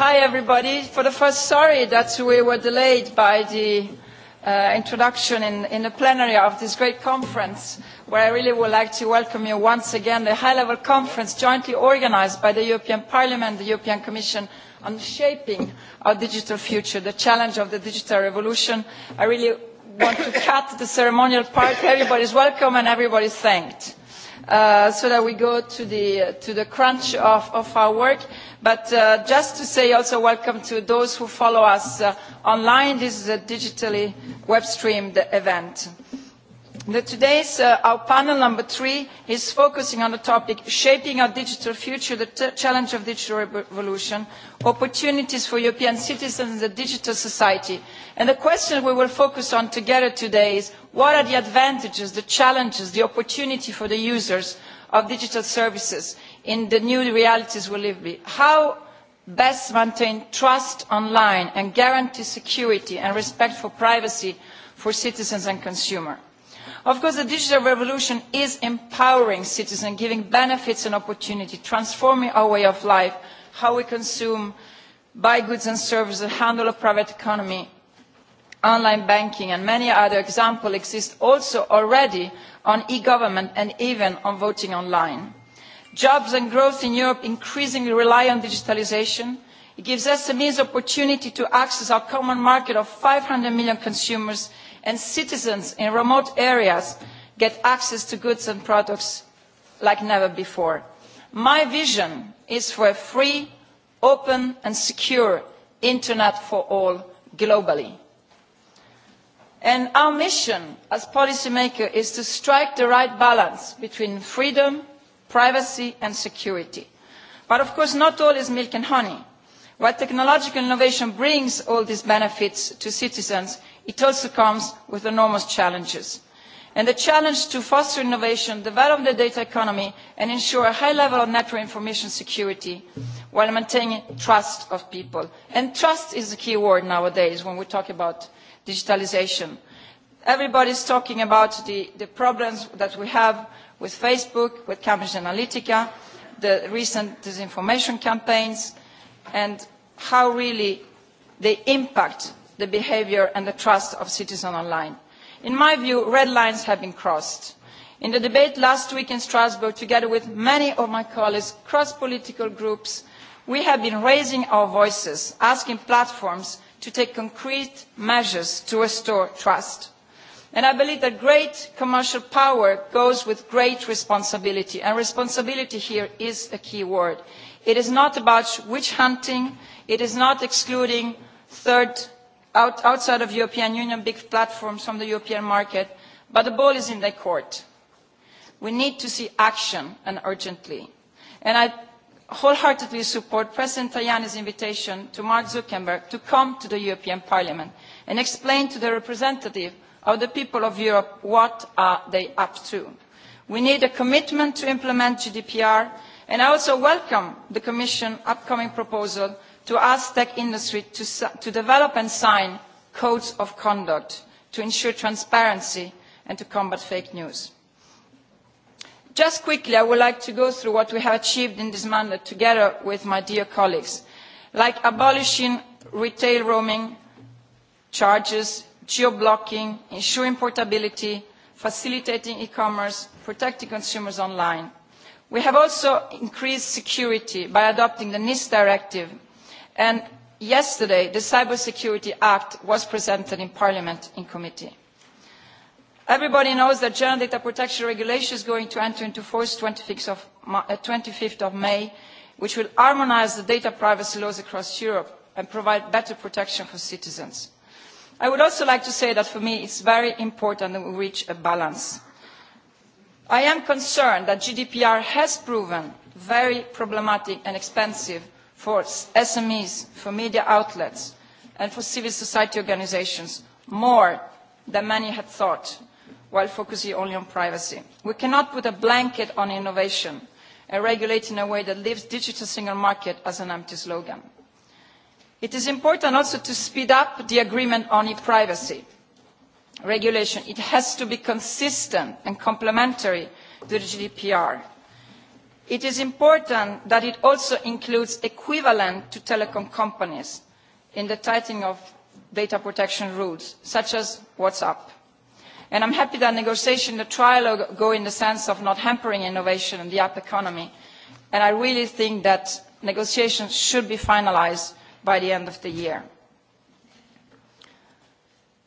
Hi, everybody. For the first, sorry that we were delayed by the uh, introduction in, in the plenary of this great conference, where I really would like to welcome you once again, the high-level conference jointly organized by the European Parliament, the European Commission, on shaping our digital future, the challenge of the digital revolution. I really want to cut the ceremonial part. Everybody's welcome and everybody's thanked uh, so that we go to the, to the crunch of, of our work. But uh, just to say also welcome to those who follow us uh, online. This is a digitally web-streamed event. The today's uh, our panel number three is focusing on the topic shaping our digital future, the challenge of digital revolution, opportunities for European citizens in the digital society. And the question we will focus on together today is what are the advantages, the challenges, the opportunity for the users of digital services in the new realities we live in? How best maintain trust online and guarantee security and respect for privacy for citizens and consumers? Of course, the digital revolution is empowering citizens, giving benefits and opportunities, transforming our way of life, how we consume, buy goods and services, the handle of private economy, online banking, and many other examples exist also already on e-government and even on voting online. Jobs and growth in Europe increasingly rely on digitalisation. It gives SMEs opportunity to access our common market of five hundred million consumers and citizens in remote areas get access to goods and products like never before. My vision is for a free, open and secure internet for all globally. our mission as policymakers is to strike the right balance between freedom, privacy and security. But of course not all is milk and honey. What technological innovation brings all these benefits to citizens it also comes with enormous challenges. And the challenge to foster innovation, develop the data economy, and ensure a high level of network information security while maintaining trust of people. And trust is the key word nowadays when we talk about digitalisation. Everybody is talking about the, the problems that we have with Facebook, with Cambridge Analytica, the recent disinformation campaigns, and how really they impact the behaviour and the trust of citizens online. In my view, red lines have been crossed. In the debate last week in Strasbourg, together with many of my colleagues across political groups, we have been raising our voices, asking platforms to take concrete measures to restore trust. And I believe that great commercial power goes with great responsibility, and responsibility here is a key word. It is not about witch hunting, it is not excluding third outside of the European Union, big platforms from the European market, but the ball is in their court. We need to see action and urgently. And I wholeheartedly support President Tajani's invitation to Mark Zuckerberg to come to the European Parliament and explain to the representative of the people of Europe what they are up to. We need a commitment to implement GDPR, and I also welcome the Commission's upcoming proposal to ask tech industry to, develop and sign codes of conduct to ensure transparency and to combat fake news. Just quickly, I would like to go through what we have achieved in this mandate together with my dear colleagues, like abolishing retail roaming charges, geo-blocking, ensuring portability, facilitating e-commerce, protecting consumers online. We have also increased security by adopting the NIS directive and yesterday the cybersecurity act was presented in parliament in committee. everybody knows that general data protection regulation is going to enter into force on twenty five of may which will harmonise the data privacy laws across europe and provide better protection for citizens. i would also like to say that for me it is very important that we reach a balance. i am concerned that gdpr has proven very problematic and expensive for SMEs, for media outlets, and for civil society organisations more than many had thought, while focusing only on privacy. We cannot put a blanket on innovation and regulate in a way that leaves the digital single market as an empty slogan. It is important also to speed up the agreement on e-privacy regulation. It has to be consistent and complementary to the GDPR It is important that it also includes equivalent to telecom companies in the tightening of data protection rules, such as WhatsApp. And I'm happy that negotiation, the trilogue, go in the sense of not hampering innovation in the app economy. And I really think that negotiations should be finalised by the end of the year.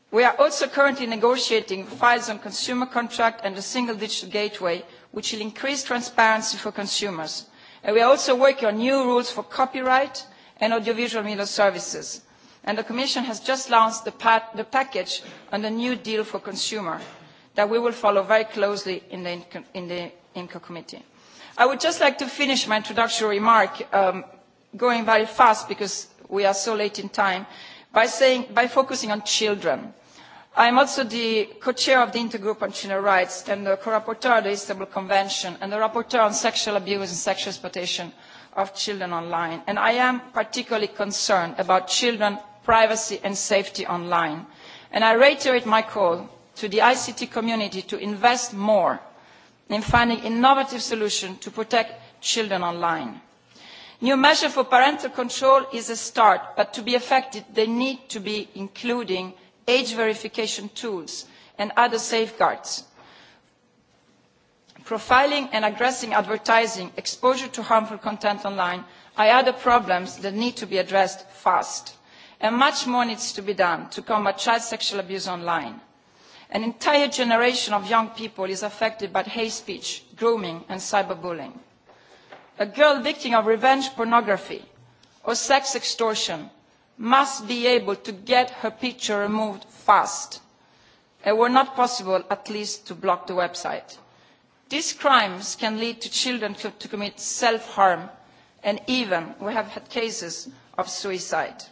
We are also currently negotiating files on consumer contract and the single digital gateway which will increase transparency for consumers. And we are also working on new rules for copyright and audiovisual media services. And the Commission has just launched the, package on the new deal for consumers that we will follow very closely in the, in the IMCO committee. I would just like to finish my introductory remark, um, going very fast because we are so late in time, by, saying, by focusing on children I am also the co-chair of the Intergroup on Children's Rights and the co-rapporteur of the Istanbul Convention and the rapporteur on sexual abuse and sexual exploitation of children online. And I am particularly concerned about children's privacy and safety online. And I reiterate my call to the ICT community to invest more in finding innovative solutions to protect children online. New measures for parental control is a start, but to be effective, they need to be including age verification tools, and other safeguards. Profiling and aggressive advertising, exposure to harmful content online are other problems that need to be addressed fast. And much more needs to be done to combat child sexual abuse online. An entire generation of young people is affected by hate speech, grooming and cyberbullying. A girl victim of revenge pornography or sex extortion must be able to get her picture removed fast. and where not possible, at least, to block the website. These crimes can lead to children to commit self-harm, and even we have had cases of suicide.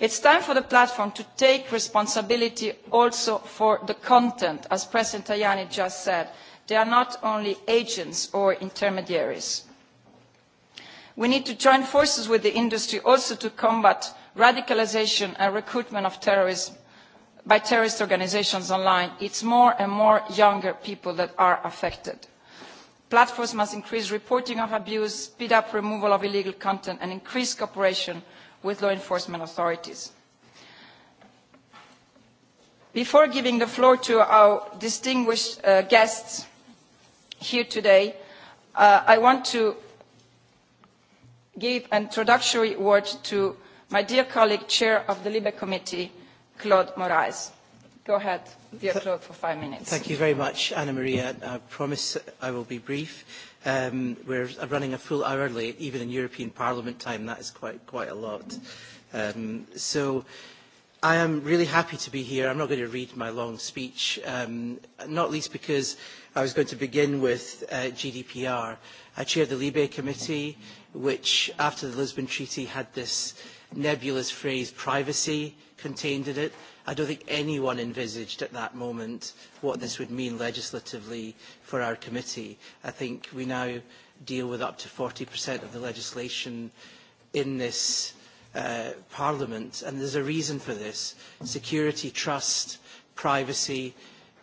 It is time for the platform to take responsibility also for the content, as President Tajani just said. They are not only agents or intermediaries. We need to join forces with the industry also to combat radicalisation and recruitment of terrorism by terrorist organisations online, it's more and more younger people that are affected. Platforms must increase reporting of abuse, speed up removal of illegal content, and increase cooperation with law enforcement authorities. Before giving the floor to our distinguished guests here today, I want to give an introductory word to my dear colleague, chair of the LIBE committee, Claude Moraes. Go ahead, dear Claude, for five minutes. Thank you very much, Anna Maria. I promise I will be brief. Um, we're running a full hour late, even in European Parliament time. That is quite, quite a lot. Um, so I am really happy to be here. I'm not going to read my long speech, um, not least because I was going to begin with uh, GDPR. I chair the Libe Committee, which, after the Lisbon Treaty, had this nebulous phrase privacy contained in it. I don't think anyone envisaged at that moment what this would mean legislatively for our committee. I think we now deal with up to 40% of the legislation in this uh, parliament, and there's a reason for this. Security, trust, privacy,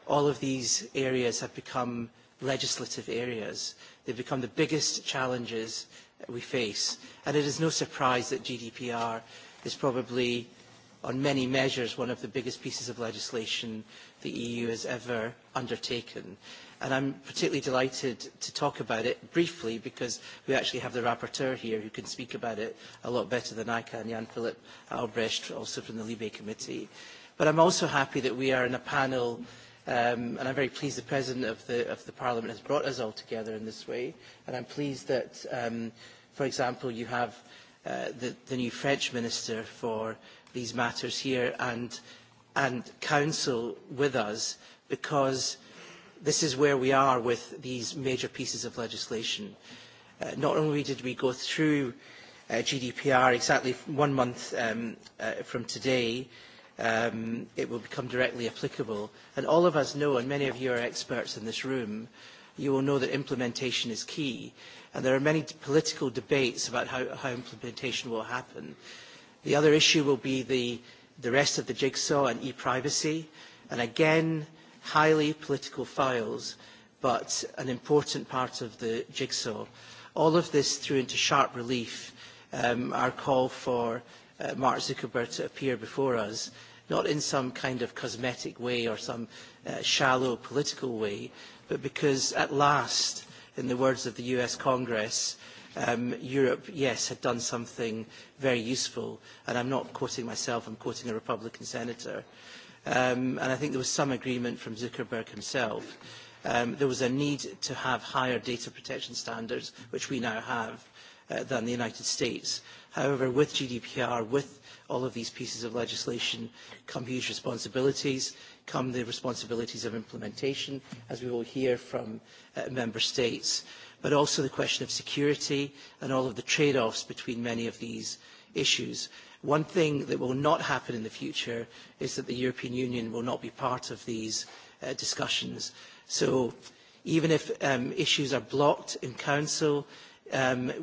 all of these areas have become legislative areas. They've become the biggest challenges we face. And it is no surprise that GDPR is probably, on many measures, one of the biggest pieces of legislation the EU has ever undertaken. And I'm particularly delighted to talk about it briefly because we actually have the rapporteur here who can speak about it a lot better than I can, Jan-Philip Albrecht, also from the Libe Committee. But I'm also happy that we are in a panel mm Um, and I'm very pleased the President of the, of the Parliament has brought us all together in this way. And I'm pleased that, um, for example, you have uh, the, the new French Minister for these matters here and, and Council with us because this is where we are with these major pieces of legislation. Uh, not only did we go through uh, GDPR exactly one month um, uh, from today, um, it will become directly applicable. And all of us know, and many of you are experts in this room, you will know that implementation is key. And there are many political debates about how, how implementation will happen. The other issue will be the, the rest of the jigsaw and e-privacy. And again, highly political files, but an important part of the jigsaw. All of this threw into sharp relief um, our call for Mark Zuckerberg to appear before us, not in some kind of cosmetic way or some shallow political way, but because at last, in the words of the US Congress, Europe, yes, had done something very useful. And I'm not quoting myself, I'm quoting a Republican senator. and I think there was some agreement from Zuckerberg himself. there was a need to have higher data protection standards, which we now have uh, than the United States. However, with GDPR, with all of these pieces of legislation come huge responsibilities, come the responsibilities of implementation, as we will hear from uh, member states, but also the question of security and all of the trade-offs between many of these issues. One thing that will not happen in the future is that the European Union will not be part of these uh, discussions. So even if um, issues are blocked in Council,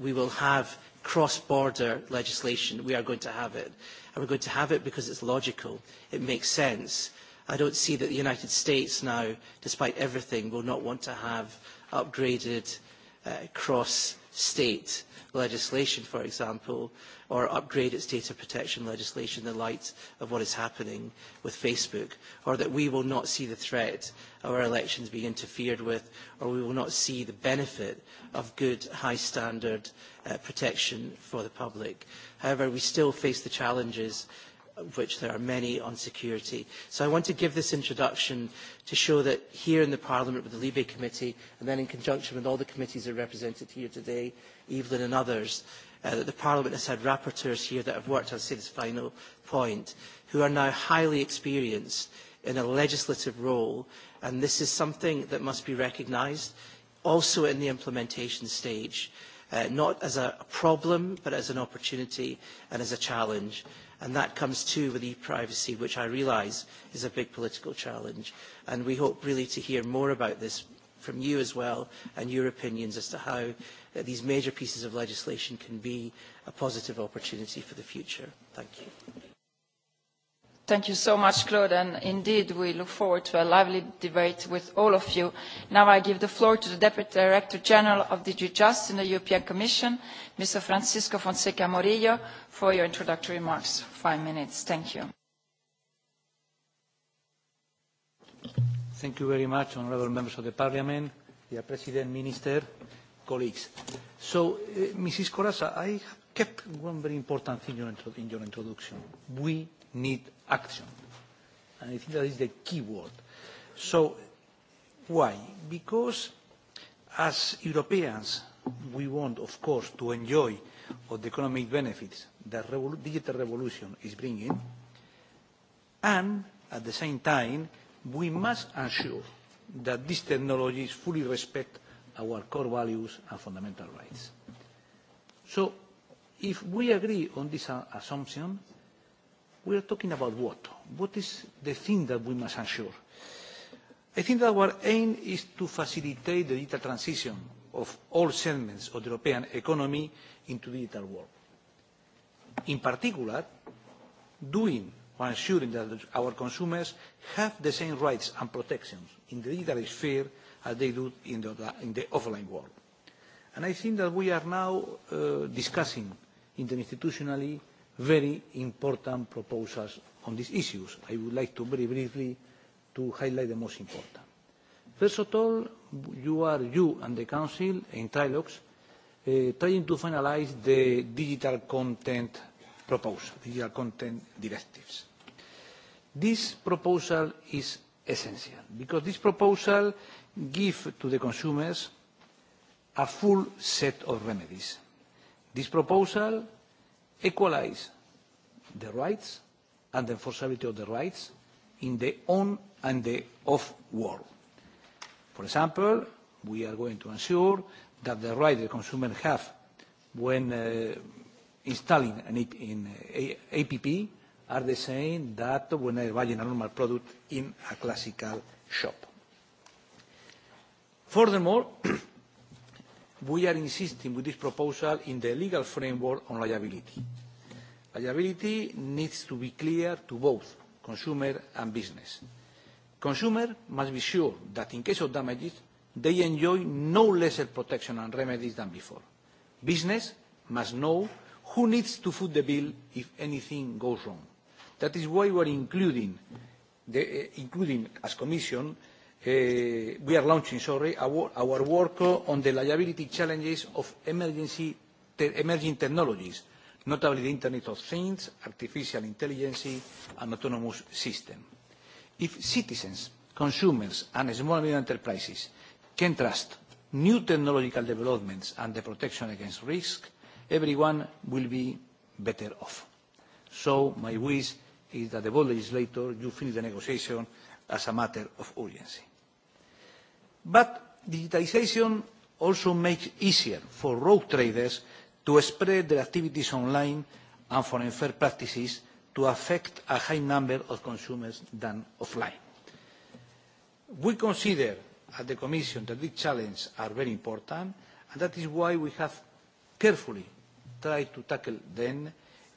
we will have cross-border legislation. We are going to have it. And we're going to have it because it's logical. It makes sense. I don't see that the United States now, despite everything, will not want to have upgraded cross-state legislation, for example, or upgrade its data protection legislation in the light of what is happening with Facebook, or that we will not see the threat of our elections being interfered with, or we will not see the benefit of good, high standard protection for the public. However, we still face the challenges of which there are many on security. So I want to give this introduction to show that here in the Parliament with the Libe Committee, and then in conjunction with all the committees that are represented here today, Evelyn and others, uh, that the Parliament has had rapporteurs here that have worked, I'll say this final point, who are now highly experienced in a legislative role, and this is something that must be recognised also in the implementation stage, uh, not as a problem, but as an opportunity and as a challenge. And that comes too with e-privacy, which I realise is a big political challenge. And we hope really to hear more about this from you as well and your opinions as to how these major pieces of legislation can be a positive opportunity for the future. Thank you. Thank you so much, Claude, and indeed we look forward to a lively debate with all of you. Now I give the floor to the Deputy Director General of DG Just in the European Commission, Mr. Francisco Fonseca Morillo, for your introductory remarks. Five minutes. Thank you. Thank you very much, honourable members of the Parliament, dear President, Minister, colleagues. So, uh, Mrs. Corazza, I kept one very important thing in your introduction. We need action. And I think that is the key word. So why? Because as Europeans, we want, of course, to enjoy of the economic benefits that the digital revolution is bringing, and at the same time, we must ensure that these technologies fully respect our core values and fundamental rights. So if we agree on this assumption, we are talking about what? What is the thing that we must ensure? I think that our aim is to facilitate the digital transition of all segments of the European economy into the digital world. In particular, doing or ensuring that our consumers have the same rights and protections in the digital sphere as they do in the, in the offline world. And I think that we are now uh, discussing interinstitutionally very important proposals on these issues. I would like to very briefly to highlight the most important. First of all, you are, you and the Council in trilogues, trying to finalise the digital content proposal, digital content directives. This proposal is essential because this proposal gives to the consumers a full set of remedies. This proposal equalize the rights and the enforceability of the rights in the on and the off world. For example, we are going to ensure that the right the consumer have when uh, installing an AP, in a, APP are the same that when they're buying a normal product in a classical shop. Furthermore, we are insisting with this proposal in the legal framework on liability. Liability needs to be clear to both consumer and business. Consumer must be sure that in case of damages, they enjoy no lesser protection and remedies than before. Business must know who needs to foot the bill if anything goes wrong. That is why we are including, the, uh, including as Commission, we are launching, sorry, our work on the liability challenges of emerging technologies, notably the Internet of Things, artificial intelligence, and autonomous System. If citizens, consumers, and small and medium enterprises can trust new technological developments and the protection against risk, everyone will be better off. So my wish is that the board legislator, you finish the negotiation as a matter of urgency. But digitalization also makes it easier for rogue traders to spread their activities online and for unfair practices to affect a high number of consumers than offline. We consider at the Commission that these challenges are very important, and that is why we have carefully tried to tackle them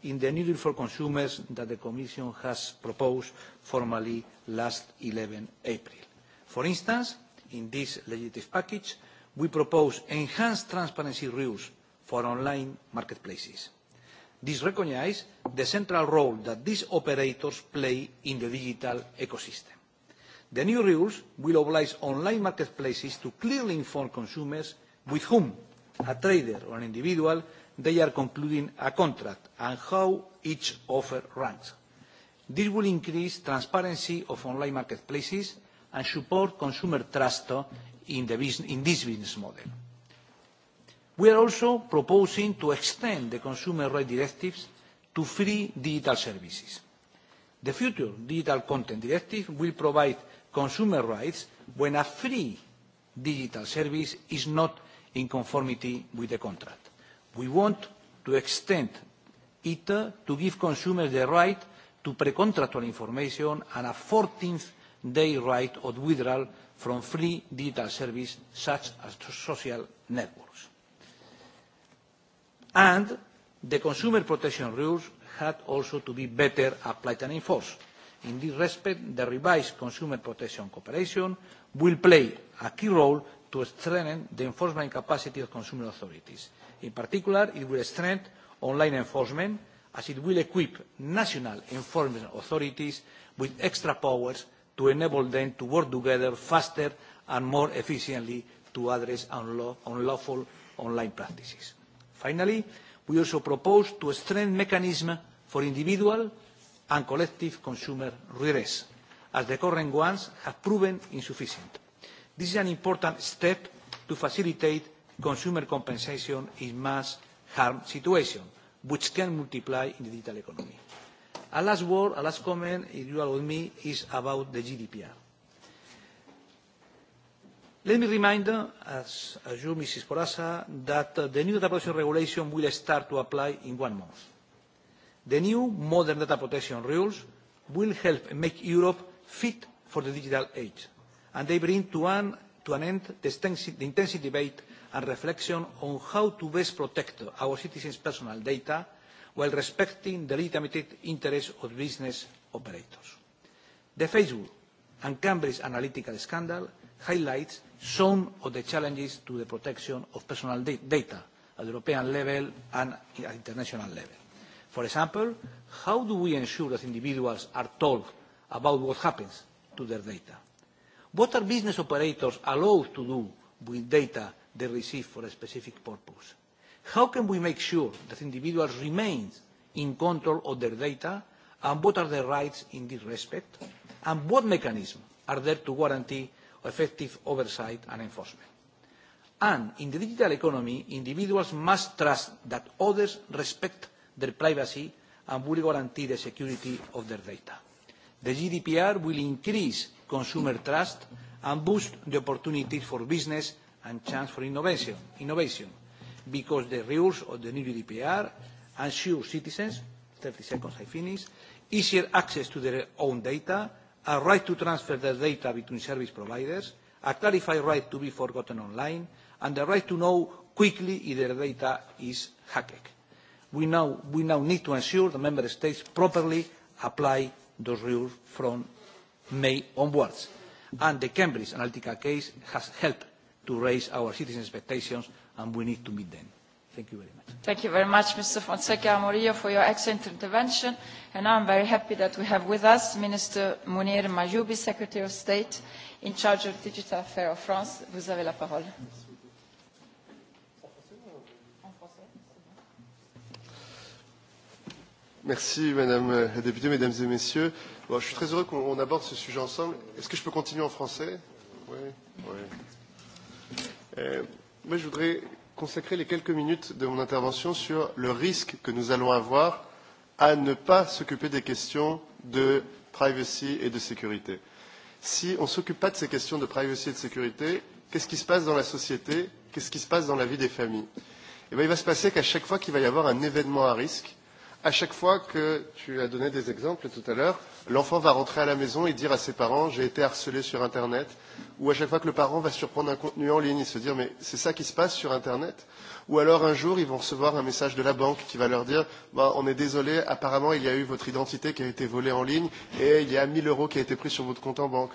in the new deal for consumers that the Commission has proposed formally last 11 April. For instance, in this legislative package, we propose enhanced transparency rules for online marketplaces. This recognises the central role that these operators play in the digital ecosystem. The new rules will oblige online marketplaces to clearly inform consumers with whom, a trader or an individual, they are concluding a contract and how each offer ranks. This will increase transparency of online marketplaces and support consumer trust in this business model. We are also proposing to extend the consumer rights directives to free digital services. The future Digital Content Directive will provide consumer rights when a free digital service is not in conformity with the contract. We want to extend it to give consumers the right to pre-contractual information and a 14th their right of withdrawal from free digital services such as social networks. And the consumer protection rules had also to be better applied and enforced. In this respect, the revised consumer protection cooperation will play a key role to strengthen the enforcement capacity of consumer authorities. In particular, it will strengthen online enforcement as it will equip national enforcement authorities with extra powers to enable them to work together faster and more efficiently to address unlawful online practices. Finally, we also propose to strengthen mechanisms for individual and collective consumer redress, as the current ones have proven insufficient. This is an important step to facilitate consumer compensation in mass harm situations, which can multiply in the digital economy. A last word, a last comment, if you are with me, is about the GDPR. Let me remind, as you, Mrs. Corazza, that the new data protection regulation will start to apply in one month. The new modern data protection rules will help make Europe fit for the digital age, and they bring to an end the intensive debate and reflection on how to best protect our citizens' personal data while respecting the legitimate interests of business operators. The Facebook and Cambridge Analytica scandal highlights some of the challenges to the protection of personal data at European level and at international level. For example, how do we ensure that individuals are told about what happens to their data? What are business operators allowed to do with data they receive for a specific purpose? How can we make sure that individuals remain in control of their data and what are their rights in this respect and what mechanisms are there to guarantee effective oversight and enforcement. And in the digital economy, individuals must trust that others respect their privacy and will guarantee the security of their data. The GDPR will increase consumer trust and boost the opportunities for business and chance for innovation. innovation because the rules of the new GDPR ensure citizens, 30 seconds I finish, easier access to their own data, a right to transfer their data between service providers, a clarified right to be forgotten online, and the right to know quickly if their data is hacked. We now, we now need to ensure the Member States properly apply those rules from May onwards. And the Cambridge Analytica case has helped to raise our citizens' expectations and we need to meet them. Thank you very much. Thank you very much, Mr. Fonseca Amorillo, for your excellent intervention. And I'm very happy that we have with us Minister Munir Majoubi, Secretary of State in charge of Digital Affairs of France. Vous avez la parole. Merci, Madame la députée, Mesdames et Messieurs. Bon, je suis très heureux qu'on aborde ce sujet ensemble. Est-ce que je peux continuer en français Oui. oui. Euh, Moi, je voudrais consacrer les quelques minutes de mon intervention sur le risque que nous allons avoir à ne pas s'occuper des questions de privacy et de sécurité. Si on ne s'occupe pas de ces questions de privacy et de sécurité, qu'est-ce qui se passe dans la société Qu'est-ce qui se passe dans la vie des familles et bien, Il va se passer qu'à chaque fois qu'il va y avoir un événement à risque, à chaque fois que tu as donné des exemples tout à l'heure, L'enfant va rentrer à la maison et dire à ses parents j'ai été harcelé sur Internet, ou à chaque fois que le parent va surprendre un contenu en ligne et se dire mais c'est ça qui se passe sur Internet, ou alors un jour ils vont recevoir un message de la banque qui va leur dire bah, on est désolé, apparemment il y a eu votre identité qui a été volée en ligne et il y a 1000 euros qui a été pris sur votre compte en banque.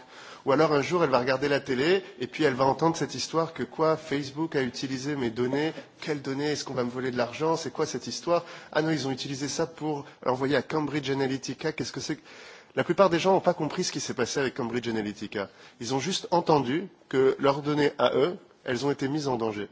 Ou alors un jour, elle va regarder la télé et puis elle va entendre cette histoire que quoi, Facebook a utilisé mes données, quelles données, est-ce qu'on va me voler de l'argent, c'est quoi cette histoire Ah non, ils ont utilisé ça pour envoyer à Cambridge Analytica, qu'est-ce que c'est La plupart des gens n'ont pas compris ce qui s'est passé avec Cambridge Analytica. Ils ont juste entendu que leurs données à eux, elles ont été mises en danger.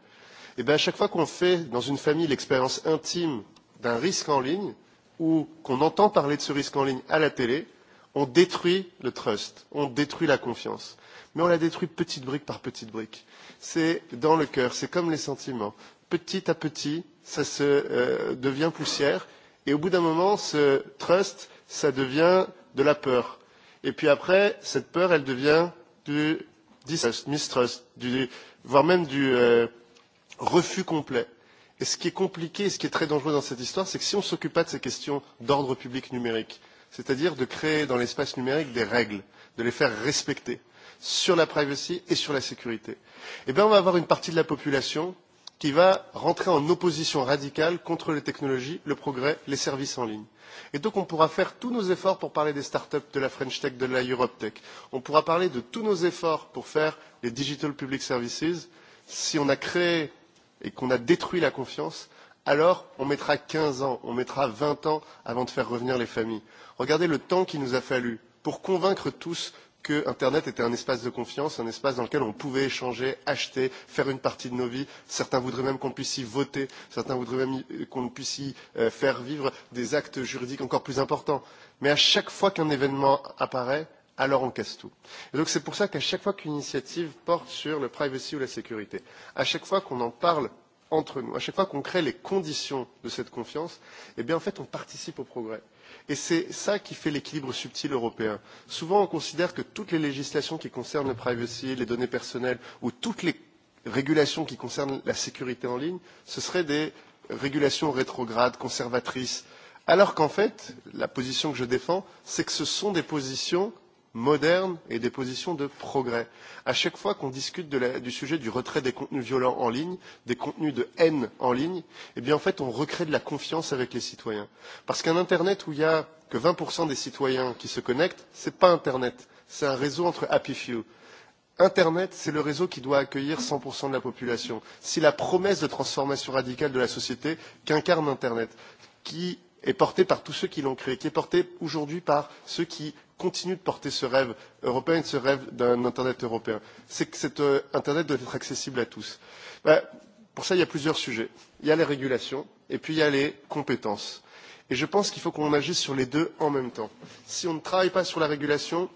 Et bien à chaque fois qu'on fait dans une famille l'expérience intime d'un risque en ligne, ou qu'on entend parler de ce risque en ligne à la télé, on détruit le trust, on détruit la confiance. Mais on la détruit petite brique par petite brique. C'est dans le cœur, c'est comme les sentiments. Petit à petit, ça se, euh, devient poussière. Et au bout d'un moment, ce trust, ça devient de la peur. Et puis après, cette peur, elle devient du distrust, mistrust, du, voire même du euh, refus complet. Et ce qui est compliqué et ce qui est très dangereux dans cette histoire, c'est que si on ne s'occupe pas de ces questions d'ordre public numérique, c'est-à-dire de créer dans l'espace numérique des règles, de les faire respecter sur la privacy et sur la sécurité, eh bien on va avoir une partie de la population qui va rentrer en opposition radicale contre les technologies, le progrès, les services en ligne. Et donc, on pourra faire tous nos efforts pour parler des startups, de la French Tech, de la Europe Tech. On pourra parler de tous nos efforts pour faire les Digital Public Services. Si on a créé et qu'on a détruit la confiance, alors on mettra quinze ans, on mettra vingt ans avant de faire revenir les familles. Regardez le temps qu'il nous a fallu pour convaincre tous que Internet était un espace de confiance, un espace dans lequel on pouvait échanger, acheter, faire une partie de nos vies. Certains voudraient même qu'on puisse y voter, certains voudraient même qu'on puisse y faire vivre des actes juridiques encore plus importants. Mais à chaque fois qu'un événement apparaît, alors on casse tout. Et donc c'est pour ça qu'à chaque fois qu'une initiative porte sur le privacy ou la sécurité, à chaque fois qu'on en parle entre nous, à chaque fois qu'on crée les conditions de cette confiance, eh bien en fait on participe au progrès. Et c'est ça qui fait l'équilibre subtil européen. Souvent, on considère que toutes les législations qui concernent le privacy, les données personnelles, ou toutes les régulations qui concernent la sécurité en ligne, ce seraient des régulations rétrogrades, conservatrices. Alors qu'en fait, la position que je défends, c'est que ce sont des positions modernes et des positions de progrès. À chaque fois qu'on discute de la, du sujet du retrait des contenus violents en ligne, des contenus de haine en ligne, eh bien en fait on recrée de la confiance avec les citoyens. Parce qu'un Internet où il n'y a que 20% des citoyens qui se connectent, ce n'est pas Internet, c'est un réseau entre happy few. Internet, c'est le réseau qui doit accueillir 100% de la population. C'est la promesse de transformation radicale de la société qu'incarne Internet, qui est portée par tous ceux qui l'ont créé, qui est portée aujourd'hui par ceux qui continue de porter ce rêve européen et ce rêve d'un Internet européen. C'est que cet euh, Internet doit être accessible à tous. Ben, pour ça, il y a plusieurs sujets. Il y a les régulations et puis il y a les compétences. Et je pense qu'il faut qu'on agisse sur les deux en même temps. Si on ne travaille pas sur la régulation,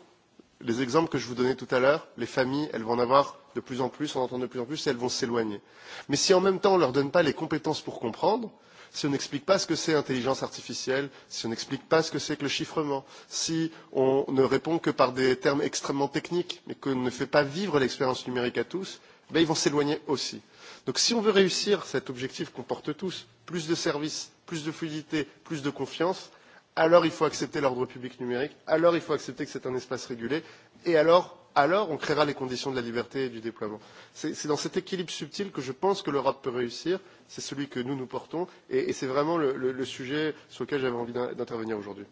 les exemples que je vous donnais tout à l'heure, les familles, elles vont en avoir de plus en plus, en entend de plus en plus, et elles vont s'éloigner. Mais si en même temps on ne leur donne pas les compétences pour comprendre, si on n'explique pas ce que c'est l'intelligence artificielle, si on n'explique pas ce que c'est que le chiffrement, si on ne répond que par des termes extrêmement techniques, mais qu'on ne fait pas vivre l'expérience numérique à tous, ben ils vont s'éloigner aussi. Donc si on veut réussir cet objectif qu'on porte tous, plus de services, plus de fluidité, plus de confiance, alors il faut accepter l'ordre public numérique, alors il faut accepter que c'est un espace régulé, et alors alors on créera les conditions de la liberté et du déploiement. C'est dans cet équilibre subtil que je pense que l'Europe peut réussir, c'est celui que nous nous portons, et, et c'est vraiment le, le, le sujet sur lequel j'avais envie d'intervenir aujourd'hui.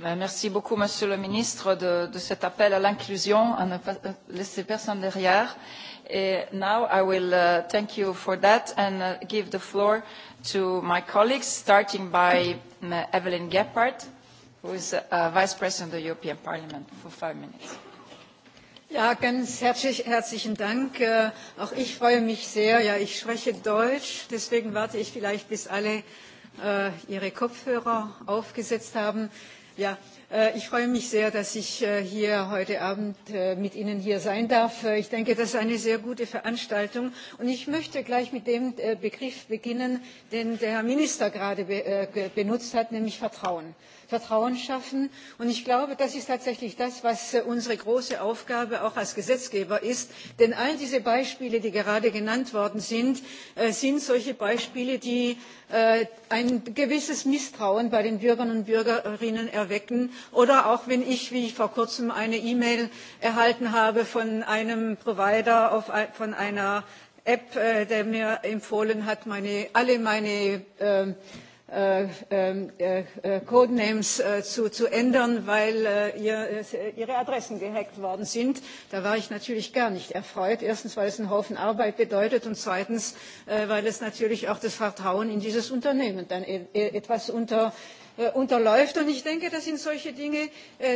Merci beaucoup, Monsieur le Ministre, de, de cet appel à l'inclusion, à ne pas laisser personne derrière. Et now I will uh, thank you for that and uh, give the floor to my colleagues, starting by uh, Evelyn Gephardt who is uh, Vice President of the European Parliament, for five minutes. Ja, ganz herzlich, herzlichen Dank. Auch ich freue mich sehr. Ja, ich spreche Deutsch, deswegen warte ich vielleicht, bis alle äh, ihre Kopfhörer aufgesetzt haben. Ja, ich freue mich sehr, dass ich hier heute Abend mit Ihnen hier sein darf. Ich denke, das ist eine sehr gute Veranstaltung. Und ich möchte gleich mit dem Begriff beginnen, den der Herr Minister gerade benutzt hat, nämlich Vertrauen Vertrauen schaffen. Und ich glaube, das ist tatsächlich das, was unsere große Aufgabe auch als Gesetzgeber ist. Denn all diese Beispiele, die gerade genannt worden sind, sind solche Beispiele, die ein gewisses Misstrauen bei den Bürgern und Bürgerinnen erwecken. Oder auch wenn ich, wie vor kurzem, eine E-Mail erhalten habe von einem Provider, von einer App, der mir empfohlen hat, alle meine Codenames zu, ändern, weil ihre Adressen gehackt worden sind. Da war ich natürlich gar nicht erfreut. Erstens, weil es einen Haufen Arbeit bedeutet und zweitens, weil es natürlich auch das Vertrauen in dieses Unternehmen dann etwas unterläuft. ich denke, das sind solche Dinge,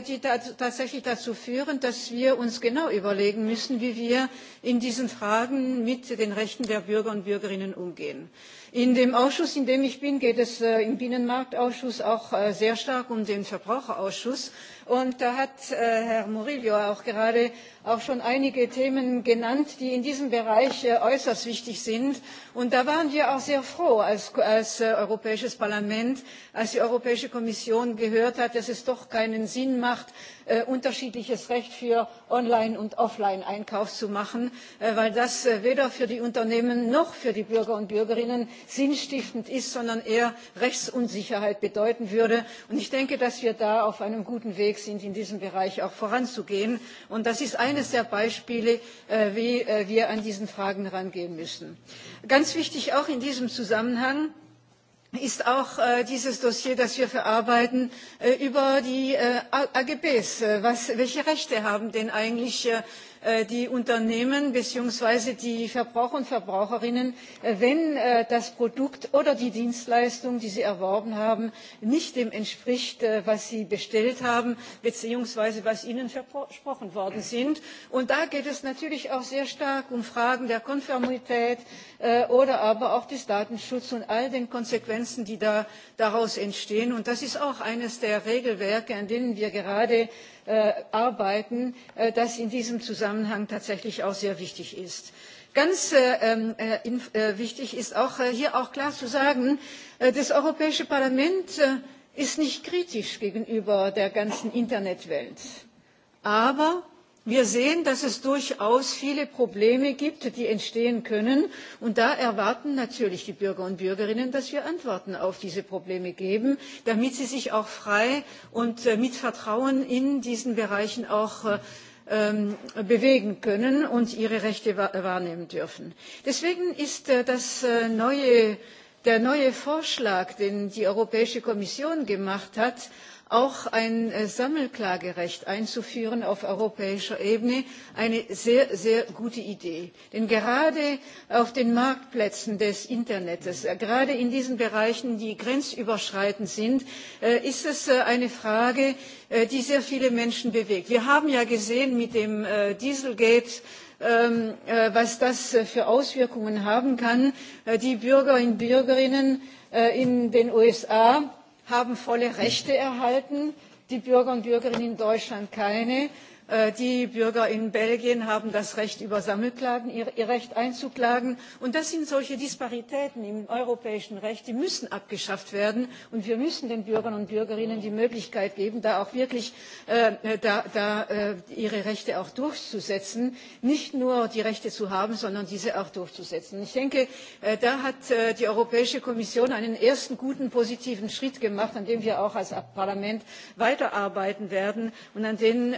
die tatsächlich dazu führen, dass wir uns genau überlegen müssen, wie wir in diesen Fragen mit den Rechten der Bürger und Bürgerinnen umgehen In dem Ausschuss, in dem ich bin, geht es im Binnenmarktausschuss auch sehr stark um den Verbraucherausschuss. Und da hat Herr Murillo auch gerade auch schon einige Themen genannt, die in diesem Bereich äußerst wichtig sind. Und da waren wir auch sehr froh als, Europäisches Parlament, als die Europäische Kommission gehört hat, dass es doch keinen Sinn macht, unterschiedliches Recht für Online- und Offline-Einkauf zu machen, weil das weder für die Unternehmen noch für die Bürger und Bürgerinnen sinnstiftend ist, sondern eher Rechtsunsicherheit bedeuten würde. ich denke, dass wir da auf einem guten Weg sind, in diesem Bereich auch voranzugehen. Und das ist eines der beispiele wie wir an diese fragen herangehen müssen. ganz wichtig auch in diesem zusammenhang ist auch dieses Dossier, das wir verarbeiten, über die AGBs. welche Rechte haben denn eigentlich die Unternehmen bzw. die Verbraucher und Verbraucherinnen, wenn das Produkt oder die Dienstleistung, die sie erworben haben, nicht dem entspricht, was sie bestellt haben bzw. was ihnen versprochen worden ist. Und da geht es natürlich auch sehr stark um Fragen der Konformität oder aber auch des Datenschutzes und all den Konsequenzen, die daraus entstehen. das ist auch eines der Regelwerke, an denen wir gerade arbeiten das in diesem zusammenhang tatsächlich auch sehr wichtig ist. ganz wichtig ist hier auch klar zu sagen das europäische parlament ist nicht kritisch gegenüber der ganzen internetwelt aber Wir sehen, dass es durchaus viele Probleme gibt, die entstehen können. Und da erwarten natürlich die Bürger und Bürgerinnen, dass wir Antworten auf diese Probleme geben, damit sie sich auch frei und mit Vertrauen in diesen Bereichen bewegen können und ihre Rechte wahrnehmen dürfen. Deswegen ist der neue Vorschlag, den die Europäische Kommission gemacht hat, auch ein Sammelklagerecht einzuführen auf europäischer Ebene eine sehr, sehr gute Idee. Denn gerade auf den Marktplätzen des Internets, gerade in diesen Bereichen, die grenzüberschreitend sind, ist es eine Frage, die sehr viele Menschen bewegt. Wir haben ja gesehen mit dem Dieselgate, was das für Auswirkungen haben kann. Die Bürger und Bürgerinnen in den USA haben volle rechte erhalten die bürger und bürgerinnen in deutschland keine die bürger in belgien haben das recht über sammelklagen ihr recht einzuklagen und das sind solche disparitäten im europäischen recht die müssen abgeschafft werden und wir müssen den bürgern und bürgerinnen die möglichkeit geben da auch wirklich ihre rechte durchzusetzen nicht nur die rechte zu haben sondern diese auch durchzusetzen. ich denke da hat die europäische kommission einen ersten guten positiven schritt gemacht an dem wir auch als parlament weiterarbeiten werden und an dem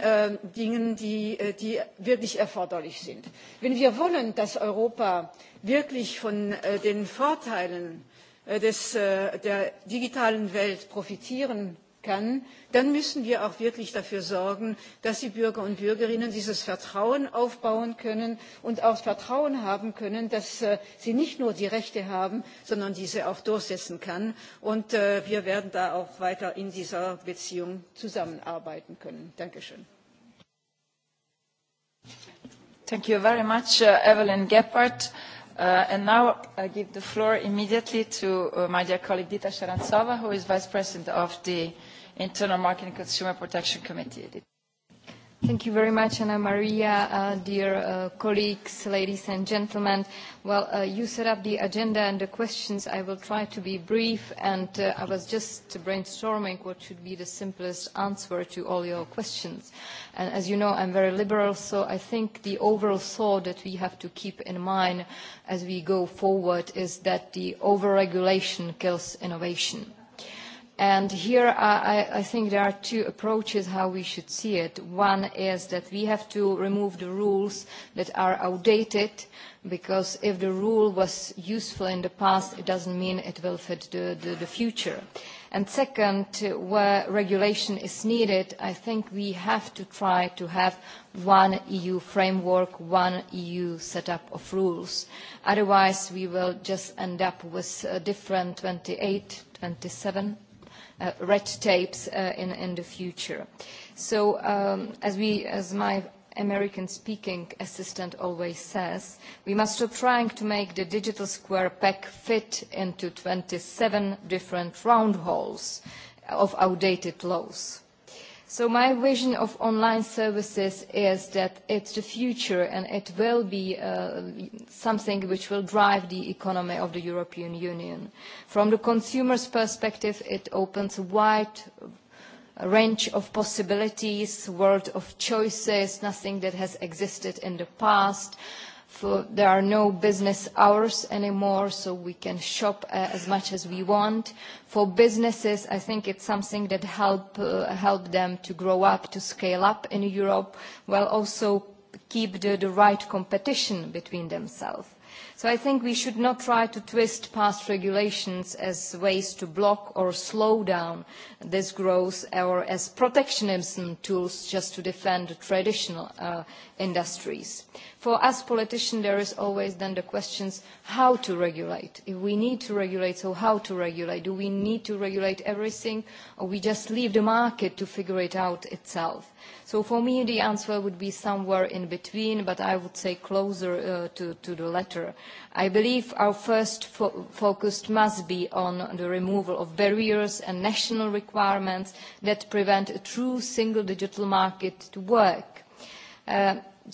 dingen die wirklich erforderlich sind. wenn wir wollen dass europa wirklich von den vorteilen der digitalen welt profitieren kann dann müssen wir auch wirklich dafür sorgen dass die bürger und bürgerinnen dieses vertrauen aufbauen können und auch vertrauen haben können dass sie nicht nur die rechte haben sondern diese auch durchsetzen können. wir werden da auch weiter in dieser beziehung zusammenarbeiten können. danke schön. Thank you very much, Evelyn Gebhardt, and now I give the floor immediately to my dear colleague Dita Sharantsova, who is Vice President of the Internal Market and Consumer Protection Committee. Thank you very much, Anna Maria. Uh, dear uh, colleagues, ladies and gentlemen, well, uh, you set up the agenda and the questions. I will try to be brief, and uh, I was just brainstorming what should be the simplest answer to all your questions. And as you know, I'm very liberal, so I think the overall thought that we have to keep in mind as we go forward is that the overregulation kills innovation And here I, I think there are two approaches how we should see it. One is that we have to remove the rules that are outdated because if the rule was useful in the past, it doesn't mean it will fit the, the, the future. And second, where regulation is needed, I think we have to try to have one EU framework, one EU setup of rules. Otherwise, we will just end up with a different 28, 27 red tapes in, in the future. So as, we, as my American-speaking assistant always says, we must stop trying to make the digital square peg fit into twenty seven different round holes of outdated laws So my vision of online services is that it's the future and it will be uh, something which will drive the economy of the European Union. From the consumer's perspective, it opens a wide range of possibilities, world of choices, nothing that has existed in the past. Uh, there are no business hours anymore, so we can shop as much as we want. For businesses, I think it's something that help them to grow up, to scale up in Europe, while also keep the right competition between themselves. So I think we should not try to twist past regulations as ways to block or slow down this growth or as protectionism tools just to defend traditional industries. For us politicians, there is always then the questions how to regulate. If we need to regulate, so how to regulate? Do we need to regulate everything, or we just leave the market to figure it out itself? So for me, the answer would be somewhere in between, but I would say closer to, the latter. I believe our first focus must be on the removal of barriers and national requirements that prevent a true single digital market to work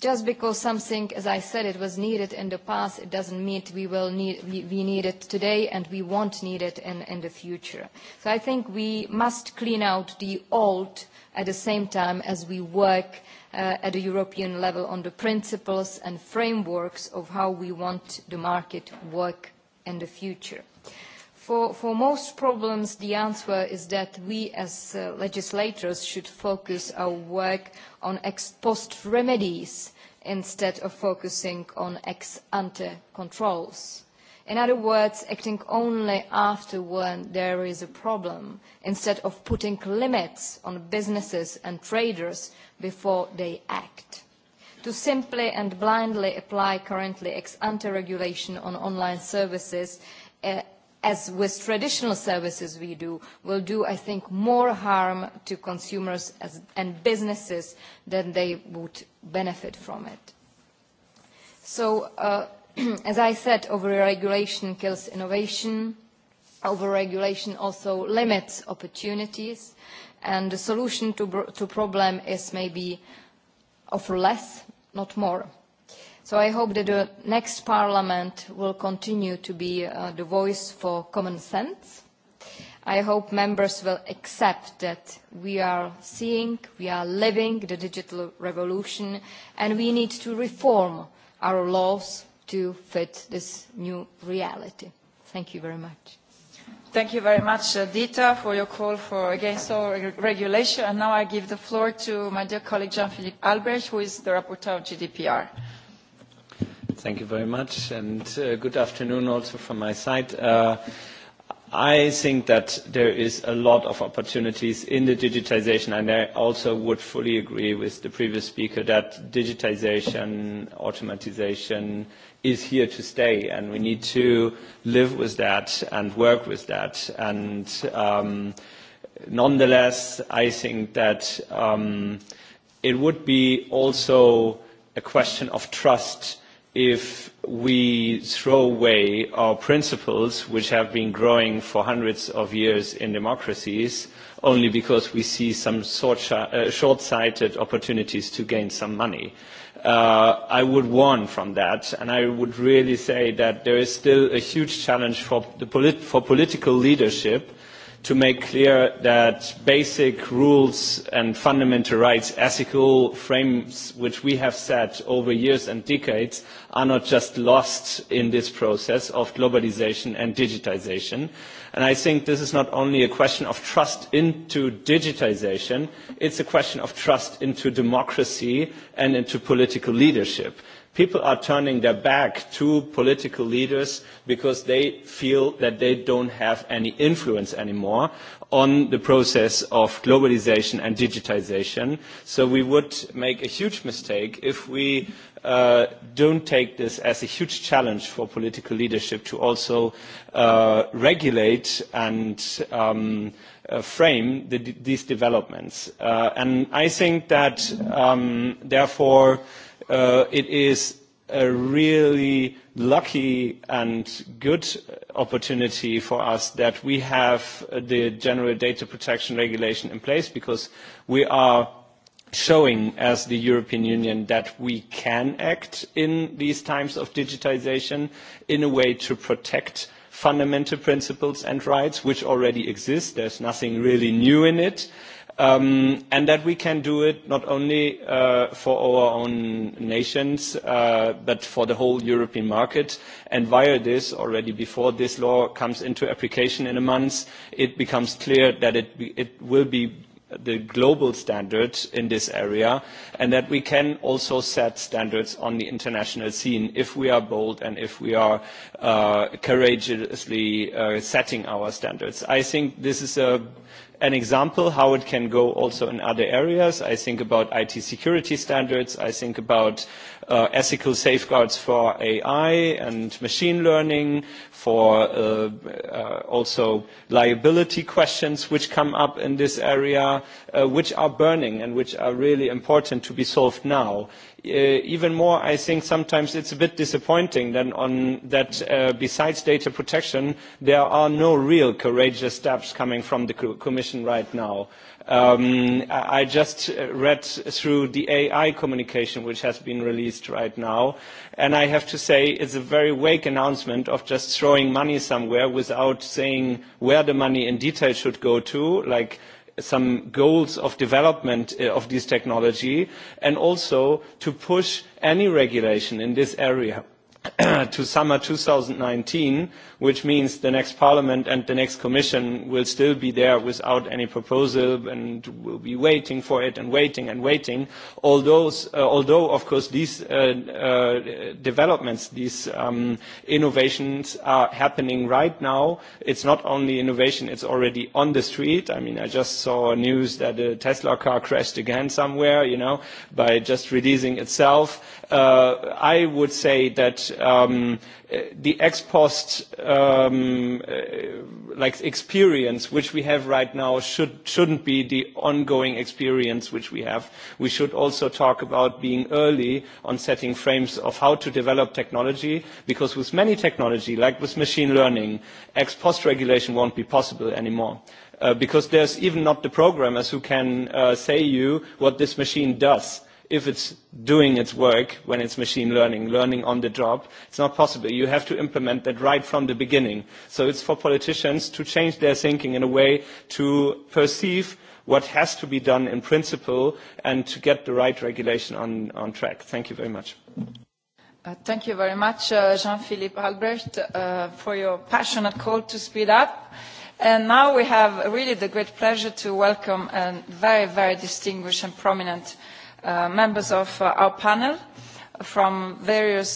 just because something, as I said, it was needed in the past, it doesn't mean we will need we need it today, and we won't need it in in the future. So I think we must clean out the old at the same time as we work at a European level on the principles and frameworks of how we want the market to work in the future. For, for most problems, the answer is that we as uh, legislators should focus our work on ex post remedies instead of focusing on ex ante controls. In other words, acting only after when there is a problem, instead of putting limits on businesses and traders before they act. To simply and blindly apply currently ex ante regulation on online services as with traditional services we do, will do, I think, more harm to consumers as, and businesses than they would benefit from it. So, uh, as I said, overregulation kills innovation. Overregulation also limits opportunities. And the solution to, to problem is maybe offer less, not more So I hope that the next Parliament will continue to be the voice for common sense. I hope members will accept that we are seeing, we are living the digital revolution, and we need to reform our laws to fit this new reality. Thank you very much. Thank you very much, Dita, for your call for against all regulation. And now I give the floor to my dear colleague Jean-Philippe Albrecht, who is the rapporteur of GDPR. Thank you very much, and uh, good afternoon also from my side. Uh, I think that there is a lot of opportunities in the digitization, and I also would fully agree with the previous speaker that digitization, automatization is here to stay, and we need to live with that and work with that. And um, nonetheless, I think that um, it would be also a question of trust if we throw away our principles, which have been growing for hundreds of years in democracies, only because we see some short-sighted opportunities to gain some money. I would warn from that, and I would really say that there is still a huge challenge for, the polit- for political leadership – to make clear that basic rules and fundamental rights, ethical frames which we have set over years and decades are not just lost in this process of globalisation and digitisation. And I think this is not only a question of trust into digitisation, it is a question of trust into democracy and into political leadership people are turning their back to political leaders because they feel that they don't have any influence anymore on the process of globalization and digitization. So we would make a huge mistake if we uh, don't take this as a huge challenge for political leadership to also uh, regulate and um, uh, frame the, these developments. Uh, and I think that, um, therefore, it is a really lucky and good opportunity for us that we have the General Data Protection Regulation in place because we are showing as the European Union that we can act in these times of digitization in a way to protect fundamental principles and rights which already exist. There's nothing really new in it and that we can do it not only for our own nations, but for the whole European market. And via this, already before this law comes into application in a month, it becomes clear that it, it will be the global standard in this area and that we can also set standards on the international scene if we are bold and if we are courageously setting our standards. I think this is a an example how it can go also in other areas. I think about IT security standards. I think about uh, ethical safeguards for AI and machine learning, for uh, uh, also liability questions which come up in this area, uh, which are burning and which are really important to be solved now even more, I think sometimes it's a bit disappointing than on that besides data protection, there are no real courageous steps coming from the Commission right now Um, I just read through the AI communication which has been released right now, and I have to say it's a very vague announcement of just throwing money somewhere without saying where the money in detail should go to, like some goals of development of this technology, and also to push any regulation in this area to summer 2019, which means the next parliament and the next commission will still be there without any proposal and will be waiting for it and waiting and waiting. Although, of course, these developments, these innovations are happening right now. It's not only innovation, it's already on the street. I mean, I just saw news that a Tesla car crashed again somewhere, you know, by just releasing itself. I would say that the ex post like experience which we have right now should shouldn't be the ongoing experience which we have. We should also talk about being early on setting frames of how to develop technology because with many technology like with machine learning ex post regulation won't be possible anymore because there's even not the programmers who can uh, say you what this machine does if it's doing its work when it's machine learning, learning on the job, it's not possible. You have to implement that right from the beginning. So it's for politicians to change their thinking in a way to perceive what has to be done in principle and to get the right regulation on, on track. Thank you very much. Uh, thank you very much, uh, Jean-Philippe Albrecht, uh, for your passionate call to speed up. And now we have really the great pleasure to welcome a very, very distinguished and prominent members of our panel from various,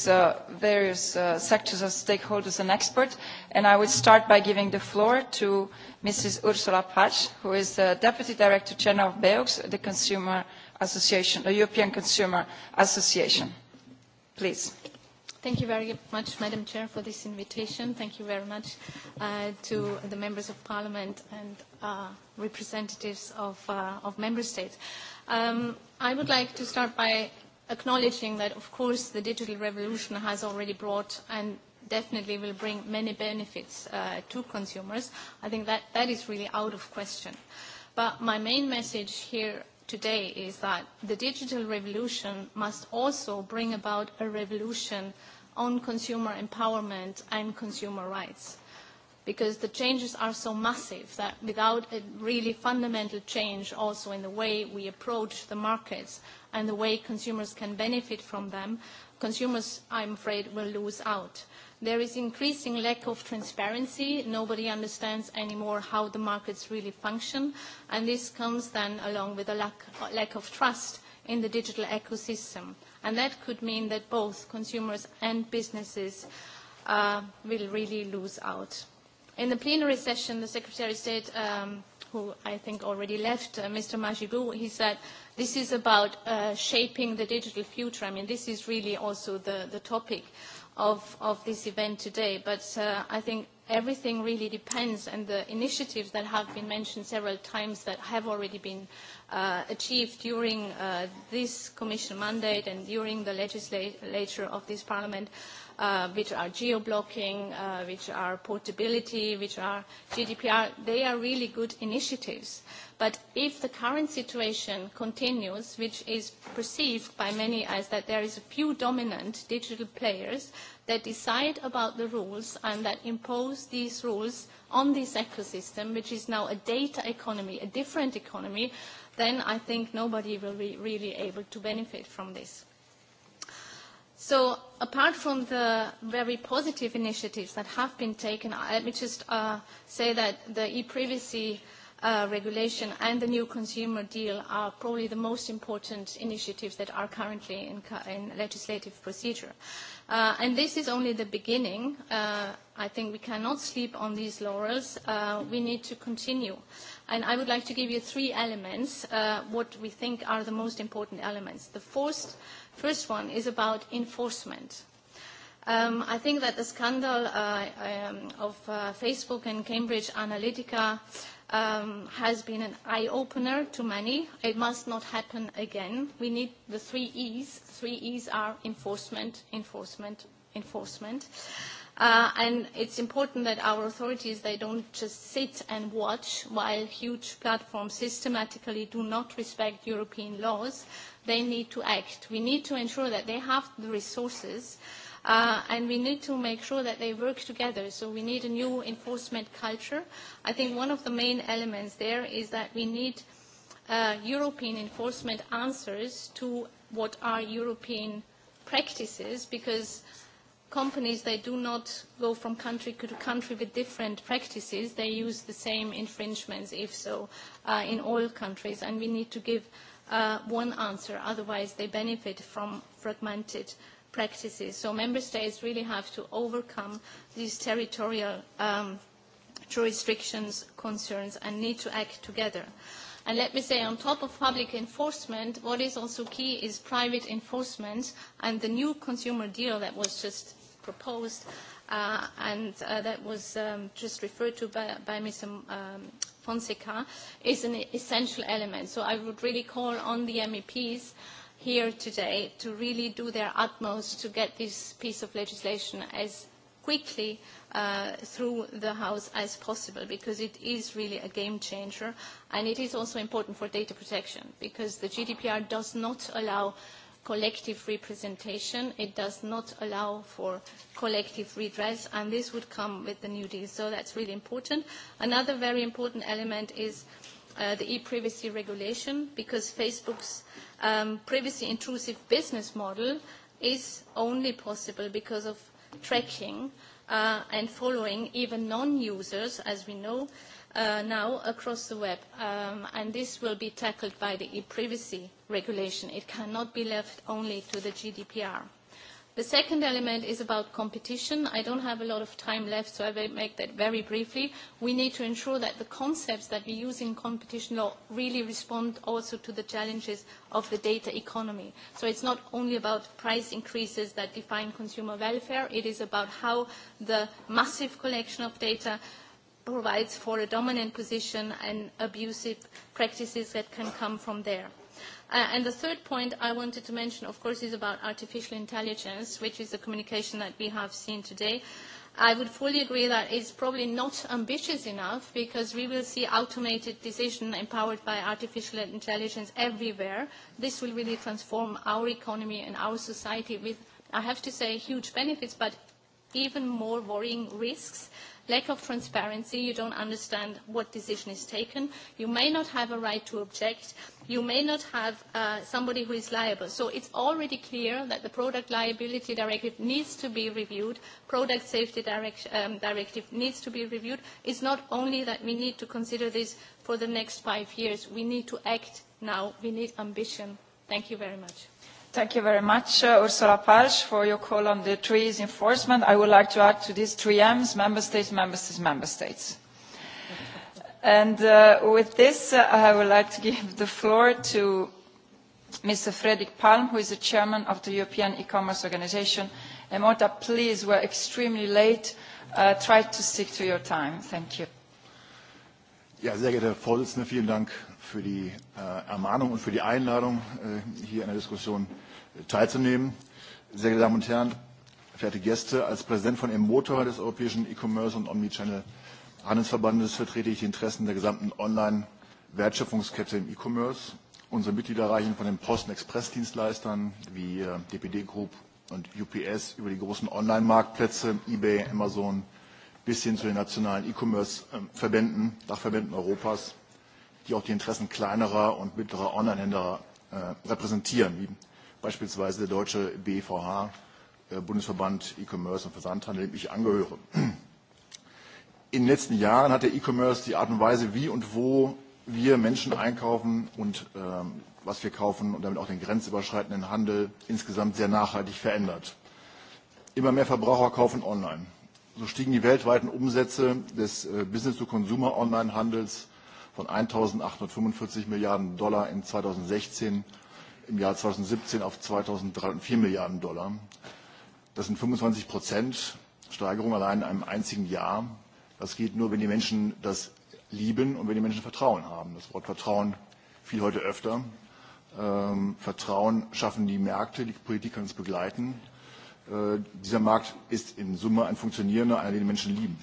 sectors of stakeholders and experts. And I will start by giving the floor to Mrs. Ursula Patsch, who is the Deputy Director General of BEOX, the Consumer Association, the European Consumer Association. Please. Thank you very much, Madam Chair, for this invitation. Thank you very much to the members of Parliament and representatives of, member states. Um, I would like to start by acknowledging that, of course, the digital revolution has already brought and definitely will bring many benefits uh, to consumers. I think that, that is really out of question. But my main message here today is that the digital revolution must also bring about a revolution on consumer empowerment and consumer rights because the changes are so massive that without a really fundamental change also in the way we approach the markets and the way consumers can benefit from them, consumers, I'm afraid, will lose out. There is increasing lack of transparency. Nobody understands anymore how the markets really function, and this comes then along with a lack, lack of trust in the digital ecosystem. And that could mean that both consumers and businesses uh, will really lose out. In the plenary session, the Secretary of State, um, who I think already left, uh, Mr. Majigou, he said this is about uh, shaping the digital future. I mean, this is really also the, the topic of, of this event today. But uh, I think everything really depends and the initiatives that have been mentioned several times that have already been uh, achieved during uh, this commission mandate and during the legislature of this parliament uh, which are geo-blocking, which are portability, which are GDPR, they are really good initiatives. But if the current situation continues, which is perceived by many as that there is a few dominant digital players that decide about the rules and that impose these rules on this ecosystem, which is now a data economy, a different economy, then I think nobody will be really able to benefit from this. So apart from the very positive initiatives that have been taken, let me just uh, say that the e-privacy uh, regulation and the new consumer deal are probably the most important initiatives that are currently in, in legislative procedure. Uh, and this is only the beginning. Uh, I think we cannot sleep on these laurels. Uh, we need to continue. And I would like to give you three elements, uh, what we think are the most important elements. The first First one is about enforcement. Um, I think that the scandal uh, um, of uh, Facebook and Cambridge Analytica um, has been an eye-opener to many. It must not happen again. We need the three E's. Three E's are enforcement, enforcement, enforcement. Uh, and it's important that our authorities, they don't just sit and watch while huge platforms systematically do not respect European laws. They need to act. We need to ensure that they have the resources uh, and we need to make sure that they work together. So we need a new enforcement culture. I think one of the main elements there is that we need uh, European enforcement answers to what are European practices because companies, they do not go from country to country with different practices. They use the same infringements, if so, uh, in all countries. And we need to give uh, one answer, otherwise they benefit from fragmented practices. So member states really have to overcome these territorial um, jurisdictions, concerns, and need to act together. And let me say, on top of public enforcement, what is also key is private enforcement and the new consumer deal that was just proposed, uh, and uh, that was um, just referred to by, by Mr. Um, Fonseca, is an essential element. So I would really call on the MEPs here today to really do their utmost to get this piece of legislation as quickly uh, through the House as possible because it is really a game changer and it is also important for data protection because the GDPR does not allow uh, collective representation. It does not allow for collective redress, and this would come with the new deal. So that's really important. Another very important element is uh, the e-privacy regulation, because Facebook's um, privacy-intrusive business model is only possible because of tracking uh, and following even non-users, as we know, uh, now across the web, um, and this will be tackled by the e-privacy regulation. It cannot be left only to the GDPR. The second element is about competition. I don't have a lot of time left, so I will make that very briefly. We need to ensure that the concepts that we use in competition law really respond also to the challenges of the data economy. So it's not only about price increases that define consumer welfare, it is about how the massive collection of data provides for a dominant position and abusive practices that can come from there. Uh, and the third point I wanted to mention, of course, is about artificial intelligence, which is the communication that we have seen today. I would fully agree that it's probably not ambitious enough because we will see automated decision empowered by artificial intelligence everywhere. This will really transform our economy and our society with, I have to say, huge benefits, but even more worrying risks lack of transparency, you don't understand what decision is taken, you may not have a right to object, you may not have uh, somebody who is liable. So it's already clear that the Product Liability Directive needs to be reviewed, Product Safety direct, um, Directive needs to be reviewed. It's not only that we need to consider this for the next five years, we need to act now, we need ambition. Thank you very much. Thank you very much, Ursula Palsch, for your call on the treaties enforcement. I would like to add to these three M's, member states, member states, member states. And with this, I would like to give the floor to Mr. Fredrik Palm, who is the chairman of the European E-commerce Organization. Emota, please, we're extremely late. try to stick to your time. Thank you. Ja, sehr geehrter Vorsitzender, vielen Dank für die Ermahnung und für die Einladung, hier an der Diskussion teilzunehmen. Sehr geehrte Damen und Herren, verehrte Gäste, als Präsident von Emotor des Europäischen E-Commerce und Omnichannel Handelsverbandes vertrete ich die Interessen der gesamten Online-Wertschöpfungskette im E-Commerce. Unsere Mitglieder reichen von den Posten Dienstleistern wie DPD Group und UPS über die großen Online-Marktplätze, eBay, Amazon bis hin zu den nationalen E-Commerce-Verbänden, Dachverbänden Europas die auch die Interessen kleinerer und mittlerer Online-Händler repräsentieren, wie beispielsweise der deutsche BVH, Bundesverband E-Commerce und Versandhandel, dem ich angehöre. In den letzten Jahren hat der E-Commerce die Art und Weise, wie und wo wir Menschen einkaufen und was wir kaufen und damit auch den grenzüberschreitenden Handel insgesamt sehr nachhaltig verändert. Immer mehr Verbraucher kaufen online. So stiegen die weltweiten Umsätze des Business-to-Consumer-Online-Handels von 1.845 Milliarden Dollar im 2016 im Jahr 2017 auf 2.304 Milliarden Dollar. Das sind 25 Prozent Steigerung allein in einem einzigen Jahr. Das geht nur, wenn die Menschen das lieben und wenn die Menschen Vertrauen haben. Das Wort Vertrauen fiel heute öfter. Ähm, Vertrauen schaffen die Märkte, die Politik kann es begleiten. Äh, dieser Markt ist in Summe ein funktionierender, einer, den die Menschen lieben.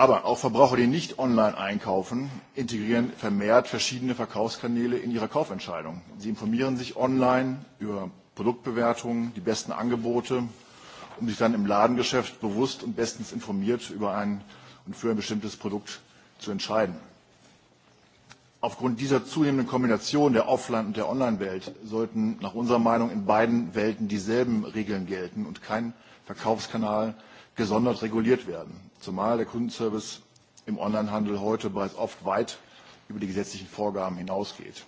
Aber auch Verbraucher, die nicht online einkaufen, integrieren vermehrt verschiedene Verkaufskanäle in ihre Kaufentscheidung. Sie informieren sich online über Produktbewertungen, die besten Angebote, um sich dann im Ladengeschäft bewusst und bestens informiert über ein und für ein bestimmtes Produkt zu entscheiden. Aufgrund dieser zunehmenden Kombination der Offline- und der Online-Welt sollten nach unserer Meinung in beiden Welten dieselben Regeln gelten und kein Verkaufskanal gesondert reguliert werden zumal der Kundenservice im Onlinehandel heute bereits oft weit über die gesetzlichen Vorgaben hinausgeht.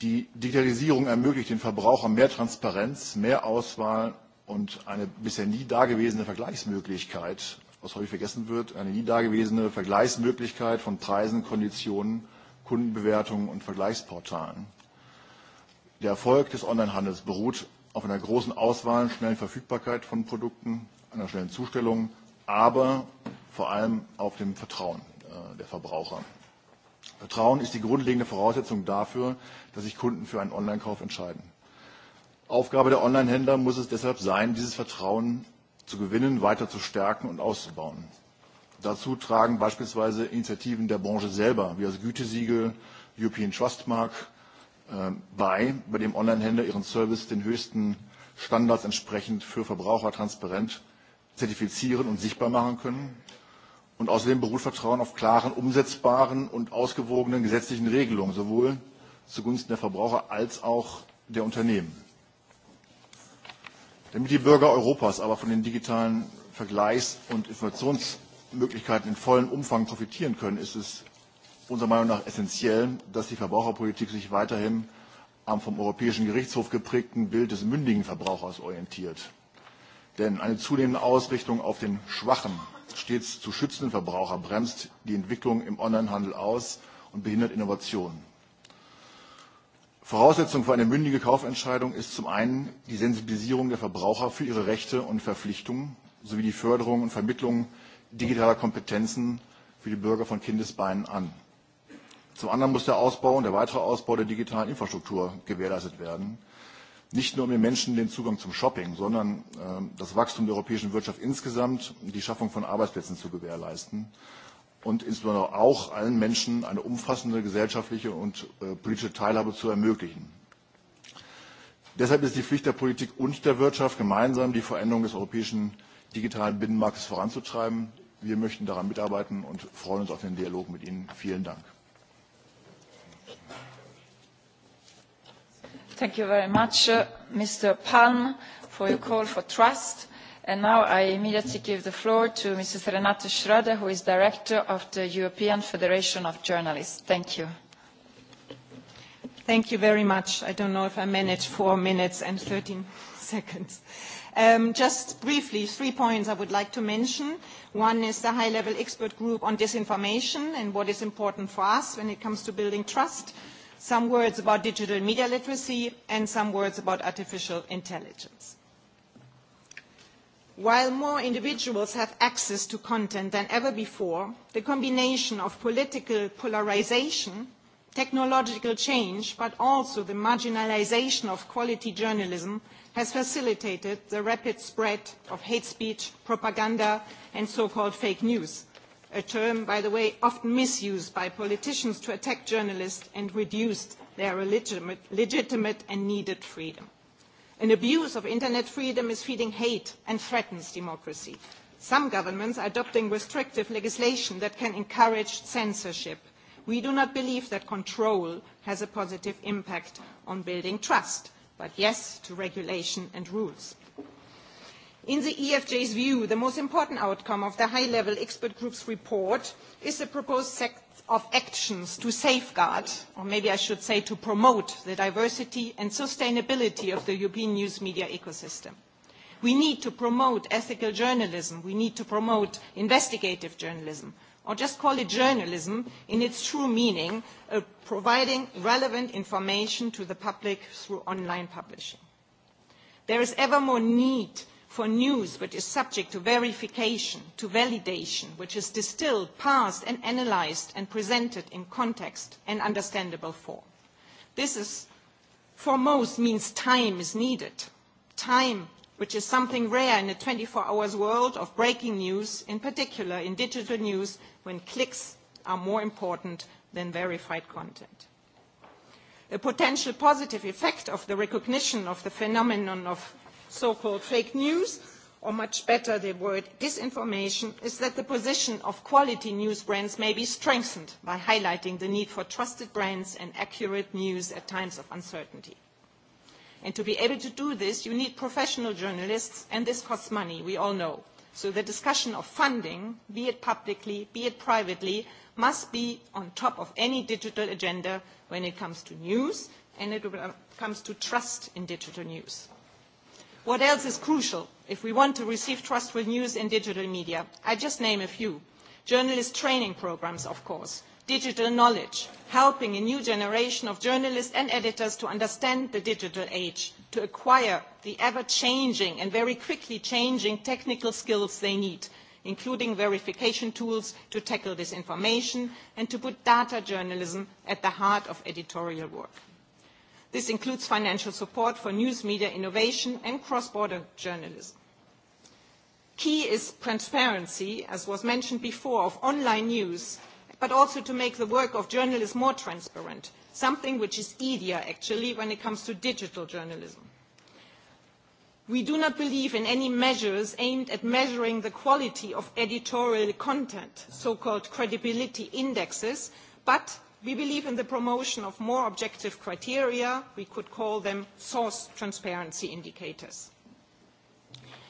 Die Digitalisierung ermöglicht den Verbrauchern mehr Transparenz, mehr Auswahl und eine bisher nie dagewesene Vergleichsmöglichkeit, was häufig vergessen wird, eine nie dagewesene Vergleichsmöglichkeit von Preisen, Konditionen, Kundenbewertungen und Vergleichsportalen. Der Erfolg des Onlinehandels beruht auf einer großen Auswahl, schnellen Verfügbarkeit von Produkten, einer schnellen Zustellung, aber vor allem auf dem Vertrauen der Verbraucher. Vertrauen ist die grundlegende Voraussetzung dafür, dass sich Kunden für einen Online-Kauf entscheiden. Aufgabe der Online-Händler muss es deshalb sein, dieses Vertrauen zu gewinnen, weiter zu stärken und auszubauen. Dazu tragen beispielsweise Initiativen der Branche selber, wie das Gütesiegel, European Trustmark, bei, bei dem Online-Händler ihren Service den höchsten Standards entsprechend für Verbraucher transparent zertifizieren und sichtbar machen können. Und außerdem beruht Vertrauen auf klaren, umsetzbaren und ausgewogenen gesetzlichen Regelungen, sowohl zugunsten der Verbraucher als auch der Unternehmen. Damit die Bürger Europas aber von den digitalen Vergleichs- und Informationsmöglichkeiten in vollem Umfang profitieren können, ist es unserer Meinung nach essentiell, dass die Verbraucherpolitik sich weiterhin am vom Europäischen Gerichtshof geprägten Bild des mündigen Verbrauchers orientiert. Denn eine zunehmende Ausrichtung auf den schwachen, stets zu schützenden Verbraucher bremst die Entwicklung im Onlinehandel aus und behindert Innovationen. Voraussetzung für eine mündige Kaufentscheidung ist zum einen die Sensibilisierung der Verbraucher für ihre Rechte und Verpflichtungen sowie die Förderung und Vermittlung digitaler Kompetenzen für die Bürger von Kindesbeinen an. Zum anderen muss der Ausbau und der weitere Ausbau der digitalen Infrastruktur gewährleistet werden, nicht nur um den Menschen den Zugang zum Shopping, sondern das Wachstum der europäischen Wirtschaft insgesamt, die Schaffung von Arbeitsplätzen zu gewährleisten und insbesondere auch allen Menschen eine umfassende gesellschaftliche und politische Teilhabe zu ermöglichen. Deshalb ist die Pflicht der Politik und der Wirtschaft, gemeinsam die Veränderung des europäischen digitalen Binnenmarktes voranzutreiben. Wir möchten daran mitarbeiten und freuen uns auf den Dialog mit Ihnen. Vielen Dank. Thank you very much, Mr. Palm, for your call for trust. And now I immediately give the floor to Mrs. Renate Schroeder, who is Director of the European Federation of Journalists. Thank you. Thank you very much. I don't know if I managed four minutes and thirteen seconds. Just briefly, three points I would like to mention. One is the high-level expert group on disinformation and what is important for us when it comes to building trust some words about digital media literacy, and some words about artificial intelligence. While more individuals have access to content than ever before, the combination of political polarisation, technological change, but also the marginalisation of quality journalism has facilitated the rapid spread of hate speech, propaganda, and so-called fake news, a term, by the way, often misused by politicians to attack journalists and reduce their legitimate and needed freedom. An abuse of internet freedom is feeding hate and threatens democracy. Some governments are adopting restrictive legislation that can encourage censorship. We do not believe that control has a positive impact on building trust, but yes to regulation and rules. In the EFJ's view, the most important outcome of the high-level expert group's report is a proposed set of actions to safeguard, or maybe I should say to promote, the diversity and sustainability of the European news media ecosystem. We need to promote ethical journalism. We need to promote investigative journalism, or just call it journalism in its true meaning, of providing relevant information to the public through online publishing. There is ever more need for news which is subject to verification, to validation, which is distilled, parsed and analysed and presented in context and understandable form. This is, for most, means time is needed. Time, which is something rare in a twenty four hours world of breaking news, in particular in digital news, when clicks are more important than verified content. A potential positive effect of the recognition of the phenomenon of so-called fake news, or much better the word disinformation, is that the position of quality news brands may be strengthened by highlighting the need for trusted brands and accurate news at times of uncertainty. And to be able to do this, you need professional journalists, and this costs money, we all know. So the discussion of funding, be it publicly, be it privately, must be on top of any digital agenda when it comes to news and it comes to trust in digital news. What else is crucial if we want to receive trustful news in digital media? I just name a few. Journalist training programs, of course, digital knowledge, helping a new generation of journalists and editors to understand the digital age, to acquire the ever-changing and very quickly changing technical skills they need, including verification tools to tackle disinformation and to put data journalism at the heart of editorial work This includes financial support for news media innovation and cross-border journalism. Key is transparency, as was mentioned before, of online news, but also to make the work of journalists more transparent, something which is easier actually when it comes to digital journalism. We do not believe in any measures aimed at measuring the quality of editorial content, so-called credibility indexes, but We believe in the promotion of more objective criteria. We could call them source transparency indicators.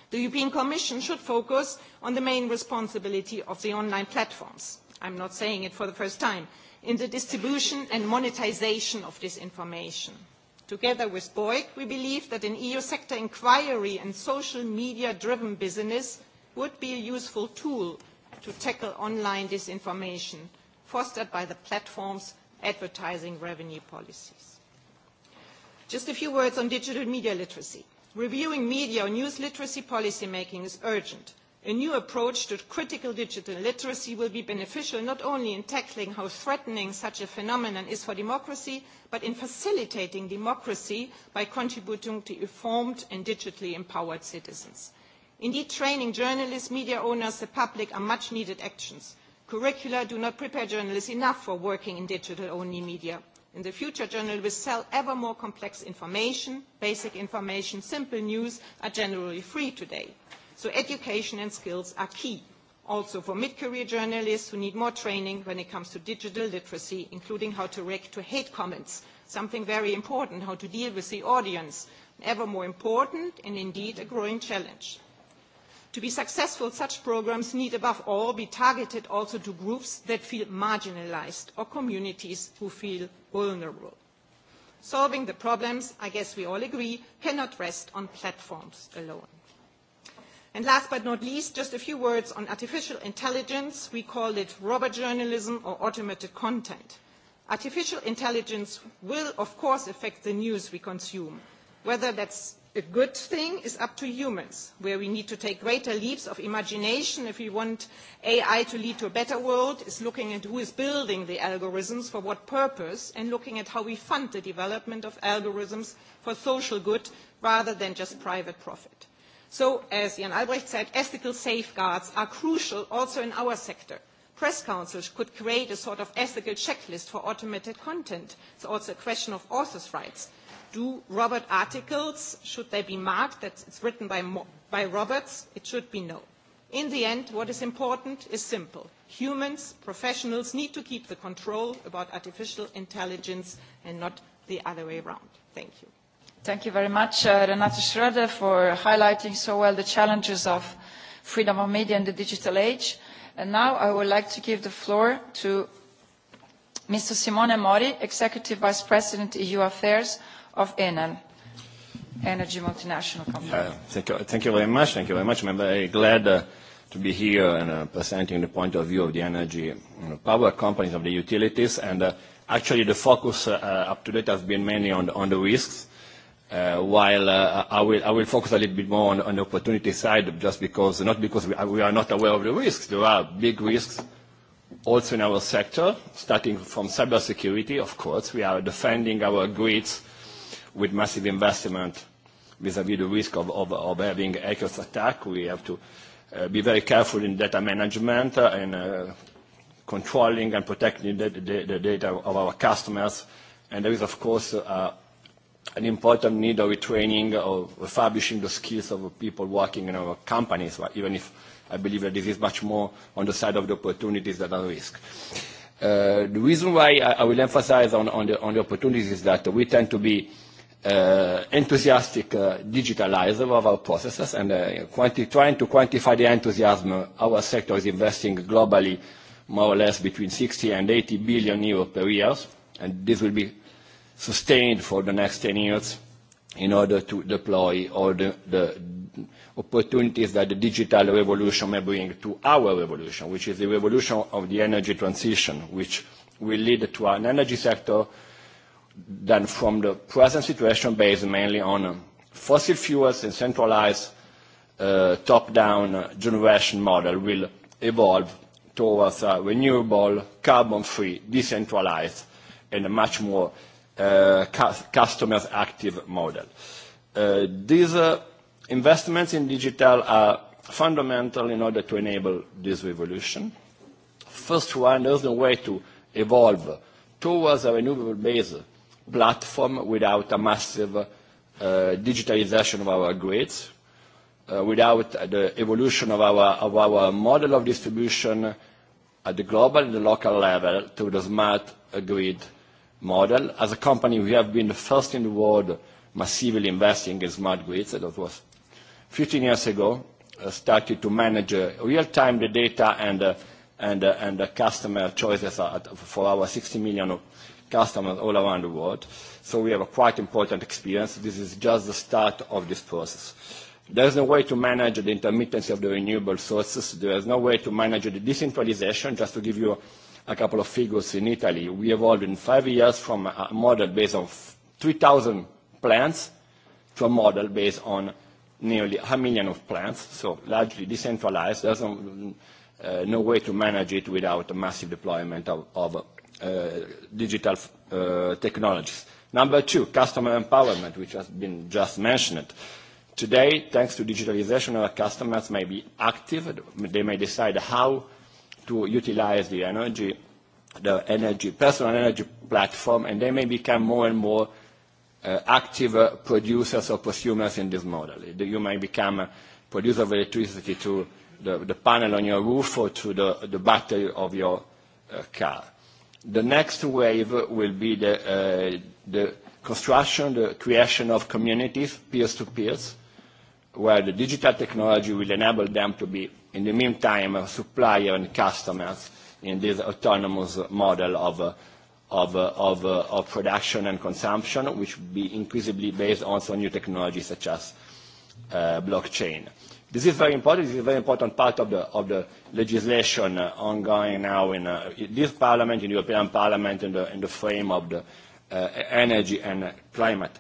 The European Commission should focus on the main responsibility of the online platforms. I am not saying it for the first time, in the distribution and monetisation of this information. Together with BOIC, we believe that an EU sector inquiry and social media-driven business would be a useful tool to tackle online disinformation – fostered by the platform's advertising revenue policies. Just a few words on digital media literacy. Reviewing media or news literacy policy making is urgent. A new approach to critical digital literacy will be beneficial not only in tackling how threatening such a phenomenon is for democracy, but in facilitating democracy by contributing to informed and digitally empowered citizens. Indeed, training journalists, media owners, the public are much needed actions. Curricula do not prepare journalists enough for working in digital-only media. In the future, journalists will sell ever more complex information. Basic information, simple news are generally free today. So education and skills are key, also for mid-career journalists who need more training when it comes to digital literacy, including how to react to hate comments, something very important, how to deal with the audience, ever more important and indeed a growing challenge. To be successful, such programmes need above all be targeted also to groups that feel marginalised or communities who feel vulnerable. Solving the problems, I guess we all agree, cannot rest on platforms alone. And last but not least, just a few words on artificial intelligence. We call it robot journalism or automated content. Artificial intelligence will, of course, affect the news we consume, whether that's a good thing is up to humans, where we need to take greater leaps of imagination if we want AI to lead to a better world, is looking at who is building the algorithms, for what purpose, and looking at how we fund the development of algorithms for social good rather than just private profit. So, as Jan Albrecht said, ethical safeguards are crucial also in our sector. Press councils could create a sort of ethical checklist for automated content. It's also a question of authors' rights do robot articles, should they be marked that it's written by, by robots? It should be no. In the end, what is important is simple. Humans, professionals need to keep the control about artificial intelligence and not the other way around. Thank you. Thank you very much, uh, Renate Schroeder, for highlighting so well the challenges of freedom of media in the digital age. And now I would like to give the floor to Mr. Simone Mori, Executive Vice President, EU Affairs, of Enel energy multinational company. thank you, thank you very much. Thank you very much. I'm very glad uh, to be here and uh, presenting the point of view of the energy you know, power companies of the utilities. And uh, actually, the focus uh, up to date has been mainly on, on the risks. Uh, while uh, I, will, I will focus a little bit more on, on the opportunity side, just because, not because we are, we are not aware of the risks, there are big risks also in our sector, starting from cybersecurity, of course. We are defending our grids with massive investment vis-à-vis the risk of, of, of having hackers attack. We have to be very careful in data management and controlling and protecting the, data of our customers. And there is, of course, an important need of retraining or refurbishing the skills of people working in our companies, even if I believe that this is much more on the side of the opportunities than the risk. the reason why I, will emphasize on, on the opportunities is that we tend to be uh, enthusiastic uh, digitalizer of our processes and uh, quanti- trying to quantify the enthusiasm our sector is investing globally more or less between 60 and 80 billion euros per year and this will be sustained for the next 10 years in order to deploy all the, the opportunities that the digital revolution may bring to our revolution, which is the revolution of the energy transition, which will lead to an energy sector than from the present situation based mainly on fossil fuels and centralized uh, top-down generation model will evolve towards a renewable, carbon-free, decentralized, and a much more uh, customer-active model. Uh, these uh, investments in digital are fundamental in order to enable this revolution. First one, there's no way to evolve towards a renewable-based platform without a massive digitalization of our grids, without the evolution of our, of our model of distribution at the global and the local level to the smart grid model. As a company, we have been the first in the world massively investing in smart grids. That was 15 years ago, uh, started to manage uh, real-time the data and, uh, and, uh, and the customer choices for our 60 million customers all around the world. So we have a quite important experience. This is just the start of this process. There is no way to manage the intermittency of the renewable sources. There is no way to manage the decentralization. Just to give you a couple of figures, in Italy, we evolved in five years from a model based on 3,000 plants to a model based on nearly a million of plants, so largely decentralized. There's no, uh, no way to manage it without a massive deployment of, of digital technologies. Number two, customer empowerment, which has been just mentioned. Today, thanks to digitalization, our customers may be active. They may decide how to utilize the energy, the energy, personal energy platform, and they may become more and more uh, active uh, producers or consumers in this model. You may become a producer of electricity to the, the panel on your roof or to the, the battery of your uh, car. The next wave will be the, construction, the creation of communities, peers-to-peers, where the digital technology will enable them to be, in the meantime, a supplier and customers in this autonomous model of, production and consumption, which will be increasingly based also on new technologies such as blockchain. This is very important. This is a very important part of the, of the legislation uh, ongoing now in uh, this Parliament, in the European Parliament, in the, in the frame of the uh, energy and climate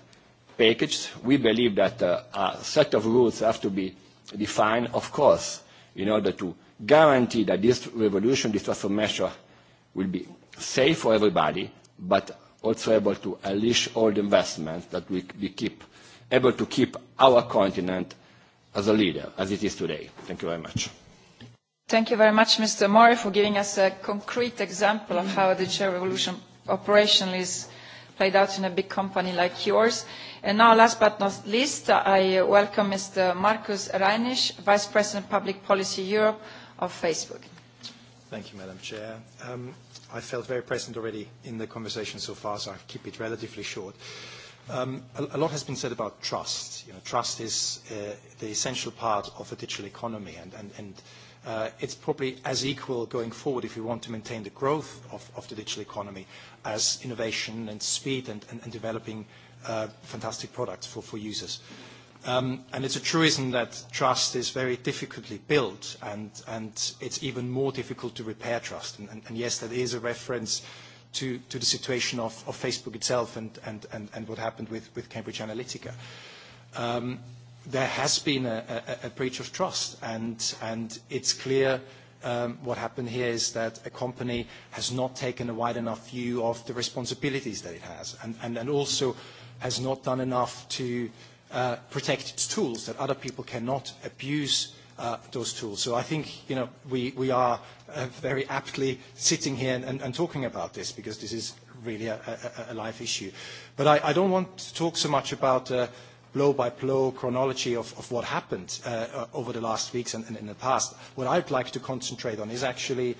package. We believe that uh, a set of rules have to be defined, of course, in order to guarantee that this revolution, this transformation will be safe for everybody, but also able to unleash all the investments that we, we keep, able to keep our continent as a leader as it is today. Thank you very much. Thank you very much, Mr. Mori, for giving us a concrete example of how the digital revolution operationally is played out in a big company like yours. And now, last but not least, I welcome Mr. Markus Reinisch, Vice President Public Policy Europe of Facebook. Thank you, Madam Chair. Um, I felt very present already in the conversation so far, so I'll keep it relatively short. Um, a, a lot has been said about trust. You know, trust is uh, the essential part of a digital economy, and, and, and uh, it's probably as equal going forward if we want to maintain the growth of, of the digital economy as innovation and speed and, and, and developing uh, fantastic products for, for users. Um, and it's a truism that trust is very difficultly built, and, and it's even more difficult to repair trust. And, and, and yes, that is a reference to, to the situation of, of Facebook itself and, and, and, and what happened with, with Cambridge Analytica. Um, there has been a, a, a breach of trust, and, and it's clear um, what happened here is that a company has not taken a wide enough view of the responsibilities that it has, and, and, and also has not done enough to uh, protect its tools that other people cannot abuse those tools. So I think you know, we, we are uh, very aptly sitting here and, and, and talking about this because this is really a, a, a life issue. But I, I don't want to talk so much about uh, blow-by-blow chronology of, of what happened uh, over the last weeks and, and in the past. What I'd like to concentrate on is actually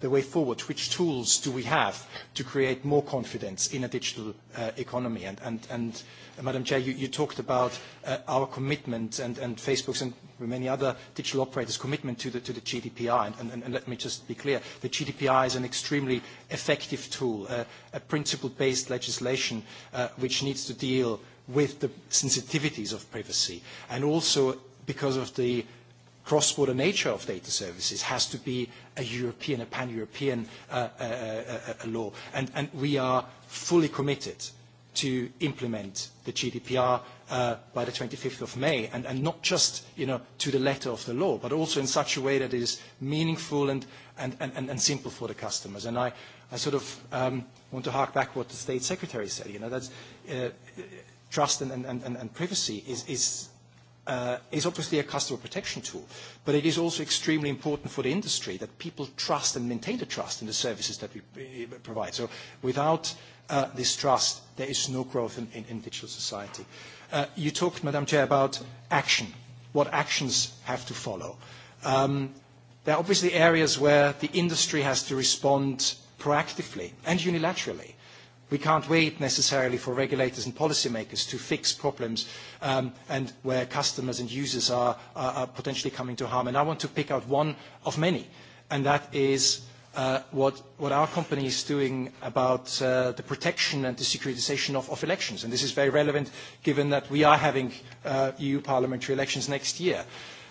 the way forward? Which tools do we have to create more confidence in a digital economy? And Madam Chair, you talked about our commitment and Facebook's and many other digital operators' commitment to the GDPR. And let me just be clear, the GDPR is an extremely effective tool, a principle-based legislation which needs to deal with the sensitivities of privacy, and also because of the cross-border nature of data services has to be a European, a pan-European uh law. And and we are fully committed to implement the GDPR uh by the 25th of May, and and not just, you know, to the letter of the law, but also in such a way that is meaningful and and and and simple for the customers. And I I sort of um want to hark back what the State Secretary said, you know, that's trust and and and and privacy is is uh, is obviously a customer protection tool, but it is also extremely important for the industry that people trust and maintain the trust in the services that we provide. So without this trust, there is no growth in, digital society. you talked, Madam Chair, about action, what actions have to follow. there are obviously areas where the industry has to respond proactively and unilaterally We can't wait necessarily for regulators and policymakers to fix problems and where customers and users are, are potentially coming to harm. And I want to pick out one of many, and that is what, what our company is doing about the protection and the securitization of, of elections. And this is very relevant given that we are having EU parliamentary elections next year.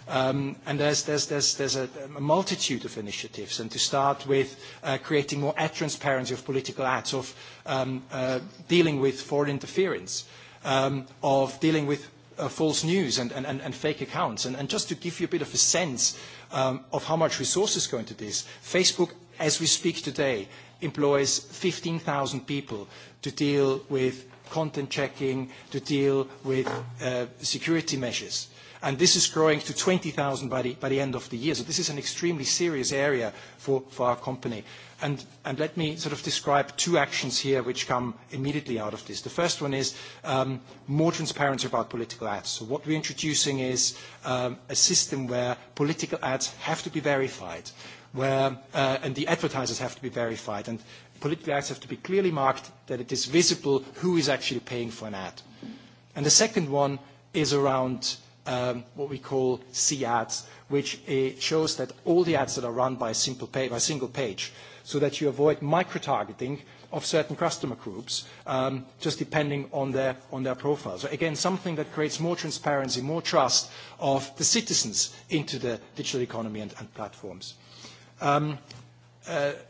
Um, and there's, there's, there's, there's a, a multitude of initiatives. And to start with uh, creating more ad transparency of political ads, of um, uh, dealing with foreign interference, um, of dealing with uh, false news and, and, and, and fake accounts. And, and just to give you a bit of a sense um, of how much resources go into this, Facebook, as we speak today, employs 15,000 people to deal with content checking, to deal with uh, security measures and this is growing to 20,000 by the, by the end of the year. So this is an extremely serious area for, for our company. And, and let me sort of describe two actions here which come immediately out of this. The first one is um, more transparency about political ads. So what we're introducing is um, a system where political ads have to be verified, where, uh, and the advertisers have to be verified, and political ads have to be clearly marked that it is visible who is actually paying for an ad. And the second one is around what we call C-ads, which shows that all the ads that are run by a single page, so that you avoid micro-targeting of certain customer groups, just depending on their, on their profile. So again, something that creates more transparency, more trust of the citizens into the digital economy and, platforms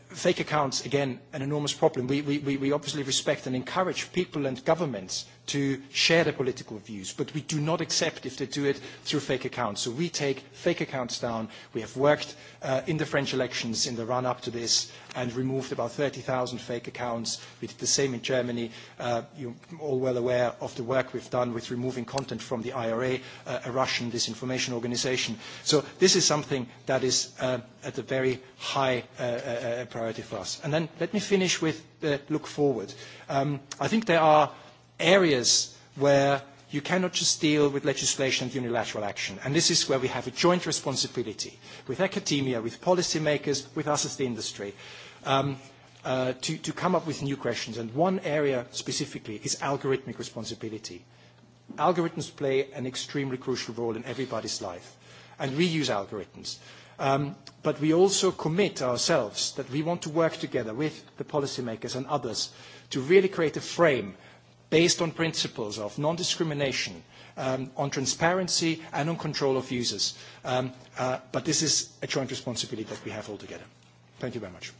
fake accounts, again, an enormous problem. We, we, we obviously respect and encourage people and governments to share their political views, but we do not accept if they do it through fake accounts. So we take fake accounts down. We have worked uh, in the French elections in the run-up to this and removed about 30,000 fake accounts. We did the same in Germany. Uh, you're all well aware of the work we've done with removing content from the IRA, uh, a Russian disinformation organization. So this is something that is uh, at a very high uh, uh, priority priority for us. And then let me finish with the look forward. Um, I think there are areas where you cannot just deal with legislation and unilateral action. And this is where we have a joint responsibility with academia, with policymakers, with us as the industry, um, uh, to, to come up with new questions. And one area specifically is algorithmic responsibility. Algorithms play an extremely crucial role in everybody's life. And we use algorithms but we also commit ourselves that we want to work together with the policymakers and others to really create a frame based on principles of non-discrimination, um, on transparency, and on control of users. Um, uh, But this is a joint responsibility that we have all together. Thank you very much.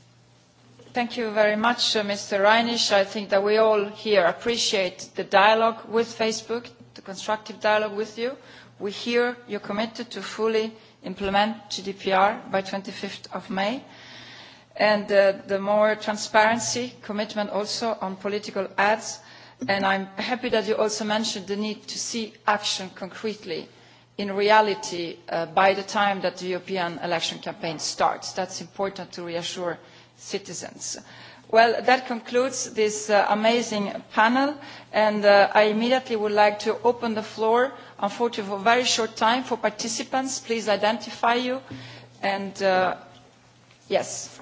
Thank you very much, uh, Mr. Reinisch. I think that we all here appreciate the dialogue with Facebook, the constructive dialogue with you. We hear you're committed to fully implement GDPR by 25th of May, and the more transparency commitment also on political ads. And I'm happy that you also mentioned the need to see action concretely in reality by the time that the European election campaign starts. That's important to reassure citizens. Well, that concludes this amazing panel, and I immediately would like to open the floor unfortunately for a very short time for participants. Please identify you. And uh, yes.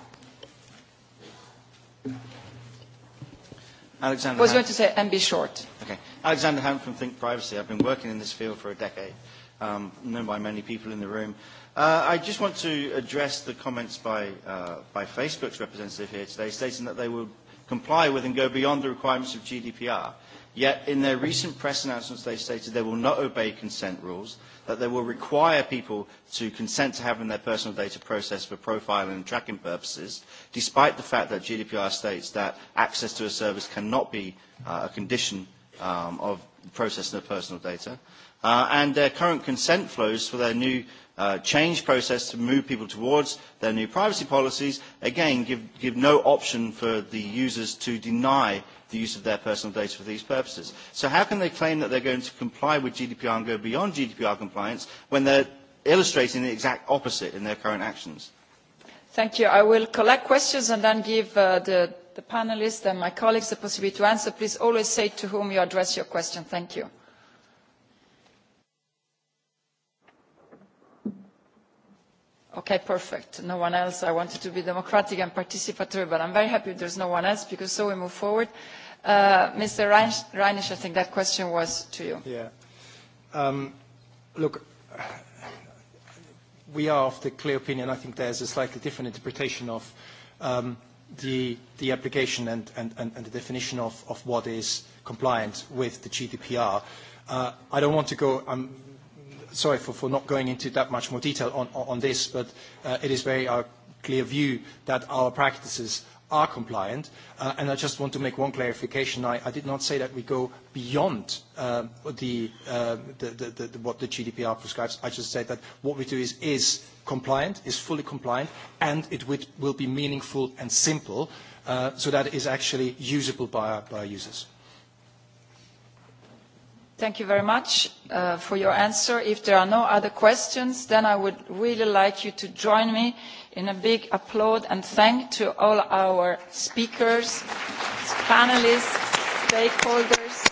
Alexander I was going to say, and be short. Okay. Alexander Ham from Think Privacy. I've been working in this field for a decade, um, known by many people in the room. Uh, I just want to address the comments by, uh, by Facebook's representative here today, stating that they will comply with and go beyond the requirements of GDPR. Yet in their recent press announcements, they stated they will not obey consent rules, that they will require people to consent to having their personal data processed for profiling and tracking purposes, despite the fact that GDPR states that access to a service cannot be uh, a condition um, of processing of personal data. Uh, and their current consent flows for their new change process to move people towards their new privacy policies, again, give, give no option for the users to deny the use of their personal data for these purposes. So how can they claim that they're going to comply with GDPR and go beyond GDPR compliance when they're illustrating the exact opposite in their current actions? Thank you. I will collect questions and then give uh, the, the panelists and my colleagues the possibility to answer. Please always say to whom you address your question. Thank you. Okay, perfect. No one else. I wanted to be democratic and participatory, but I'm very happy there's no one else because so we move forward. Uh, Mr. Reinisch, I think that question was to you. Um, look, we are of the clear opinion, I think there's a slightly different interpretation of um, the, the application and, and, and, and the definition of, of what is compliant with the GDPR. Uh, I don't want to go, I'm sorry for, for not going into that much more detail on, on this, but uh, it is very our clear view that our practices are compliant. and I just want to make one clarification. I, I did not say that we go beyond what the GDPR prescribes. I just said that what we do is, is compliant, is fully compliant, and it will be meaningful and simple, so that it is actually usable by our, by our users. Thank you very much for your answer. If there are no other questions, then I would really like you to join me in a big applause and thank to all our speakers, panelists, stakeholders.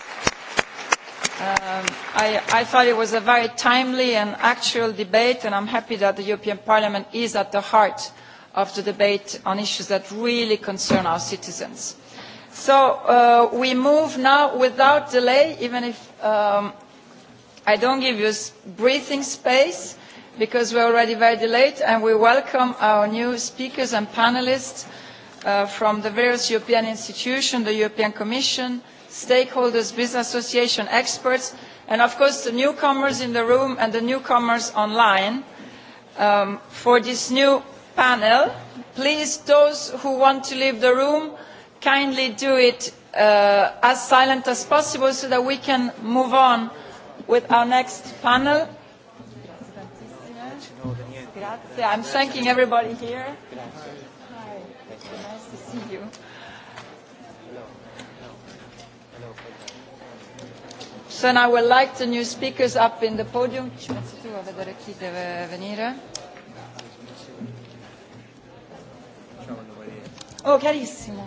I, thought it was a very timely and actual debate, and I am happy that the European Parliament is at the heart of the debate on issues that really concern our citizens So uh, we move now without delay, even if um, I don't give you breathing space, because we're already very late, and we welcome our new speakers and panelists uh, from the various European institutions, the European Commission, stakeholders, business association, experts, and of course the newcomers in the room and the newcomers online um, for this new panel. Please, those who want to leave the room, kindly do it uh, as silent as possible so that we can move on with our next panel. I'm thanking everybody here. Hi. Nice to see you. So now I would like the new speakers up in the podium. venire? Oh, carissimo.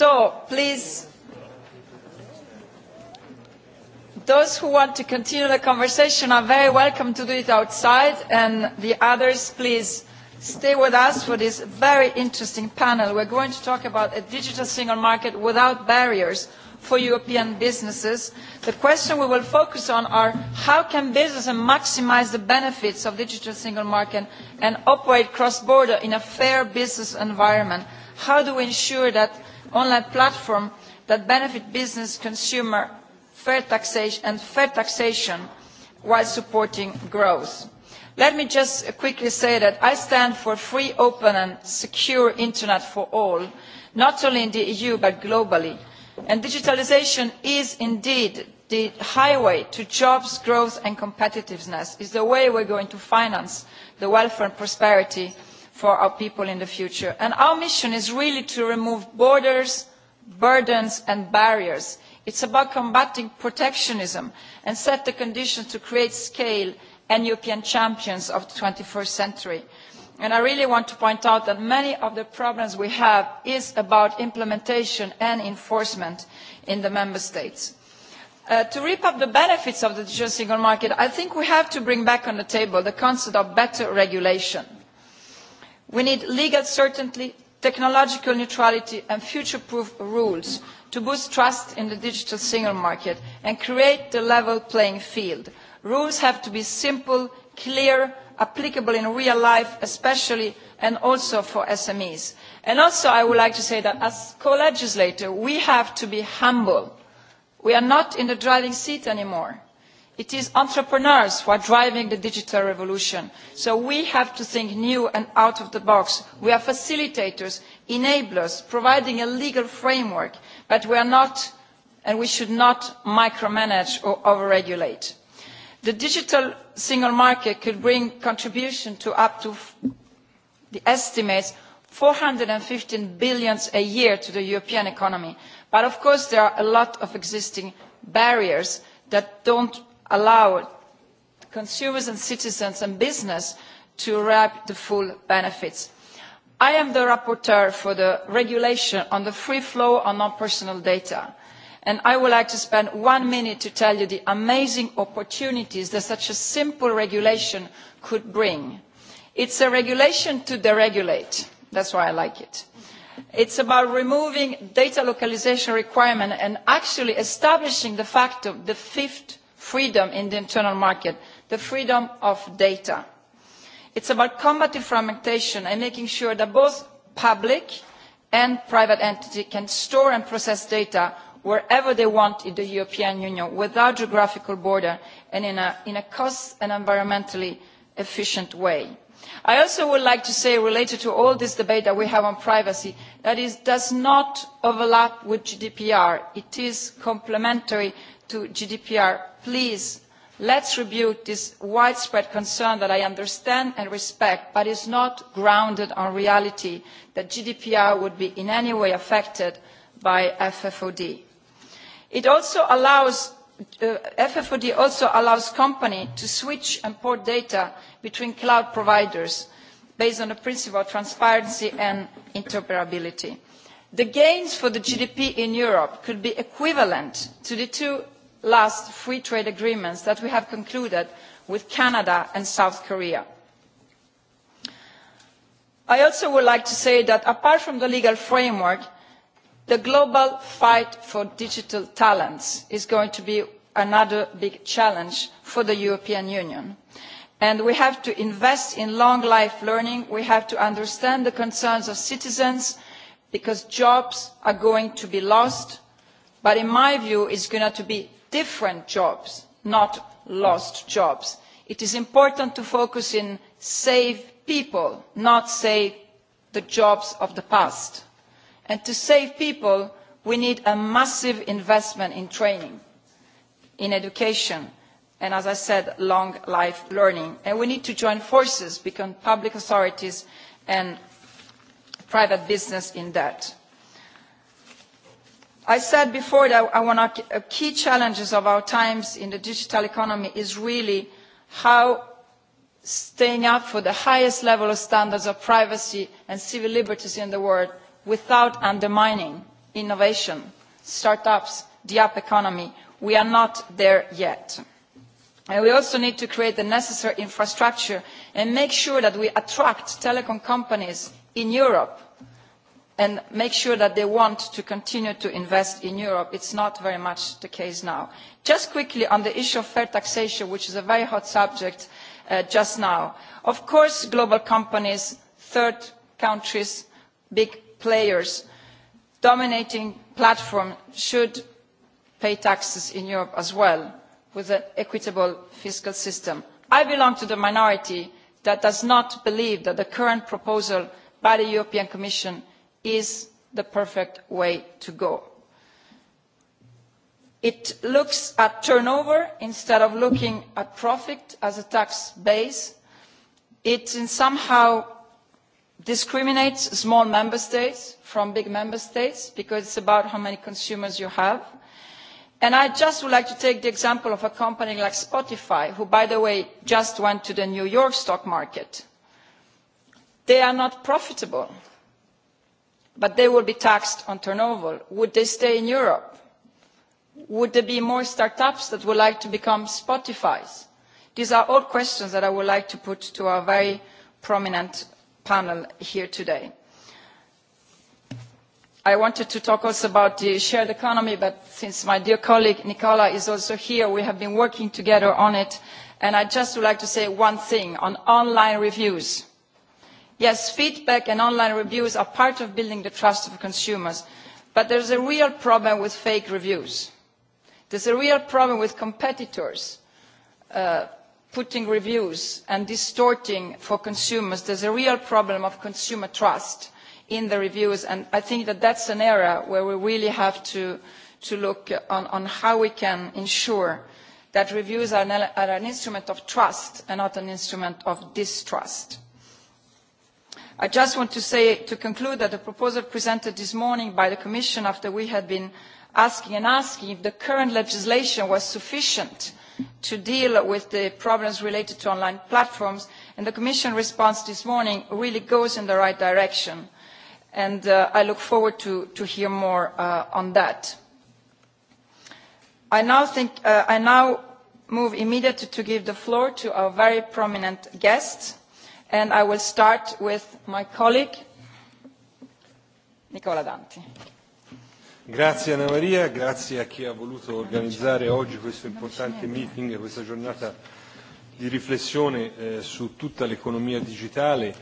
So, please, those who want to continue the conversation are very welcome to do it outside, and the others, please stay with us for this very interesting panel. We're going to talk about a digital single market without barriers for European businesses. The question we will focus on are how can businesses maximise the benefits of the digital single market and operate cross-border in a fair business environment? How do we ensure that online platforms that benefit business, consumer fair taxation, and fair taxation while supporting growth. Let me just quickly say that I stand for a free, open and secure internet for all, not only in the EU but globally. And digitalisation is indeed the highway to jobs, growth and competitiveness. It is the way we are going to finance the welfare and prosperity for our people in the future. And our mission is really to remove borders, burdens and barriers It is about combating protectionism and setting the conditions to create scale and European champions of the twenty first century. I really want to point out that many of the problems we have are about implementation and enforcement in the member states. to reap up the benefits of the digital single market, I think we have to bring back on the table the concept of better regulation. We need legal certainty, technological neutrality and future-proof rules to boost trust in the digital single market and create the level playing field. Rules have to be simple, clear, applicable in real life especially and also for SMEs. And also I would like to say that as co-legislator we have to be humble. We are not in the driving seat anymore. It is entrepreneurs who are driving the digital revolution. So we have to think new and out of the box. We are facilitators, enablers, providing a legal framework but we are not and we should not micromanage or overregulate. the digital single market could bring contribution to up to the estimates of four hundred and fifteen billion a year to the european economy but of course there are a lot of existing barriers that do not allow consumers and citizens and business to reap the full benefits i am the rapporteur for the regulation on the free flow of non personal data and i would like to spend one minute to tell you the amazing opportunities that such a simple regulation could bring. it is a regulation to deregulate that is why i like it. it is about removing data localisation requirements and actually establishing de facto the fifth freedom in the internal market the freedom of data It is about combating fragmentation and making sure that both public and private entities can store and process data wherever they want in the European Union without geographical borders and in a, cost and environmentally efficient way. I also would like to say, related to all this debate that we have on privacy, that it does not overlap with GDPR. It is complementary to GDPR. Please Let us rebuke this widespread concern that I understand and respect, but is not grounded on reality that GDPR would be in any way affected by FFOD. It also allows FFOD also allows companies to switch and port data between cloud providers based on the principle of transparency and interoperability. The gains for the GDP in Europe could be equivalent to the two last free trade agreements that we have concluded with Canada and South Korea. I also would like to say that apart from the legal framework, the global fight for digital talents is going to be another big challenge for the European Union. And we have to invest in long life learning. We have to understand the concerns of citizens because jobs are going to be lost. But in my view, it is going to be different jobs not lost jobs. it is important to focus on saving people not saving the jobs of the past and to save people we need a massive investment in training in education and as i said long life learning and we need to join forces between public authorities and private business in that I said before that one of the key challenges of our times in the digital economy is really how staying up for the highest level of standards of privacy and civil liberties in the world without undermining innovation, start-ups, the app economy. We are not there yet. we also need to create the necessary infrastructure and make sure that we attract telecom companies in Europe and make sure that they want to continue to invest in Europe. is not very much the case now. Just quickly on the issue of fair taxation, which is a very hot subject just now. Of course, global companies, third countries, big players, dominating platforms should pay taxes in Europe as well with an equitable fiscal system. I belong to the minority that does not believe that the current proposal by the European Commission is the perfect way to go. It looks at turnover instead of looking at profit as a tax base. It somehow discriminates small member states from big member states because it is about how many consumers you have. And I just would like to take the example of a company like Spotify, who, by the way, just went to the New York stock market. They are not profitable but they will be taxed on turnover. Would they stay in Europe? Would there be more start ups that would like to become Spotify's? These are all questions that I would like to put to our very prominent panel here today. I wanted to talk also about the shared economy, but since my dear colleague Nicola is also here, we have been working together on it. And I would just like to say one thing on online reviews yes feedback and online reviews are part of building the trust of consumers but there is a real problem with fake reviews. there is a real problem with competitors putting reviews and distorting for consumers. there is a real problem of consumer trust in the reviews and i think that is an area where we really have to look at how we can ensure that reviews are an instrument of trust and not an instrument of distrust I just want to say, to conclude, that the proposal presented this morning by the Commission after we had been asking and asking if the current legislation was sufficient to deal with the problems related to online platforms, and the Commission response this morning really goes in the right direction. And I look forward to, hearing more on that. I now, think, I now move immediately to give the floor to our very prominent guests and I will start with my colleague, Nicola Danti. Grazie Anna Maria, grazie a chi ha voluto organizzare oggi questo importante meeting e questa giornata di riflessione eh, su tutta l'economia digitale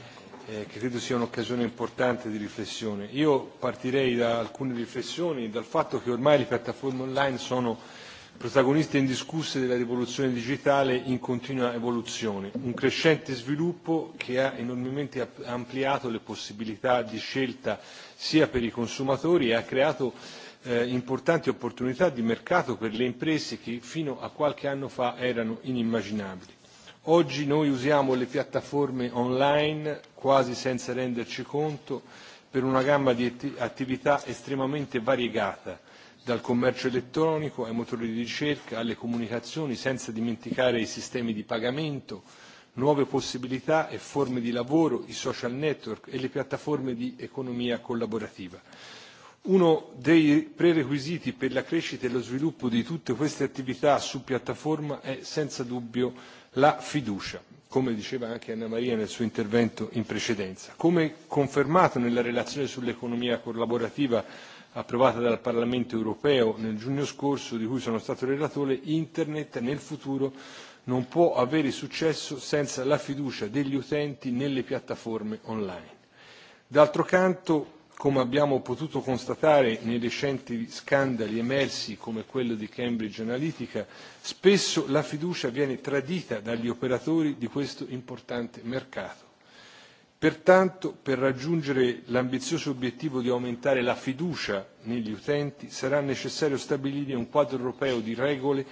eh, che credo sia un'occasione importante di riflessione. Io partirei da alcune riflessioni, dal fatto che ormai le piattaforme online sono protagoniste indiscusse della rivoluzione digitale in continua evoluzione, un crescente sviluppo che ha enormemente ampliato le possibilità di scelta sia per i consumatori e ha creato eh, importanti opportunità di mercato per le imprese che fino a qualche anno fa erano inimmaginabili. Oggi noi usiamo le piattaforme online quasi senza renderci conto per una gamma di attività estremamente variegata dal commercio elettronico ai motori di ricerca alle comunicazioni, senza dimenticare i sistemi di pagamento, nuove possibilità e forme di lavoro, i social network e le piattaforme di economia collaborativa. Uno dei prerequisiti per la crescita e lo sviluppo di tutte queste attività su piattaforma è senza dubbio la fiducia, come diceva anche Anna Maria nel suo intervento in precedenza. Come confermato nella relazione sull'economia collaborativa approvata dal Parlamento europeo nel giugno scorso, di cui sono stato relatore, Internet nel futuro non può avere successo senza la fiducia degli utenti nelle piattaforme online. D'altro canto, come abbiamo potuto constatare nei recenti scandali emersi come quello di Cambridge Analytica, spesso la fiducia viene tradita dagli operatori di questo importante mercato Pertanto, per raggiungere l'ambizioso obiettivo di aumentare la fiducia negli utenti, sarà necessario stabilire un quadro europeo di regole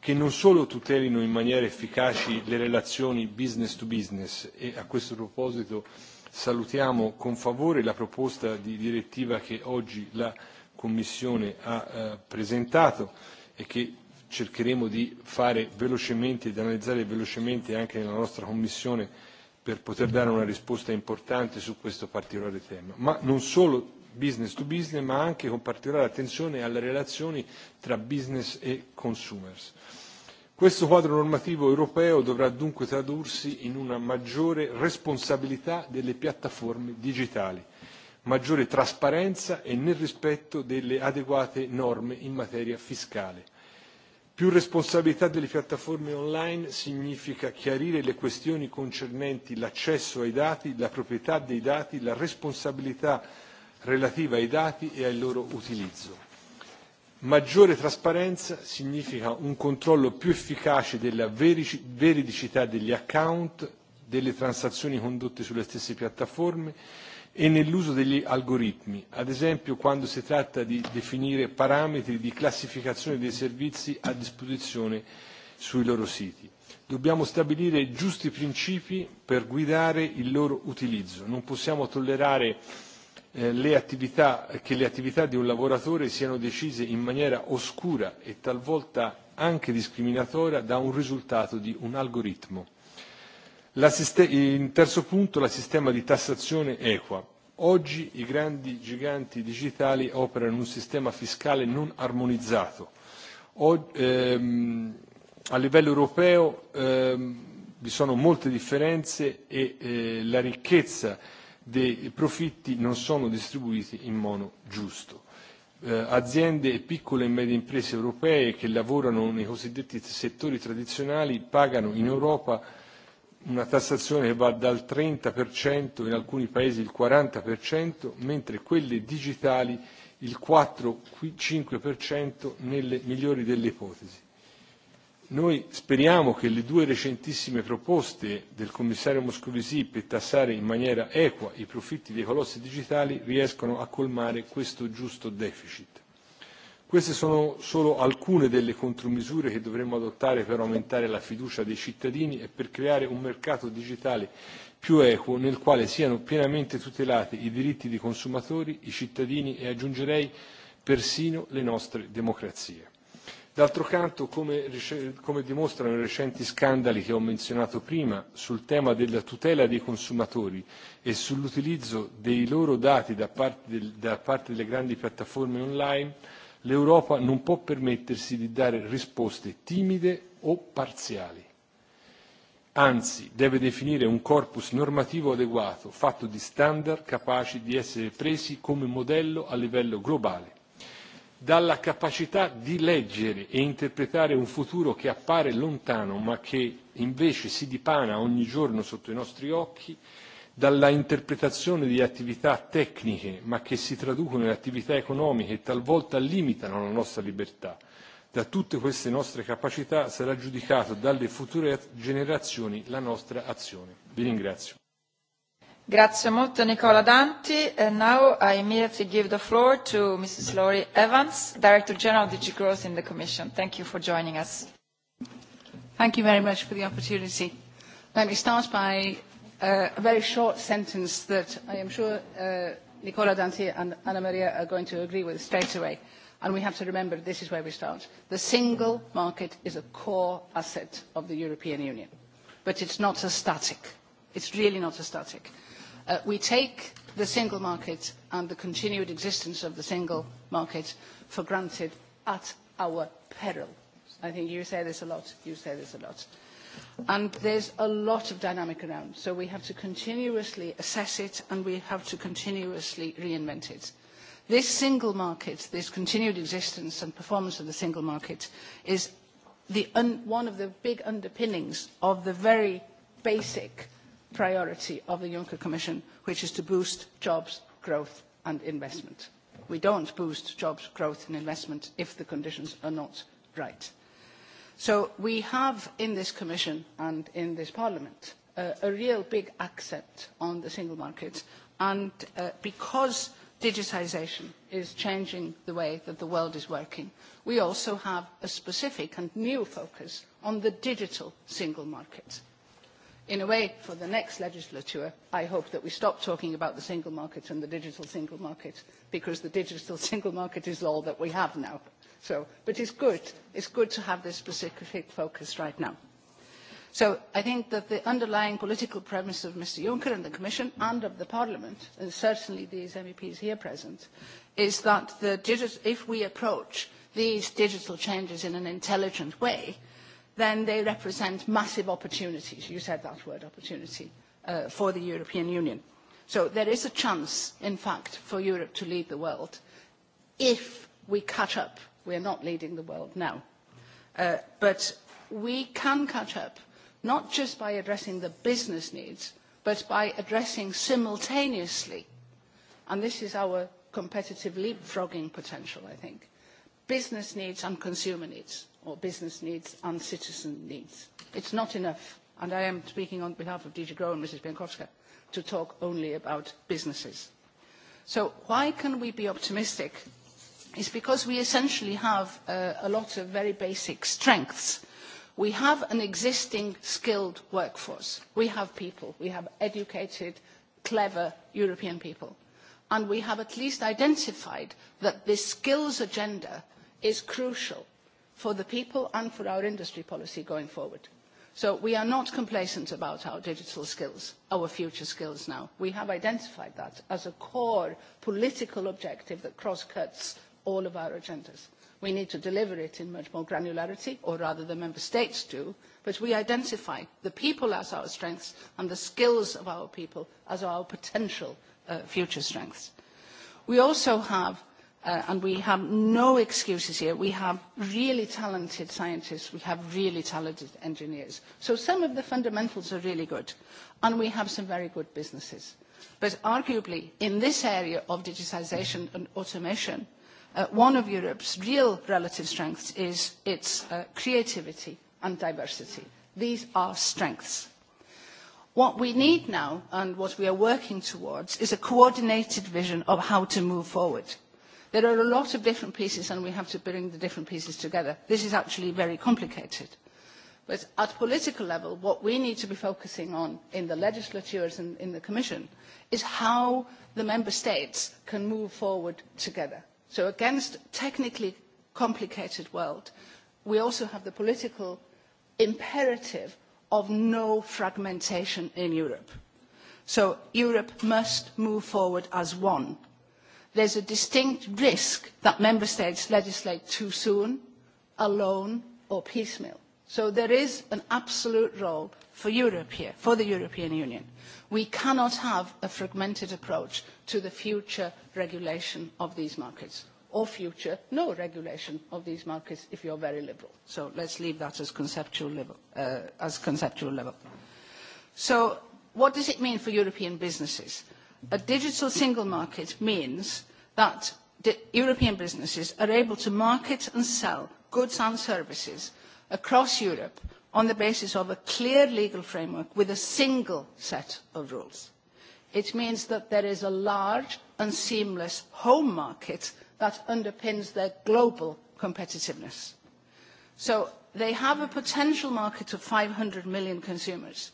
che non solo tutelino in maniera efficace le relazioni business to business e a questo proposito salutiamo con favore la proposta di direttiva che oggi la Commissione ha presentato e che cercheremo di fare velocemente e di analizzare velocemente anche nella nostra Commissione per poter dare una risposta importante su questo particolare tema, ma non solo business to business, ma anche con particolare attenzione alle relazioni tra business e consumers. Questo quadro normativo europeo dovrà dunque tradursi in una maggiore responsabilità delle piattaforme digitali, maggiore trasparenza e nel rispetto delle adeguate norme in materia fiscale Più responsabilità delle piattaforme online significa chiarire le questioni concernenti l'accesso ai dati, la proprietà dei dati, la responsabilità relativa ai dati e al loro utilizzo. Maggiore trasparenza significa un controllo più efficace della veridicità degli account, delle transazioni condotte sulle stesse piattaforme e nell'uso degli algoritmi, ad esempio quando si tratta di definire parametri di classificazione dei servizi a disposizione sui loro siti. Dobbiamo stabilire giusti principi per guidare il loro utilizzo. Non possiamo tollerare le attività, che le attività di un lavoratore siano decise in maniera oscura e talvolta anche discriminatoria da un risultato di un algoritmo. In terzo punto, la sistema di tassazione equa. Oggi i grandi giganti digitali operano in un sistema fiscale non armonizzato. a livello europeo vi sono molte differenze e la ricchezza dei profitti non sono distribuiti in modo giusto. aziende e piccole e medie imprese europee che lavorano nei cosiddetti settori tradizionali pagano in Europa una tassazione che va dal 30%, in alcuni paesi il 40%, mentre quelle digitali il 4-5% nelle migliori delle ipotesi. Noi speriamo che le due recentissime proposte del commissario Moscovici per tassare in maniera equa i profitti dei colossi digitali riescano a colmare questo giusto deficit. Queste sono solo alcune delle contromisure che dovremmo adottare per aumentare la fiducia dei cittadini e per creare un mercato digitale più equo nel quale siano pienamente tutelati i diritti dei consumatori, i cittadini e aggiungerei persino le nostre democrazie. D'altro canto, come, come dimostrano i recenti scandali che ho menzionato prima sul tema della tutela dei consumatori e sull'utilizzo dei loro dati da parte, del, da parte delle grandi piattaforme online, l'Europa non può permettersi di dare risposte timide o parziali. Anzi, deve definire un corpus normativo adeguato, fatto di standard capaci di essere presi come modello a livello globale, dalla capacità di leggere e interpretare un futuro che appare lontano ma che invece si dipana ogni giorno sotto i nostri occhi dalla interpretazione di attività tecniche, ma che si traducono in attività economiche e talvolta limitano la nostra libertà, da tutte queste nostre capacità sarà giudicato dalle future generazioni la nostra azione. Vi ringrazio. Grazie molto Nicola Danti. And now I immediately give the floor to Mrs. Laurie Evans, Director General of DG Growth in the Commission. Thank you for joining us. Thank you very much for the opportunity. Let me start by a very short sentence that I am sure Nicola Dante and Anna Maria are going to agree with straight away. And we have to remember this is where we start. The single market is a core asset of the European Union, but it's not a static. It's really not a static. we take the single market and the continued existence of the single market for granted at our peril. I think you say this a lot. You say this a lot And there's a lot of dynamic around, so we have to continuously assess it and we have to continuously reinvent it. This single market, this continued existence and performance of the single market is the un one of the big underpinnings of the very basic priority of the Juncker Commission, which is to boost jobs, growth and investment. We don't boost jobs, growth and investment if the conditions are not right. So we have in this Commission and in this Parliament a real big accent on the single market and because digitisation is changing the way that the world is working, we also have a specific and new focus on the digital single market. In a way, for the next legislature, I hope that we stop talking about the single market and the digital single market, because the digital single market is all that we have now So, but it's good. It's good to have this specific focus right now. So I think that the underlying political premise of Mr Juncker and the Commission and of the Parliament, and certainly these MEPs here present, is that if we approach these digital changes in an intelligent way, then they represent massive opportunities. You said that word, opportunity, uh, for the European Union. So there is a chance, in fact, for Europe to lead the world if we catch up We are not leading the world now. but we can catch up, not just by addressing the business needs, but by addressing simultaneously, and this is our competitive leapfrogging potential, I think, business needs and consumer needs, or business needs and citizen needs. It's not enough, and I am speaking on behalf of DG Grow and Mrs. Biankowska, to talk only about businesses. So why can we be optimistic is because we essentially have a lot of very basic strengths. We have an existing skilled workforce. We have people. We have educated, clever European people. And we have at least identified that this skills agenda is crucial for the people and for our industry policy going forward. So we are not complacent about our digital skills, our future skills now. We have identified that as a core political objective that cross-cuts all of our agendas. We need to deliver it in much more granularity, or rather the member states do, but we identify the people as our strengths and the skills of our people as our potential future strengths. We also have, and we have no excuses here, we have really talented scientists, we have really talented engineers. So some of the fundamentals are really good, and we have some very good businesses. But arguably, in this area of digitisation and automation, one of Europe's real relative strengths is its creativity and diversity. These are strengths. What we need now and what we are working towards is a coordinated vision of how to move forward. There are a lot of different pieces and we have to bring the different pieces together. This is actually very complicated. But at political level, what we need to be focusing on in the legislatures and in the Commission is how the Member States can move forward together So against technically complicated world, we also have the political imperative of no fragmentation in Europe. So Europe must move forward as one. There is a distinct risk that member states legislate too soon, alone or piecemeal. So there is an absolute role for Europe here, for the European Union. We cannot have a fragmented approach to the future regulation of these markets or future no regulation of these markets if you're very liberal. So let's leave that as conceptual level. Uh, as conceptual level. So what does it mean for European businesses? A digital single market means that European businesses are able to market and sell goods and services across Europe on the basis of a clear legal framework with a single set of rules. It means that there is a large and seamless home market that underpins their global competitiveness. So they have a potential market of five hundred million consumers.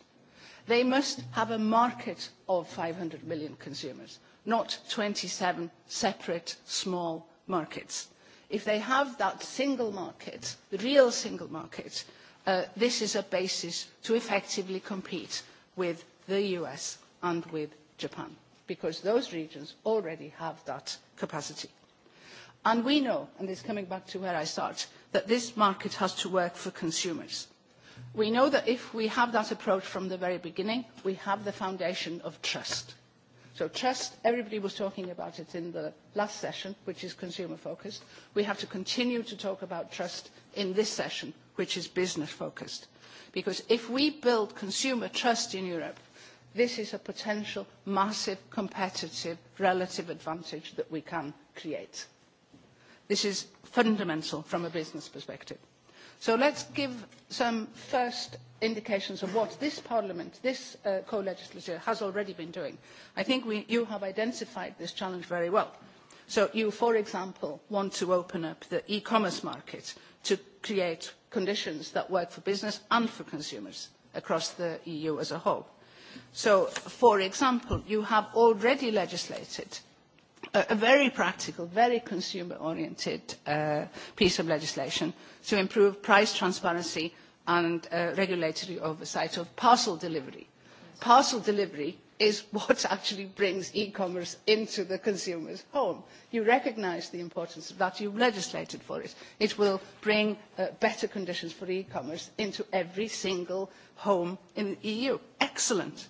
They must have a market of five hundred million consumers, not twenty seven separate small markets if they have that single market, the real single market, this is a basis to effectively compete with the US and with Japan, because those regions already have that capacity. And we know, and this is coming back to where I start, that this market has to work for consumers. We know that if we have that approach from the very beginning, we have the foundation of trust So trust, everybody was talking about it in the last session, which is consumer focused. We have to continue to talk about trust in this session, which is business focused. Because if we build consumer trust in Europe, this is a potential massive competitive relative advantage that we can create. This is fundamental from a business perspective. So let us give some first indications of what this parliament, this co-legislature, has already been doing. I think you have identified this challenge very well. So you, for example, want to open up the e-commerce market to create conditions that work for business and for consumers across the EU as a whole. So, for example, you have already legislated a very practical, very consumer-oriented piece of legislation to improve price transparency and regulatory oversight of parcel delivery. Parcel delivery is what actually brings e-commerce into the consumer's home. You recognise the importance of that. You've legislated for it. It will bring better conditions for e-commerce into every single home in the EU. Excellent.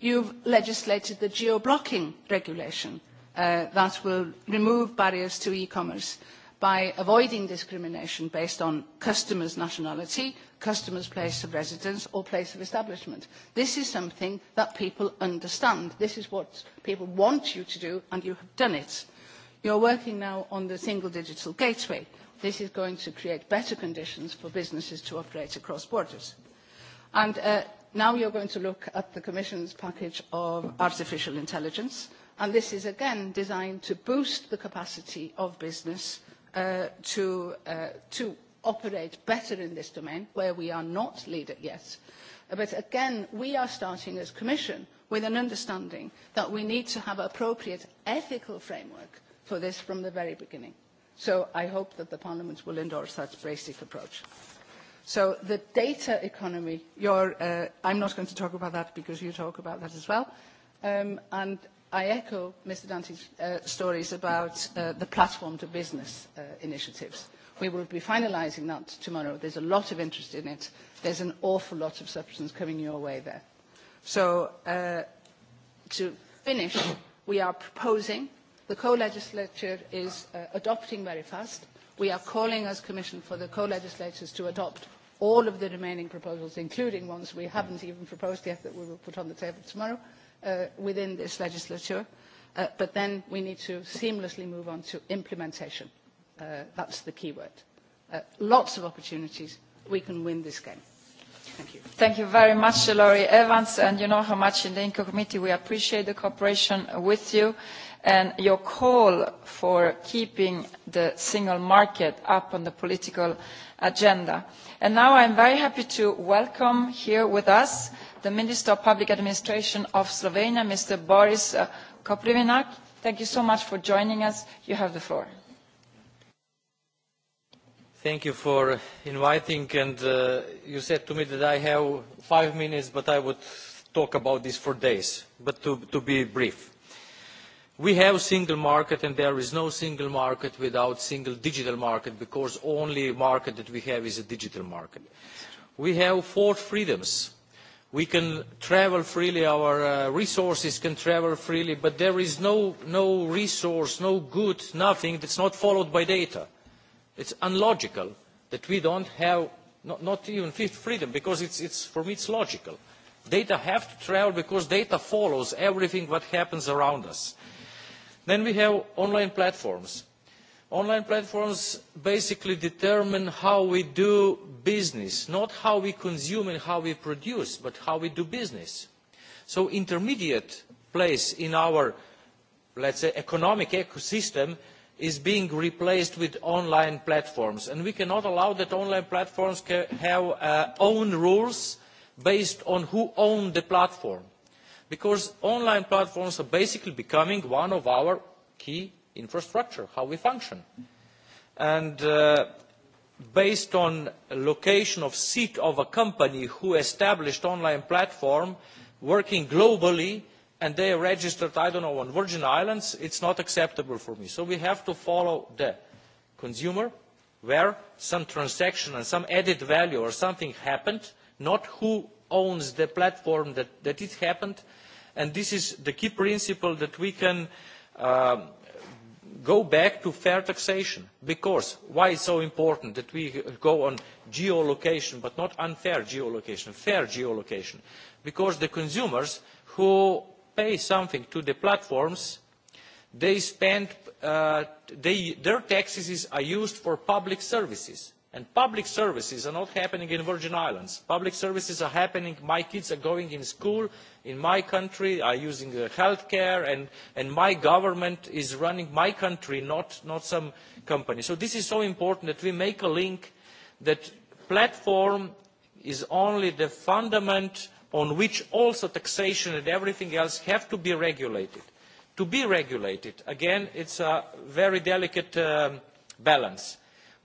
You've legislated the geo-blocking regulation that will remove barriers to e-commerce by avoiding discrimination based on customers' nationality, customers' place of residence or place of establishment. This is something that people understand. This is what people want you to do and you have done it. You are working now on the single digital gateway. This is going to create better conditions for businesses to operate across borders. And now you are going to look at the Commission's package of artificial intelligence And this is again designed to boost the capacity of business to, operate better in this domain where we are not leader yet. But again, we are starting as Commission with an understanding that we need to have appropriate ethical framework for this from the very beginning. So I hope that the Parliament will endorse that basic approach. So the data economy, you're, uh, I'm not going to talk about that because you talk about that as well. Um, and I echo Mr. Dante's uh, stories about uh, the platform to business uh, initiatives. We will be finalising that tomorrow. There's a lot of interest in it. There's an awful lot of substance coming your way there. So uh, to finish, we are proposing, the co-legislature is uh, adopting very fast. We are calling as Commission for the co-legislators to adopt all of the remaining proposals, including ones we haven't even proposed yet that we will put on the table tomorrow within this legislature, but then we need to seamlessly move on to implementation. That's the key word. Lots of opportunities. We can win this game. Thank you. Thank you very much, Laurie Evans, and you know how much in the INCO committee we appreciate the cooperation with you and your call for keeping the single market up on the political agenda. And now I'm very happy to welcome here with us the Minister of Public Administration of Slovenia, Mr. Boris koprivnik Thank you so much for joining us. You have the floor. Thank you for inviting, and you said to me that I have five minutes, but I would talk about this for days, but to, to be brief. We have a single market and there is no single market without a single digital market because the only market that we have is a digital market. We have four freedoms we can travel freely, our resources can travel freely, but there is no, resource, no good, nothing that is not followed by data. It is unlogical that we do not have, not, even freedom, because for me it is logical. Data have to travel because data follows everything that happens around us. Then we have online platforms Online platforms basically determine how we do business, not how we consume and how we produce, but how we do business. So intermediate place in our, let's say, economic ecosystem is being replaced with online platforms. And we cannot allow that online platforms can have uh, own rules based on who owns the platform. Because online platforms are basically becoming one of our key infrastructure, how we function. And based on location of seat of a company who established online platform working globally and they are registered, I don't know, on Virgin Islands, it's not acceptable for me. So we have to follow the consumer where some transaction and some added value or something happened, not who owns the platform that, that it happened. And this is the key principle that we can go back to fair taxation because why is it so important that we go on geolocation but not unfair geolocation fair geolocation because the consumers who pay something to the platforms they spend uh, they, their taxes are used for public services and public services are not happening in the virgin islands. public services are happening my kids are going to school in my country are using healthcare and my government is running my country not some company. so this is so important that we make a link that platform is only the fundament on which also taxation and everything else have to be regulated. to be regulated again it is a very delicate balance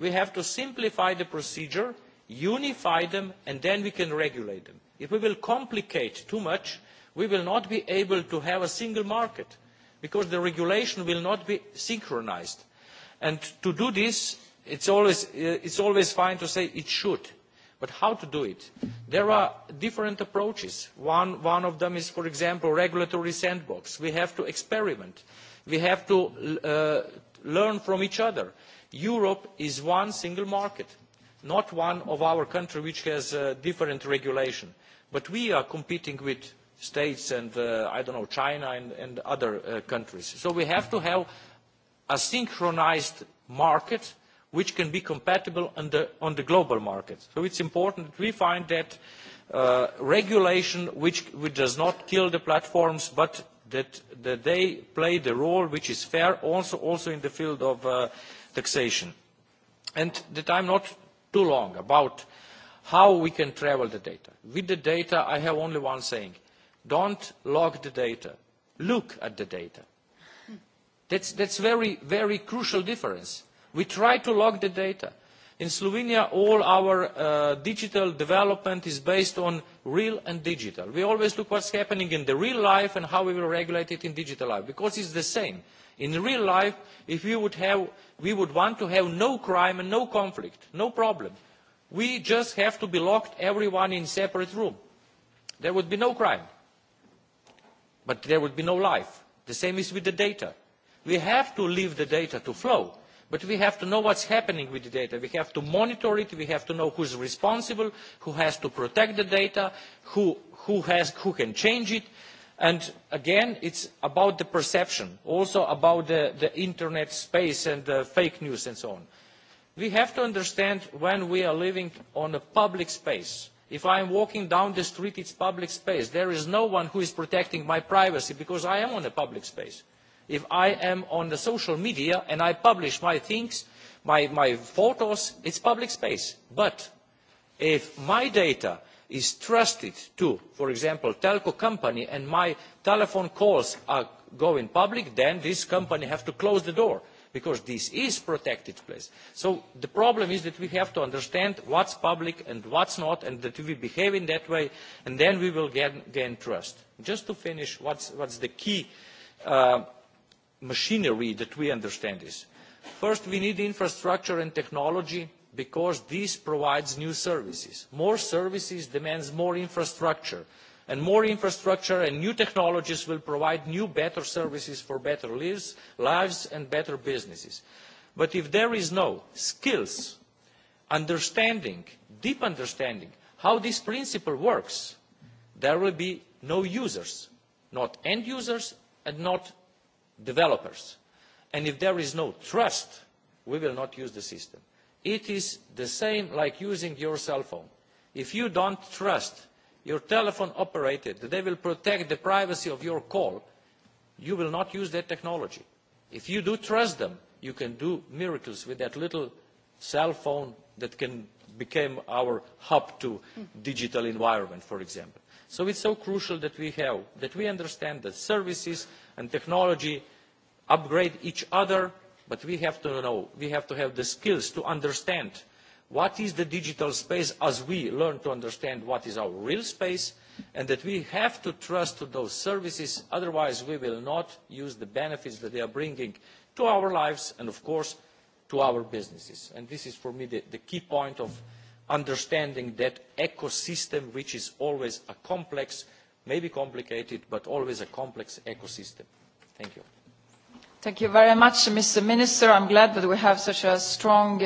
we have to simplify the procedure, unify them, and then we can regulate them. If we will complicate too much, we will not be able to have a single market because the regulation will not be synchronised. And to do this, it's always, it's always fine to say it should. But how to do it? There are different approaches. One, one of them is, for example, regulatory sandbox. We have to experiment. We have to learn from each other europe is one single market not one of our countries which has different regulation but we are competing with states and i don't know china and other countries so we have to have a synchronised market which can be compatible on the global market so it's important that we find that regulation which does not kill the platforms but that they play the role which is fair also in the field of taxation. And the time not too long about how we can travel the data. With the data, I have only one saying. Don't log the data. Look at the data. That's, that's very, very crucial difference. We try to log the data. In Slovenia, all our uh, digital development is based on real and digital. We always look what's happening in the real life and how we will regulate it in digital life, because it's the same In real life, if we would, have, we would want to have no crime and no conflict, no problem. We just have to be locked everyone in separate room. There would be no crime, but there would be no life. The same is with the data. We have to leave the data to flow, but we have to know what's happening with the data. We have to monitor it. We have to know who's responsible, who has to protect the data, who, who, has, who can change it and again it is about the perception also about the internet space and fake news and so on. we have to understand when we are living in a public space if i am walking down the street it is public space there is no one who is protecting my privacy because i am in a public space. if i am on social media and i publish my things my photos it is public space but if my data is trusted to, for example, a telco company and my telephone calls are going public, then this company has to close the door because this is a protected place. So the problem is that we have to understand what is public and what is not and that we behave in that way and then we will gain, trust. Just to finish, what is the key machinery that we understand this? First, we need infrastructure and technology because this provides new services. More services demands more infrastructure, and more infrastructure and new technologies will provide new, better services for better lives and better businesses. But if there is no skills, understanding, deep understanding, how this principle works, there will be no users, not end users and not developers. And if there is no trust, we will not use the system It is the same as using your cell phone. If you don't trust your telephone operator that they will protect the privacy of your call, you will not use that technology. If you do trust them, you can do miracles with that little cell phone that can become our hub to digital environment, for example. So it's so crucial that we have, that we understand that services and technology upgrade each other But we have to know, we have to have the skills to understand what is the digital space as we learn to understand what is our real space and that we have to trust to those services, otherwise we will not use the benefits that they are bringing to our lives and of course to our businesses. And this is for me the, the key point of understanding that ecosystem which is always a complex, maybe complicated, but always a complex ecosystem. Thank you. Thank you very much, Mr. Minister. I am glad that we have such a strong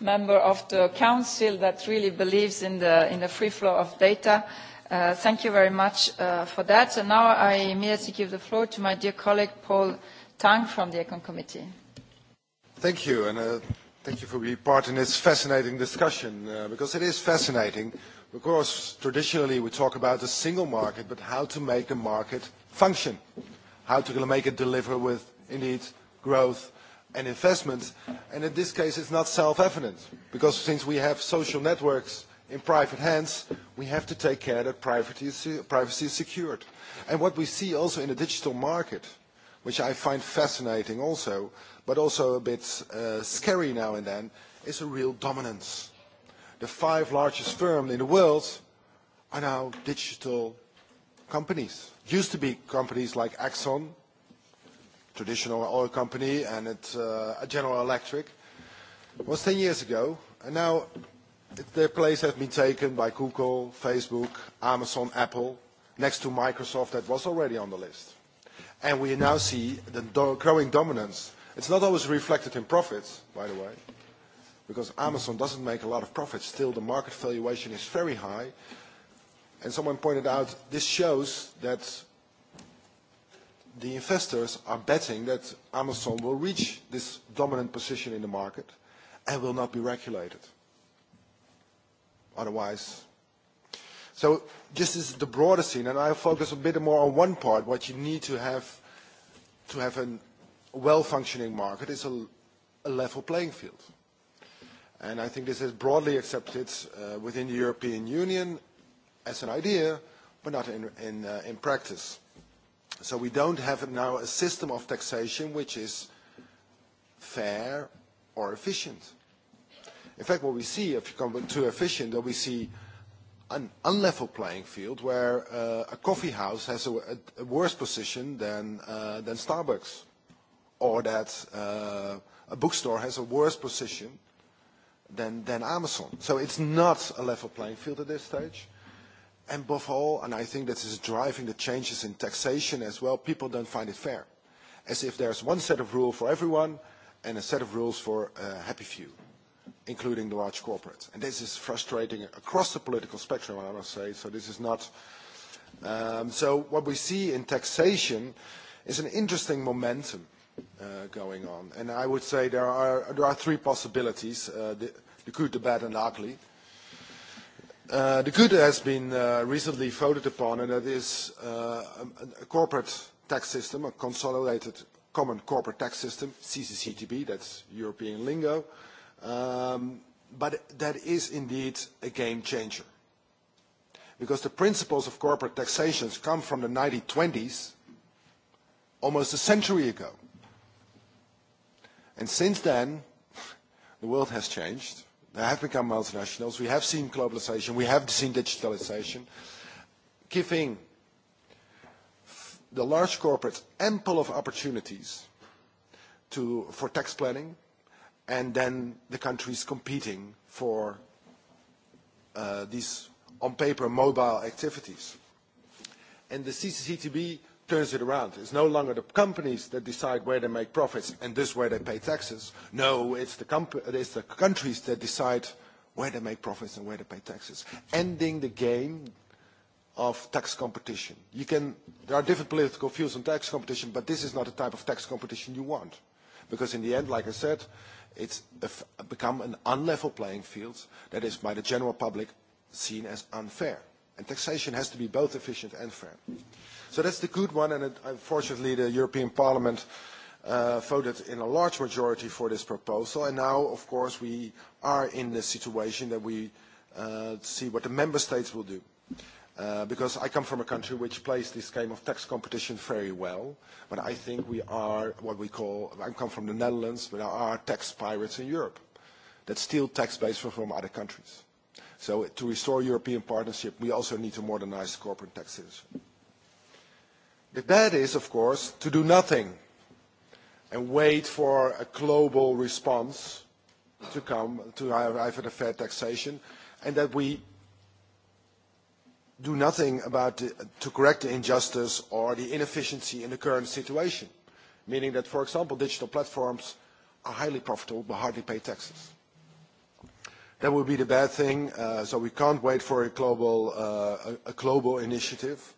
member of the Council that really believes in the, in the free flow of data. thank you very much for that. And now I immediately give the floor to my dear colleague Paul Tang from the Econ Committee. Thank you, and thank you for being part in this fascinating discussion, because it is fascinating. Of course, traditionally we talk about the single market, but how to make a market function, how to make it deliver with indeed, growth and investment. And in this case, it's not self-evident, because since we have social networks in private hands, we have to take care that privacy is secured. And what we see also in the digital market, which I find fascinating also, but also a bit scary now and then, is a real dominance. The five largest firms in the world are now digital companies. Used to be companies like Exxon, traditional oil company and at uh, General Electric was 10 years ago. And now their place has been taken by Google, Facebook, Amazon, Apple, next to Microsoft that was already on the list. And we now see the do growing dominance. It's not always reflected in profits, by the way, because Amazon doesn't make a lot of profits. Still, the market valuation is very high. And someone pointed out this shows that the investors are betting that Amazon will reach this dominant position in the market and will not be regulated. Otherwise, so this is the broader scene, and I'll focus a bit more on one part. What you need to have to have a well-functioning market is a, a level playing field. And I think this is broadly accepted uh, within the European Union as an idea, but not in, in, uh, in practice. So we don't have now a system of taxation which is fair or efficient. In fact, what we see, if you come to efficient, that we see an unlevel playing field where uh, a coffee house has a, a, worse position than, uh, than Starbucks, or that uh, a bookstore has a worse position than, than Amazon. So it's not a level playing field at this stage above all, and I think this is driving the changes in taxation as well, people don't find it fair. As if there's one set of rules for everyone and a set of rules for a happy few, including the large corporates. And this is frustrating across the political spectrum, I must say, so this is not... Um, so what we see in taxation is an interesting momentum uh, going on. And I would say there are, there are three possibilities, uh, the, the good, the bad, and the ugly. Uh, The good has been recently voted upon, and that is a corporate tax system, a consolidated common corporate tax system, CCCTB, that's European lingo. But that is indeed a game changer because the principles of corporate taxation come from the 1920s, almost a century ago. And since then, the world has changed They have become multinationals. We have seen globalization. We have seen digitalization, giving the large corporates ample of opportunities to, for tax planning, and then the countries competing for uh, these, on paper, mobile activities. And the CCCTB turns it around. It's no longer the companies that decide where they make profits and thus where they pay taxes. No, it's the, the countries that decide where they make profits and where they pay taxes. Ending the game of tax competition. there are different political views on tax competition, but this is not the type of tax competition you want. Because in the end, like I said, it's become an unlevel playing field that is by the general public seen as unfair. And taxation has to be both efficient and fair. So that's the good one, and unfortunately the European Parliament uh, voted in a large majority for this proposal, and now, of course, we are in the situation that we uh, see what the member states will do. Uh, because I come from a country which plays this game of tax competition very well, but I think we are what we call, I come from the Netherlands, but there are tax pirates in Europe that steal tax base from other countries. So to restore European partnership, we also need to modernize corporate tax system. The bad is, of course, to do nothing and wait for a global response to come to arrive at a fair taxation, and that we do nothing about the, to correct the injustice or the inefficiency in the current situation, meaning that, for example, digital platforms are highly profitable but hardly pay taxes. That would be the bad thing, uh, so we can't wait for a global, uh, a, a global initiative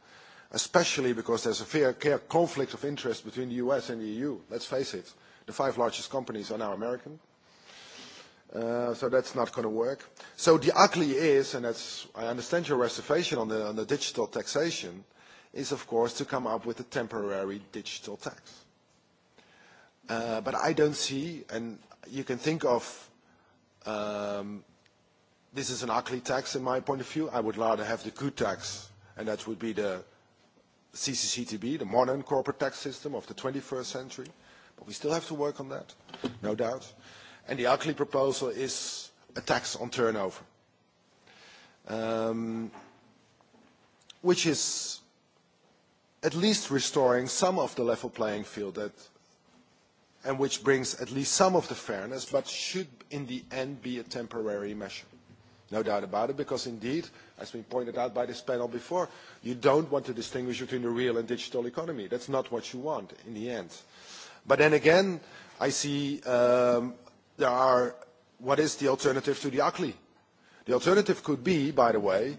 especially because there's a fair, clear conflict of interest between the US and the EU. Let's face it, the five largest companies are now American. Uh, so that's not going to work. So the ugly is, and that's, I understand your reservation on the, on the digital taxation, is of course to come up with a temporary digital tax. Uh, but I don't see, and you can think of um, this is an ugly tax in my point of view. I would rather have the good tax, and that would be the CCCTB, the modern corporate tax system of the 21st century. But we still have to work on that, no doubt. And the ugly proposal is a tax on turnover, um, which is at least restoring some of the level playing field that, and which brings at least some of the fairness, but should in the end be a temporary measure. No doubt about it, because indeed, as been pointed out by this panel before, you don't want to distinguish between the real and digital economy. That's not what you want in the end. But then again, I see um, there are, what is the alternative to the ugly? The alternative could be, by the way,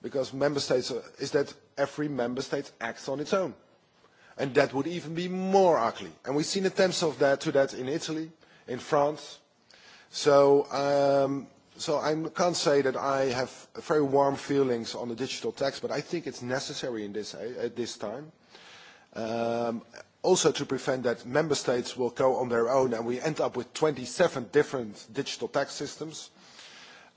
because member states, are, is that every member state acts on its own. And that would even be more ugly. And we've seen attempts of that, to that in Italy, in France. So um, So I can't say that I have very warm feelings on the digital tax, but I think it's necessary in this, at this time. Um, also to prevent that member states will go on their own and we end up with 27 different digital tax systems.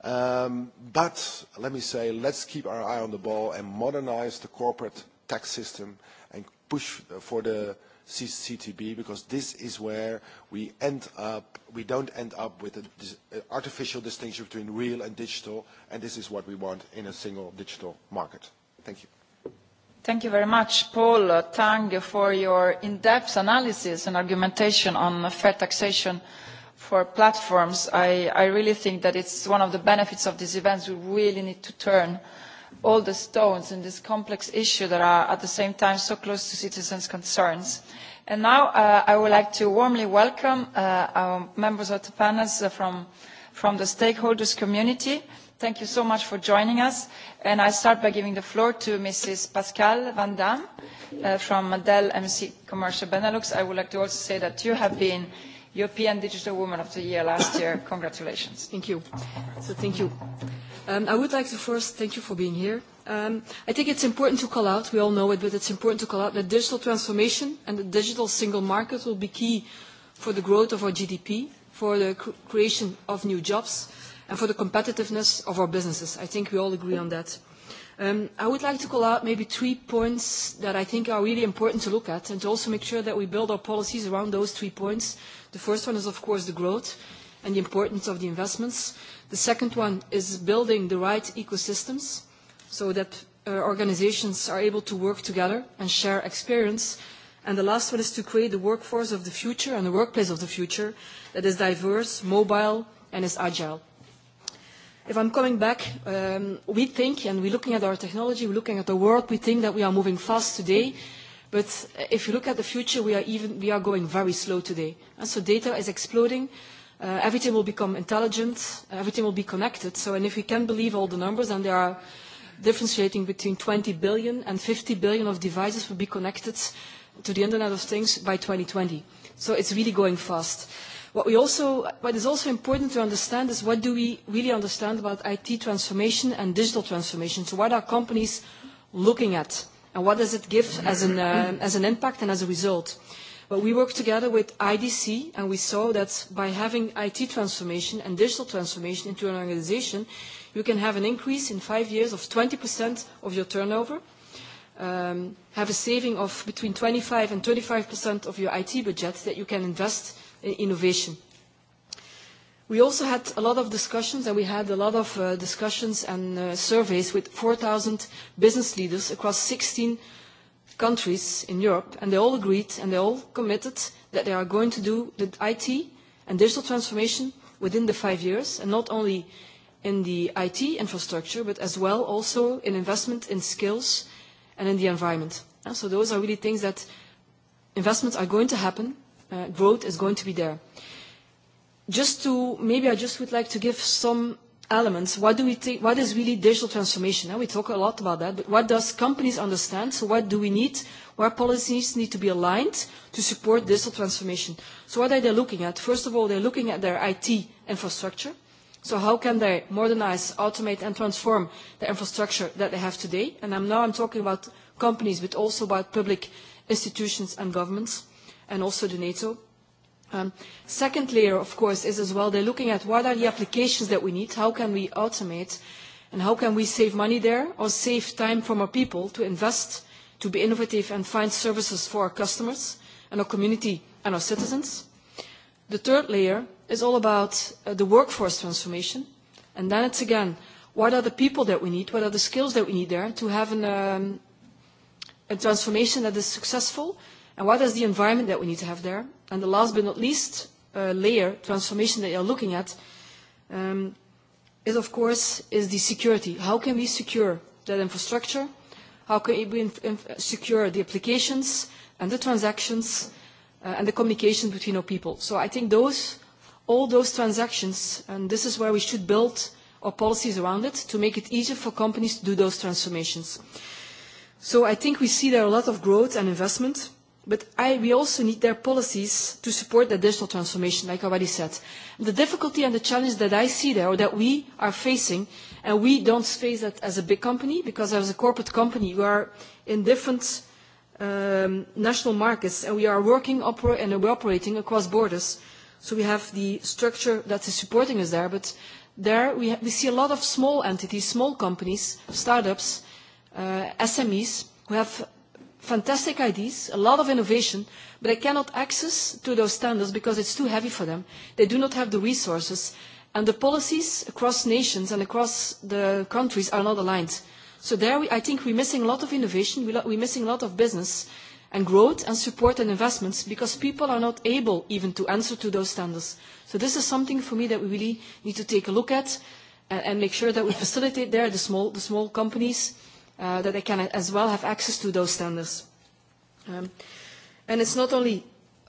Um, but let me say, let's keep our eye on the ball and modernize the corporate tax system and push for the CCTB because this is where we end up, we don't end up with an artificial distinction between real and digital, and this is what we want in a single digital market. Thank you. Thank you very much, Paul Tang, for your in-depth analysis and argumentation on fair taxation for platforms. I, I really think that it's one of the benefits of these events. We really need to turn all the stones in this complex issue that are at the same time so close to citizens' concerns. And now I would like to warmly welcome our members of the panels from, the stakeholders community. Thank you so much for joining us. And I start by giving the floor to Mrs. Pascal Van Dam from Dell MC Commercial Benelux. I would like to also say that you have been European Digital Woman of the Year last year. Congratulations. Thank you. So thank you. Um, I would like to first thank you for being here. Um, I think it's important to call out, we all know it, but it's important to call out that digital transformation and the digital single market will be key for the growth of our GDP, for the cr creation of new jobs, and for the competitiveness of our businesses. I think we all agree on that. I would like to call out maybe three points that I think are really important to look at and to also make sure that we build our policies around those three points. The first one is, of course, the growth and the importance of the investments. The second one is building the right ecosystems so that organisations are able to work together and share experience. And the last one is to create the workforce of the future and the workplace of the future that is diverse, mobile, and is agile if I'm coming back, um, we think, and we're looking at our technology, we're looking at the world, we think that we are moving fast today. But if you look at the future, we are, even, we are going very slow today. And so data is exploding. Uh, everything will become intelligent. Everything will be connected. So, and if we can believe all the numbers, and there are differentiating between 20 billion and 50 billion of devices will be connected to the Internet of Things by 2020. So it's really going fast. What, we also, what is also important to understand is what do we really understand about IT transformation and digital transformation. So what are companies looking at? And what does it give as an, uh, as an impact and as a result? But we worked together with IDC and we saw that by having IT transformation and digital transformation into an organization, you can have an increase in five years of 20% of your turnover, um, have a saving of between 25 and 35% of your IT budget that you can invest innovation. We also had a lot of discussions, and we had a lot of uh, discussions and uh, surveys with 4,000 business leaders across 16 countries in Europe, and they all agreed and they all committed that they are going to do the IT and digital transformation within the five years, and not only in the IT infrastructure, but as well also in investment in skills and in the environment. So those are really things that investments are going to happen, uh, growth is going to be there. Just to, maybe I just would like to give some elements. What, do we think what is really digital transformation? Now, we talk a lot about that, but what does companies understand? So what do we need? Where policies need to be aligned to support digital transformation? So what are they looking at? First of all, they're looking at their IT infrastructure. So how can they modernize, automate, and transform the infrastructure that they have today? And I'm, now I'm talking about companies, but also about public institutions and governments and also the NATO. Um, second layer, of course, is as well they're looking at what are the applications that we need, how can we automate, and how can we save money there or save time from our people to invest, to be innovative and find services for our customers and our community and our citizens. The third layer is all about uh, the workforce transformation. And then it's again, what are the people that we need, what are the skills that we need there to have an, um, a transformation that is successful And what is the environment that we need to have there? And the last but not least uh, layer, transformation that you're looking at, um, is of course is the security. How can we secure that infrastructure? How can we secure the applications and the transactions uh, and the communication between our people? So I think those, all those transactions, and this is where we should build our policies around it to make it easier for companies to do those transformations. So I think we see there a lot of growth and investment. But we also need their policies to support the digital transformation, like I already said. The difficulty and the challenge that I see there, or that we are facing, and we don't face that as a big company, because as a corporate company, we are in different national markets, and we are working and we're operating across borders. So we have the structure that is supporting us there, but there we, see a lot of small entities, small companies, startups, ups, SMEs, who have fantastic ideas, a lot of innovation, but they cannot access to those standards because it's too heavy for them. They do not have the resources, and the policies across nations and across the countries are not aligned. So there, we, I think we're missing a lot of innovation, we're missing a lot of business and growth and support and investments because people are not able even to answer to those standards. So this is something for me that we really need to take a look at and, and make sure that we facilitate there the small, the small companies uh, that they can as well have access to those standards. Um, and it's not only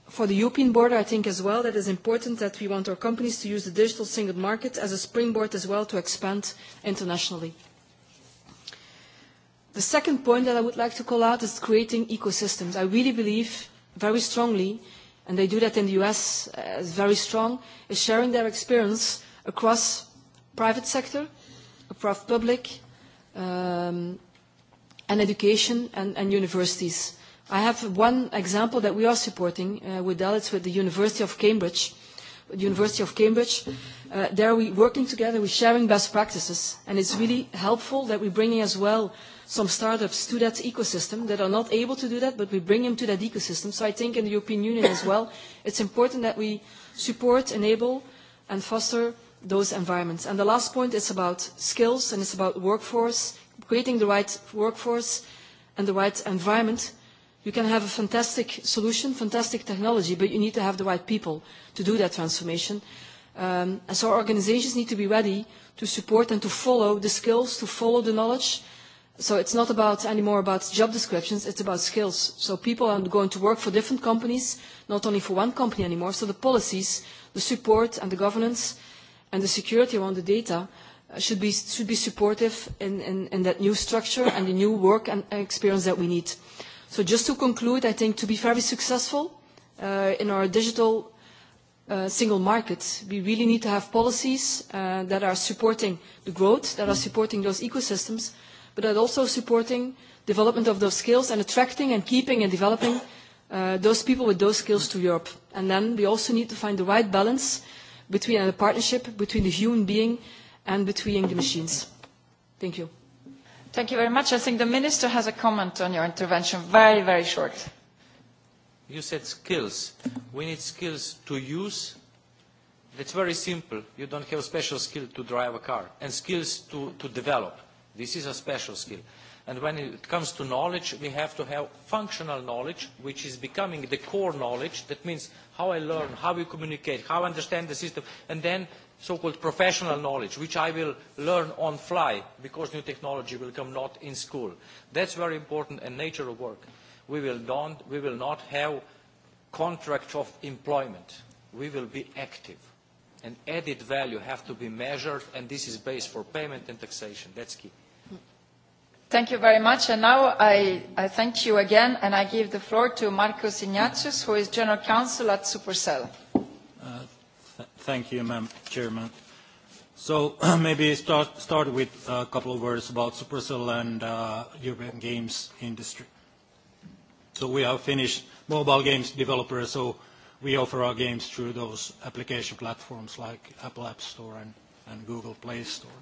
for the European border, I think as well, that is important that we want our companies to use the digital single market as a springboard as well to expand internationally. The second point that I would like to call out is creating ecosystems. I really believe very strongly, and they do that in the US uh, very strong, is sharing their experience across private sector, across public, um, and education and, and universities. I have one example that we are supporting uh, with Dalits with the University of Cambridge. the University of Cambridge, uh, there we're working together, we're sharing best practices, and it's really helpful that we're bringing as well some startups to that ecosystem that are not able to do that, but we bring them to that ecosystem. So I think in the European Union as well, it's important that we support, enable, and foster those environments. And the last point is about skills and it's about workforce creating the right workforce and the right environment, you can have a fantastic solution, fantastic technology, but you need to have the right people to do that transformation. Um, and so organizations need to be ready to support and to follow the skills, to follow the knowledge. So it's not about anymore about job descriptions, it's about skills. So people are going to work for different companies, not only for one company anymore. So the policies, the support and the governance and the security around the data – should be should be supportive in, in, in that new structure and the new work and experience that we need. So just to conclude, I think to be very successful uh, in our digital uh, single market, we really need to have policies uh, that are supporting the growth, that are supporting those ecosystems, but that also supporting development of those skills and attracting and keeping and developing uh, those people with those skills to Europe. And then we also need to find the right balance between a partnership between the human being and between the machines. Thank you. Thank you very much. I think the Minister has a comment on your intervention, very, very short. You said skills. We need skills to use. It's very simple. You don't have special skill to drive a car and skills to, to develop. This is a special skill. And when it comes to knowledge, we have to have functional knowledge, which is becoming the core knowledge. That means how I learn, how we communicate, how I understand the system, and then so-called professional knowledge, which I will learn on fly because new technology will come not in school. That's very important and nature of work. We will, don't, we will not have contract of employment. We will be active. And added value have to be measured, and this is based for payment and taxation. That's key. Thank you very much. And now I, I thank you again, and I give the floor to Marcos Ignatius, who is General Counsel at Supercell. Thank you, Madam Chairman. So maybe start with a couple of words about Supercell and European games industry. So we are Finnish mobile games developers, so we offer our games through those application platforms like Apple App Store and, Google Play Store.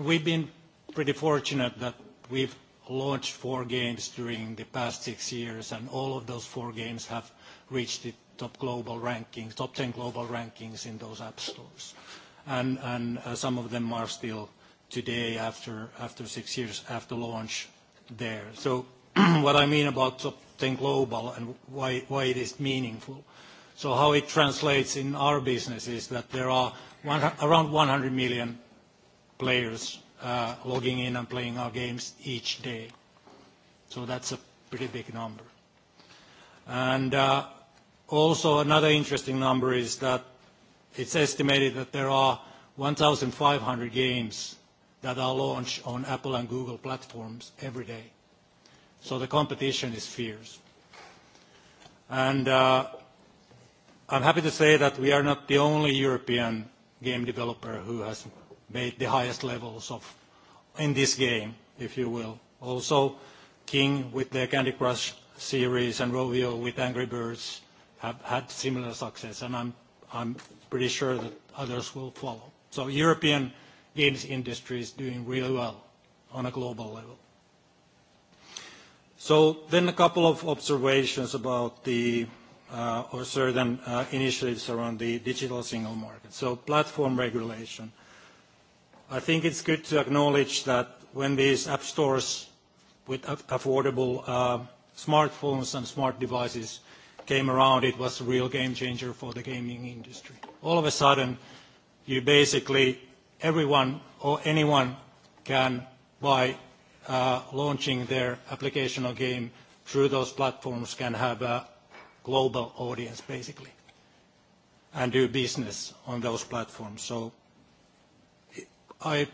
we've been pretty fortunate that we've launched four games during the past six years, and all of those four games have reach the top global rankings, top 10 global rankings in those app stores. And Some of them are still today after after six years after launch there. So What I mean about top 10 global and why why it is meaningful. So How it translates in our business is that there are one around 100 million players logging in and playing our games each day. So That's a pretty big number. And Also, another interesting number is that it's estimated that there are 1,500 games that are launched on Apple and Google platforms every day. So the competition is fierce. And uh, I'm happy to say that we are not the only European game developer who has made the highest levels of in this game, if you will. Also, King with their Candy Crush series and Rovio with Angry Birds have had similar success, and I'm I'm pretty sure that others will follow. So European games industry is doing really well on a global level. So then a couple of observations about the or certain uh initiatives around the digital single market. So platform regulation. I think it's good to acknowledge that when these app stores with affordable uh smartphones and smart devices came around, it was a real game changer for the gaming industry. All of a sudden, you basically, everyone or anyone can, by uh, launching their application or game through those platforms, can have a global audience, basically, and do business on those platforms. So I'm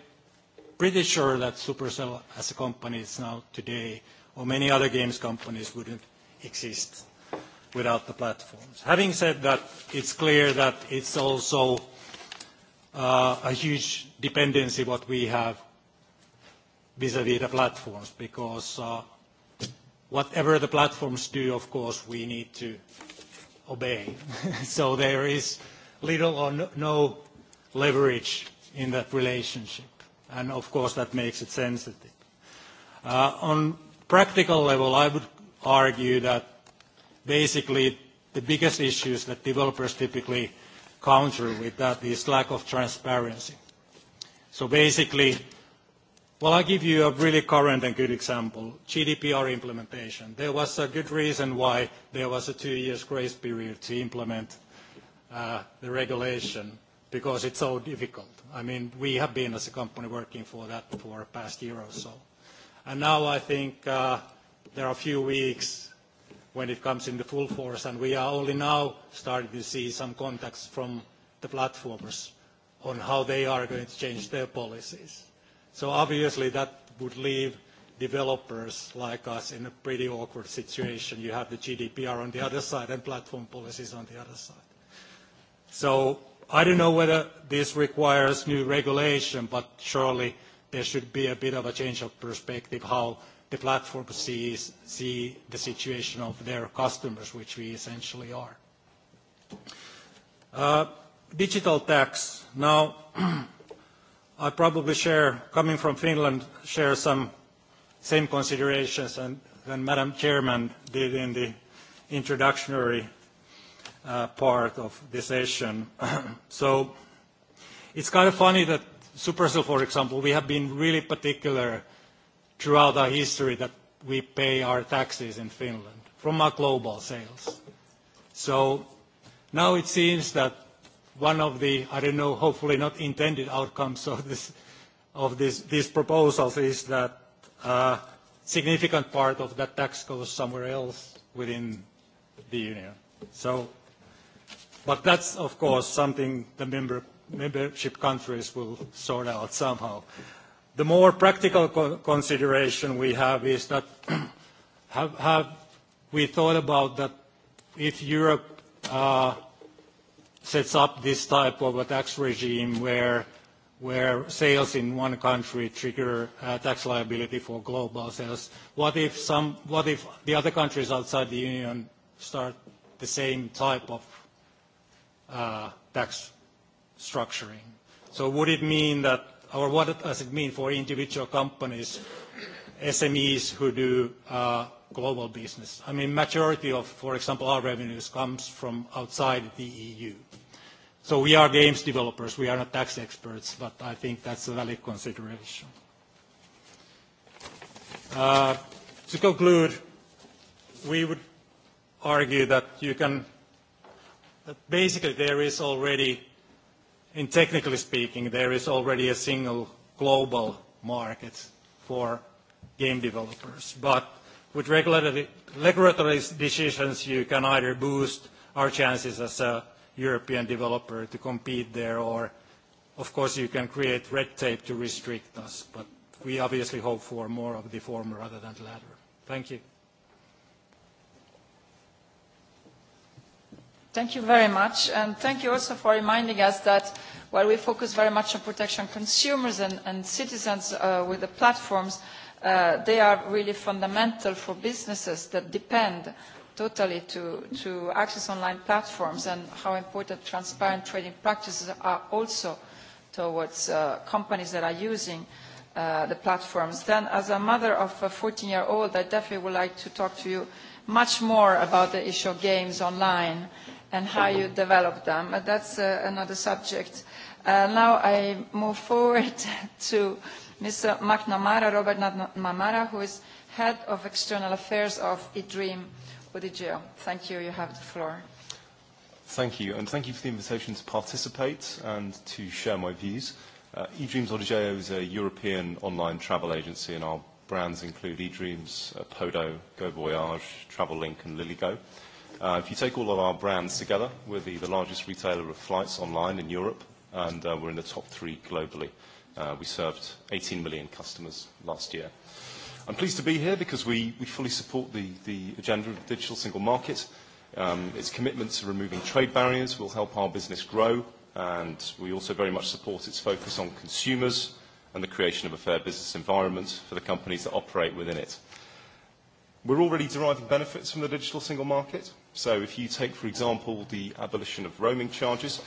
pretty sure that Supercell as a company is now today, or many other games companies, wouldn't exist without the platforms. Having said that, it's clear that it's also a huge dependency what we have vis-à-vis the platforms, because whatever the platforms do, of course, we need to obey. So there is little or no leverage in that relationship, and of course, that makes it sensitive. On practical level, I would argue that basically the biggest issues that developers typically counter with that is lack of transparency. So basically, well, I'll give you a really current and good example, GDPR implementation. There was a good reason why there was a two year grace period to implement the regulation because it's so difficult. I mean, we have been as a company working for that for the past year or so. And now I think there are a few weeks when it comes in the full force, and we are only now starting to see some contacts from the platformers on how they are going to change their policies. So obviously, that would leave developers like us in a pretty awkward situation. You have the GDPR on the other side and platform policies on the other side. So I don't know whether this requires new regulation, but surely there should be a bit of a change of perspective how the platform sees see the situation of their customers, which we essentially are. Uh, digital tax. Now, I probably share, coming from Finland, share some same considerations and than Madam Chairman did in the introductory uh, part of the session. so it's kind of funny that Supercell, for example, we have been really particular throughout our history that we pay our taxes in Finland from our global sales. So now it seems that one of the, I don't know, hopefully not intended outcomes of this of this these proposals is that a significant part of that tax goes somewhere else within the union. So, but that's, of course, something the membership countries will sort out somehow. The more practical consideration we have is that have we thought about that if Europe sets up this type of a tax regime where where sales in one country trigger tax liability for global sales. What if some what if the other countries outside the union start the same type of tax structuring? So would it mean that or what does it mean for individual companies, SMEs who do global business? I mean, majority of, for example, our revenues comes from outside the EU. So we are games developers, we are not tax experts, but I think that's a valid consideration. To conclude, we would argue that you can... That basically, there is already in technically speaking, there is already a single global market for game developers. But with regulatory decisions, you can either boost our chances as a European developer to compete there, or of course, you can create red tape to restrict us. But we obviously hope for more of the former rather than the latter. Thank you. Thank you very much, and thank you also for reminding us that while we focus very much on protection consumers and, and citizens uh, with the platforms, uh, they are really fundamental for businesses that depend totally to, to access online platforms and how important transparent trading practices are also towards uh, companies that are using uh, the platforms. Then, as a mother of a 14-year-old, I definitely would like to talk to you much more about the issue of games online and how you develop them. But that's uh, another subject. Uh, now I move forward to Mr. McNamara, Robert McNamara, who is Head of External Affairs of eDream Odigeo. Thank you. You have the floor. Thank you, and thank you for the invitation to participate and to share my views. Uh, eDreams Odigeo is a European online travel agency, and our brands include eDreams, uh, Podo, Go Voyage, Travel Link, and Lilygo if you take all of our brands together, we're the, the largest retailer of flights online in Europe, and we're in the top three globally. we served 18 million customers last year. I'm pleased to be here because we, we fully support the, agenda of the digital single market. its commitment to removing trade barriers will help our business grow, and we also very much support its focus on consumers and the creation of a fair business environment for the companies that operate within it. We're already deriving benefits from the digital single market. So if you take, for example, the abolition of roaming charges,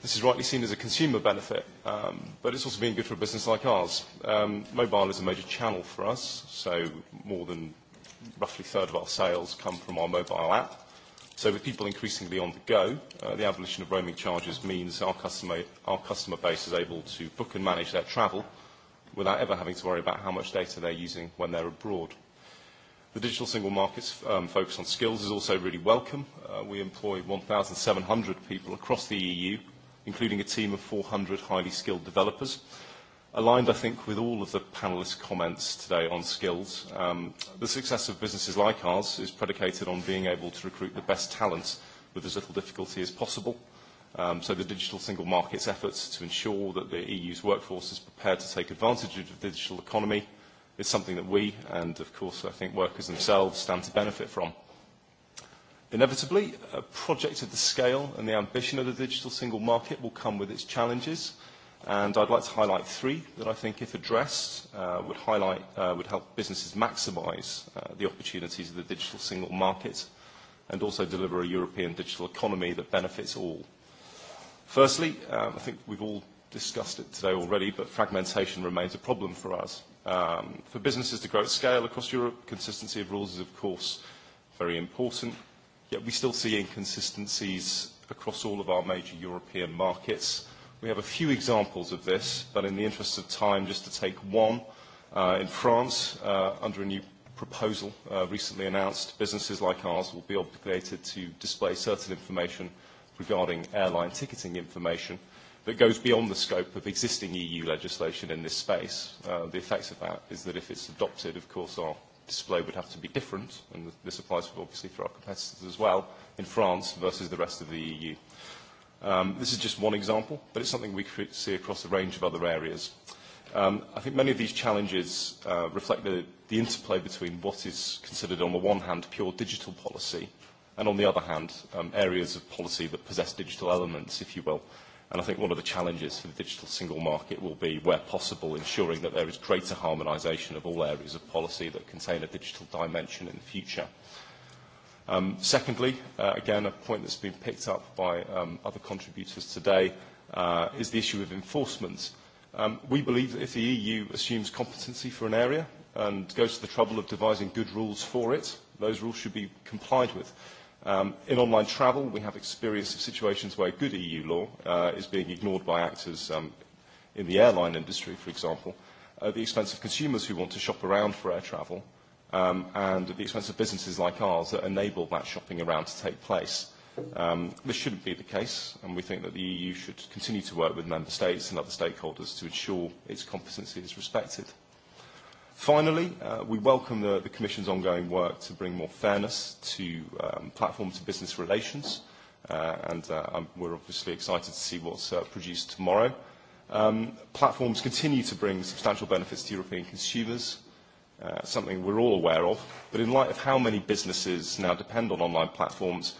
this is rightly seen as a consumer benefit, um, but it's also been good for a business like ours. Um, mobile is a major channel for us, so more than roughly a third of our sales come from our mobile app. So with people increasingly on the go, uh, the abolition of roaming charges means our customer, our customer base is able to book and manage their travel without ever having to worry about how much data they're using when they're abroad. The digital single market's um, focus on skills is also really welcome. Uh, we employ 1,700 people across the EU, including a team of 400 highly skilled developers. Aligned, I think, with all of the panelists' comments today on skills, um, the success of businesses like ours is predicated on being able to recruit the best talent with as little difficulty as possible. Um, so the digital single market's efforts to ensure that the EU's workforce is prepared to take advantage of the digital economy – is something that we, and of course I think workers themselves, stand to benefit from. Inevitably, a project of the scale and the ambition of the digital single market will come with its challenges, and I'd like to highlight three that I think, if addressed, uh, would, highlight, uh, would help businesses maximise uh, the opportunities of the digital single market and also deliver a European digital economy that benefits all. Firstly, um, I think we've all discussed it today already, but fragmentation remains a problem for us. Um, for businesses to grow at scale across Europe, consistency of rules is, of course, very important. Yet we still see inconsistencies across all of our major European markets. We have a few examples of this, but in the interest of time, just to take one, uh, in France, uh, under a new proposal uh, recently announced, businesses like ours will be obligated to display certain information regarding airline ticketing information that goes beyond the scope of existing EU legislation in this space. Uh, the effects of that is that if it's adopted, of course, our display would have to be different, and this applies obviously for our competitors as well, in France versus the rest of the EU. Um, this is just one example, but it's something we could see across a range of other areas. Um, I think many of these challenges uh, reflect the, the interplay between what is considered, on the one hand, pure digital policy and on the other hand, um, areas of policy that possess digital elements, if you will. And I think one of the challenges for the digital single market will be, where possible, ensuring that there is greater harmonisation of all areas of policy that contain a digital dimension in the future. Um, secondly, uh, again, a point that's been picked up by um, other contributors today uh, is the issue of enforcement. Um, we believe that if the EU assumes competency for an area and goes to the trouble of devising good rules for it, those rules should be complied with. Um, in online travel, we have experience of situations where good EU law uh, is being ignored by actors um, in the airline industry, for example, at the expense of consumers who want to shop around for air travel, um, and at the expense of businesses like ours that enable that shopping around to take place. Um, this shouldn't be the case, and we think that the EU should continue to work with member states and other stakeholders to ensure its competency is respected. Finally, uh, we welcome the, the Commission's ongoing work to bring more fairness to um, platform to business relations, uh, and uh, I'm, we're obviously excited to see what's uh, produced tomorrow. Um, platforms continue to bring substantial benefits to European consumers, uh, something we're all aware of, but in light of how many businesses now depend on online platforms,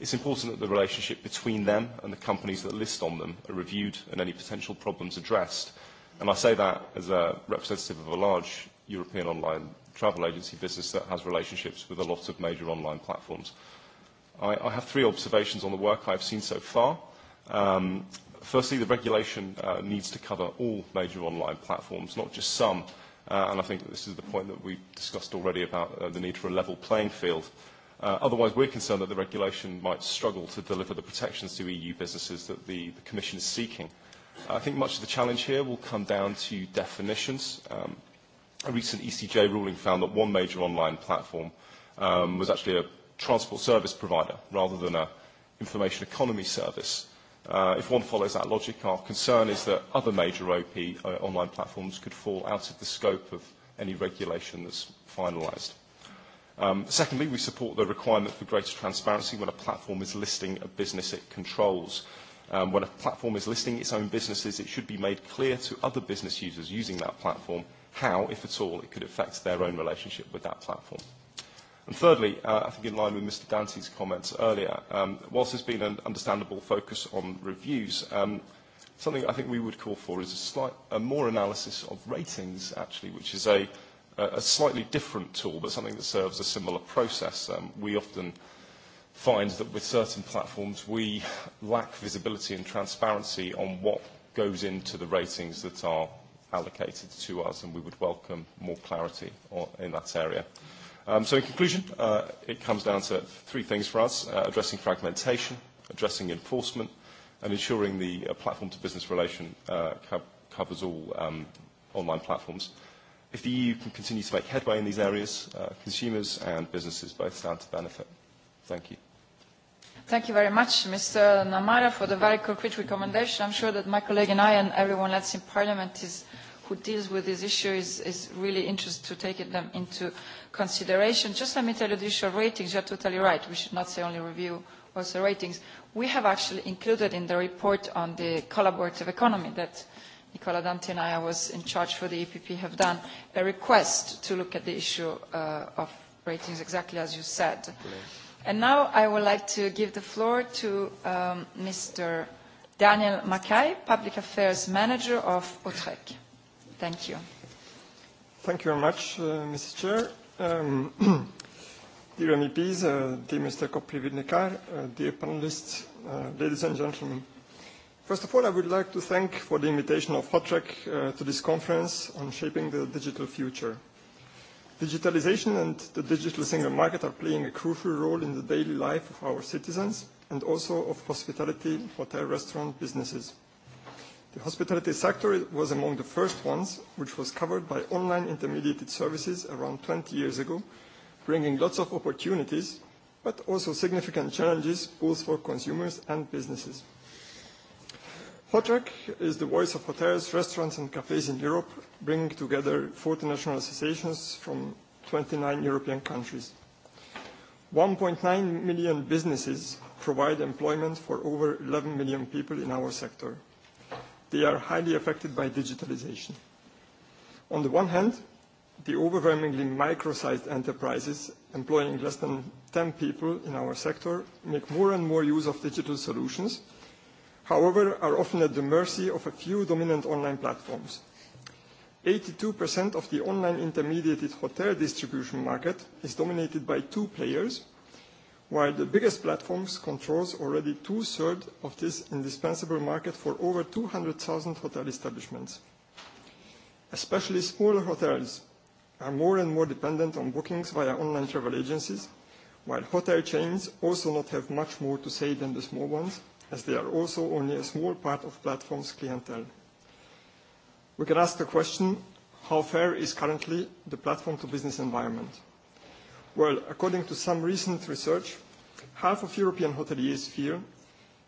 it's important that the relationship between them and the companies that list on them are reviewed and any potential problems addressed. And I say that as a representative of a large European online travel agency business that has relationships with a lot of major online platforms. I, I have three observations on the work I've seen so far. Um, firstly, the regulation uh, needs to cover all major online platforms, not just some. Uh, and I think that this is the point that we discussed already about uh, the need for a level playing field. Uh, otherwise, we're concerned that the regulation might struggle to deliver the protections to EU businesses that the, the Commission is seeking. I think much of the challenge here will come down to definitions. Um, a recent ECJ ruling found that one major online platform um, was actually a transport service provider rather than an information economy service. Uh, if one follows that logic, our concern is that other major OP uh, online platforms could fall out of the scope of any regulation that's finalised. Um, secondly, we support the requirement for greater transparency when a platform is listing a business it controls. Um, when a platform is listing its own businesses, it should be made clear to other business users using that platform how, if at all, it could affect their own relationship with that platform. And thirdly, uh, I think in line with Mr. Dante's comments earlier, um, whilst there's been an understandable focus on reviews, um, something I think we would call for is a, slight, a more analysis of ratings, actually, which is a, a slightly different tool, but something that serves a similar process. Um, we often find that with certain platforms, we lack visibility and transparency on what goes into the ratings that are allocated to us, and we would welcome more clarity on, in that area. Um, so in conclusion, uh, it comes down to three things for us, uh, addressing fragmentation, addressing enforcement, and ensuring the uh, platform-to-business relation uh, co covers all um, online platforms. If the EU can continue to make headway in these areas, uh, consumers and businesses both stand to benefit. Thank you. Thank you very much, Mr. Namara, for the very concrete recommendation. I'm sure that my colleague and I and everyone else in Parliament is, who deals with this issue is, is really interested to take them into consideration. Just let me tell you, the issue of ratings, you're totally right. We should not say only review, also ratings. We have actually included in the report on the collaborative economy that Nicola Dante and I was in charge for the EPP have done a request to look at the issue uh, of ratings exactly as you said. Please And now I would like to give the floor to um, Mr. Daniel Mackay, Public Affairs Manager of Utrecht. Thank you. Thank you very much, uh, Mrs. Chair. Um, dear MEPs, uh, dear Mr. Koprividnikar, uh, dear panelists, uh, ladies and gentlemen. First of all, I would like to thank for the invitation of OTREC uh, to this conference on shaping the digital future. Digitalization and the digital single market are playing a crucial role in the daily life of our citizens and also of hospitality, hotel, restaurant businesses. The hospitality sector was among the first ones which was covered by online intermediated services around 20 years ago, bringing lots of opportunities, but also significant challenges both for consumers and businesses. Hotrec is the voice of hotels, restaurants, and cafes in Europe, bringing together 40 national associations from 29 European countries. 1.9 million businesses provide employment for over 11 million people in our sector. They are highly affected by digitalization. On the one hand, the overwhelmingly micro-sized enterprises employing less than 10 people in our sector make more and more use of digital solutions, however, are often at the mercy of a few dominant online platforms. 82% of the online intermediated hotel distribution market is dominated by two players, while the biggest platforms controls already two-thirds of this indispensable market for over 200,000 hotel establishments. Especially smaller hotels are more and more dependent on bookings via online travel agencies, while hotel chains also not have much more to say than the small ones, as they are also only a small part of platforms' clientele we can ask the question, how fair is currently the platform-to-business environment? Well, according to some recent research, half of European hoteliers fear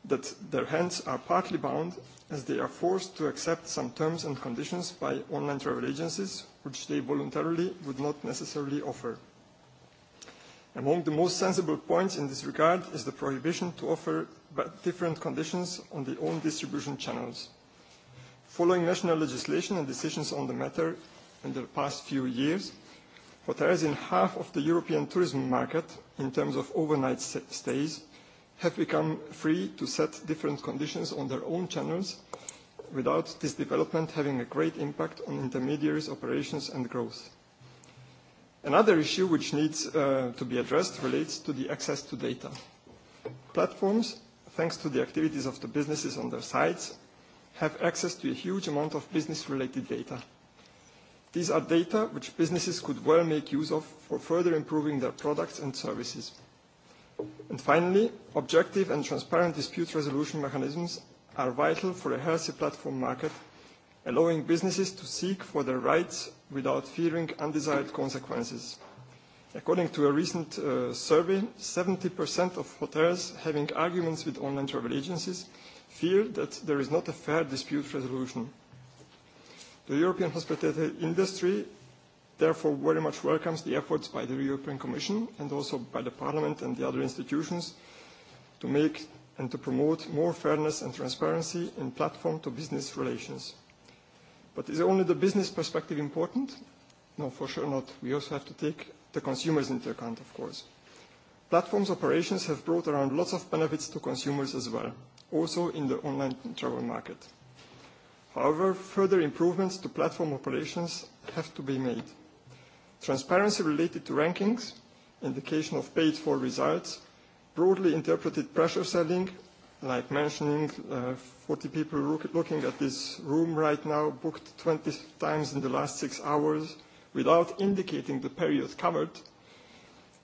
that their hands are partly bound as they are forced to accept some terms and conditions by online travel agencies which they voluntarily would not necessarily offer. Among the most sensible points in this regard is the prohibition to offer different conditions on the own distribution channels. Following national legislation and decisions on the matter in the past few years, hotels in half of the European tourism market, in terms of overnight stays, have become free to set different conditions on their own channels without this development having a great impact on intermediaries' operations and growth. Another issue which needs uh, to be addressed relates to the access to data. Platforms, thanks to the activities of the businesses on their sites, have access to a huge amount of business-related data. These are data which businesses could well make use of for further improving their products and services. And finally, objective and transparent dispute resolution mechanisms are vital for a healthy platform market, allowing businesses to seek for their rights without fearing undesired consequences. According to a recent uh, survey, 70% of hotels having arguments with online travel agencies fear that there is not a fair dispute resolution. The European hospitality industry therefore very much welcomes the efforts by the European Commission and also by the Parliament and the other institutions to make and to promote more fairness and transparency in platform-to-business relations. But is only the business perspective important? No, for sure not. We also have to take the consumers into account, of course. Platforms operations have brought around lots of benefits to consumers as well also in the online travel market. However, further improvements to platform operations have to be made. Transparency related to rankings, indication of paid for results, broadly interpreted pressure selling, like mentioning uh, 40 people looking at this room right now, booked 20 times in the last six hours, without indicating the period covered,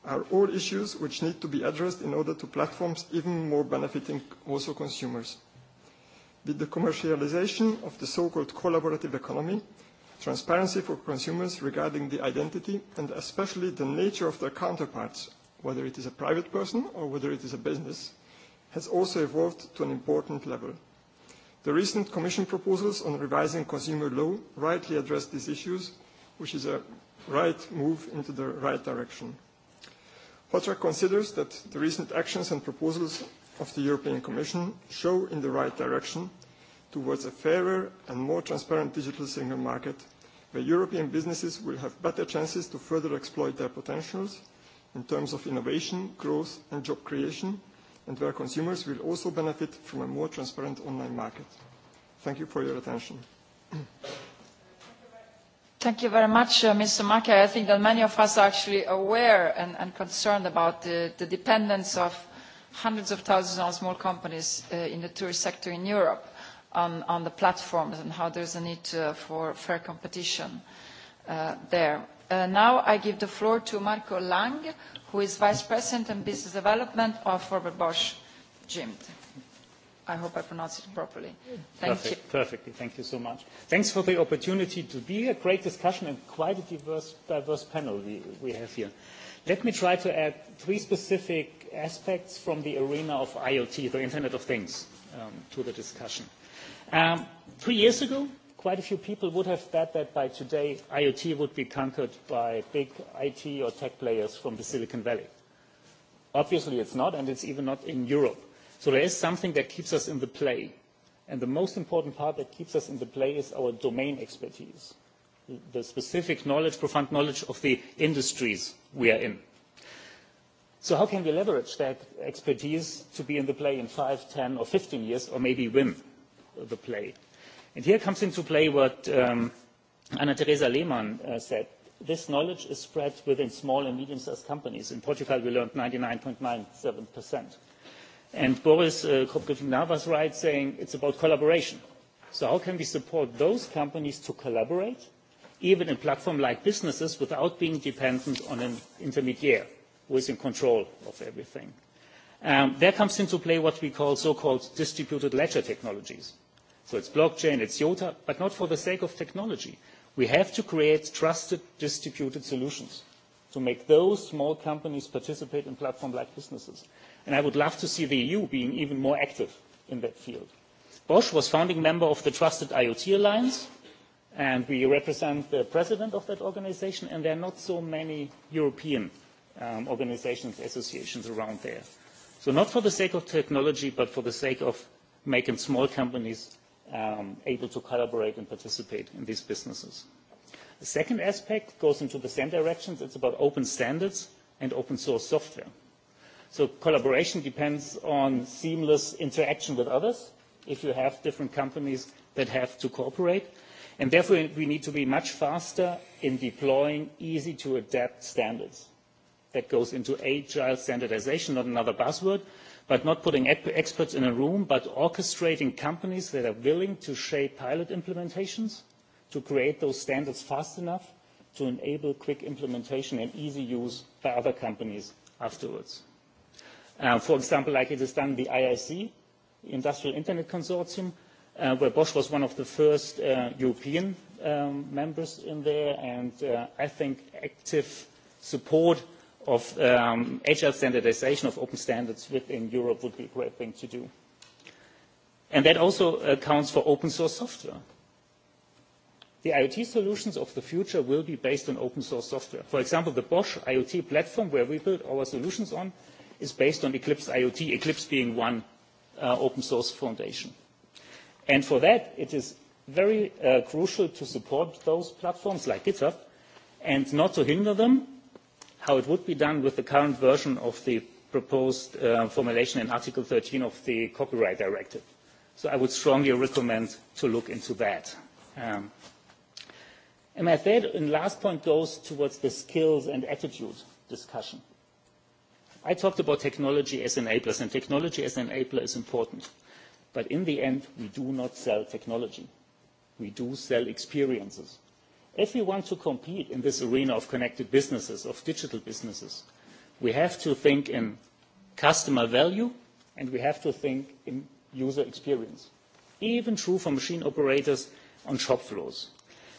are all issues which need to be addressed in order to platforms even more benefiting also consumers. With the commercialization of the so-called collaborative economy, transparency for consumers regarding the identity and especially the nature of their counterparts, whether it is a private person or whether it is a business, has also evolved to an important level. The recent Commission proposals on revising consumer law rightly address these issues, which is a right move into the right direction. OTRA considers that the recent actions and proposals of the European Commission show in the right direction towards a fairer and more transparent digital single market where European businesses will have better chances to further exploit their potentials in terms of innovation, growth and job creation, and where consumers will also benefit from a more transparent online market. Thank you for your attention. Thank you very much, Mr. Mackey. I think that many of us are actually aware and, concerned about the, the dependence of hundreds of thousands of small companies in the tourist sector in Europe on, the platforms and how there is a need for fair competition there. now I give the floor to Marco Lang, who is Vice President and Business Development of Robert Bosch gmbh. I hope I pronounced it properly. Thank Perfect, you. Perfectly. Thank you so much. Thanks for the opportunity to be here. Great discussion and quite a diverse, diverse panel we, we have here. Let me try to add three specific aspects from the arena of IoT, the Internet of Things, um, to the discussion. Um, three years ago, quite a few people would have bet that by today IoT would be conquered by big IT or tech players from the Silicon Valley. Obviously, it's not, and it's even not in Europe So there is something that keeps us in the play. And the most important part that keeps us in the play is our domain expertise, the specific knowledge, profound knowledge of the industries we are in. So how can we leverage that expertise to be in the play in five, ten or fifteen years, or maybe win the play? And here comes into play what um, Anna-Theresa Lehmann uh, said. This knowledge is spread within small and medium-sized companies. In Portugal, we learned 99.97%. And Boris griffin was right saying it's about collaboration. So how can we support those companies to collaborate, even in platform-like businesses, without being dependent on an intermediary who is in control of everything? there comes into play what we call so-called distributed ledger technologies. So it's blockchain, it's IOTA, but not for the sake of technology. We have to create trusted distributed solutions to make those small companies participate in platform-like businesses and I would love to see the EU being even more active in that field. Bosch was founding member of the Trusted IoT Alliance, and we represent the president of that organization, and there are not so many European um, organizations, associations around there. So not for the sake of technology, but for the sake of making small companies um, able to collaborate and participate in these businesses. The second aspect goes into the same directions. It's about open standards and open source software. So collaboration depends on seamless interaction with others if you have different companies that have to cooperate. And therefore, we need to be much faster in deploying easy to adapt standards. That goes into agile standardization, not another buzzword, but not putting experts in a room, but orchestrating companies that are willing to shape pilot implementations to create those standards fast enough to enable quick implementation and easy use by other companies afterwards for example, like it is done the IIC, Industrial Internet Consortium, uh, where Bosch was one of the first uh, European um, members in there, and uh, I think active support of um, agile standardization of open standards within Europe would be a great thing to do. And that also accounts for open source software. The IoT solutions of the future will be based on open source software. For example, the Bosch IoT platform where we build our solutions on is based on Eclipse IoT, Eclipse being one uh, open source foundation. And for that, it is very uh, crucial to support those platforms like GitHub and not to hinder them, how it would be done with the current version of the proposed uh, formulation in Article 13 of the Copyright Directive. So I would strongly recommend to look into that. Um, and my third and last point goes towards the skills and attitude discussion I talked about technology as enablers, and technology as an enabler is important. But in the end, we do not sell technology. We do sell experiences. If we want to compete in this arena of connected businesses, of digital businesses, we have to think in customer value and we have to think in user experience. Even true for machine operators on shop floors.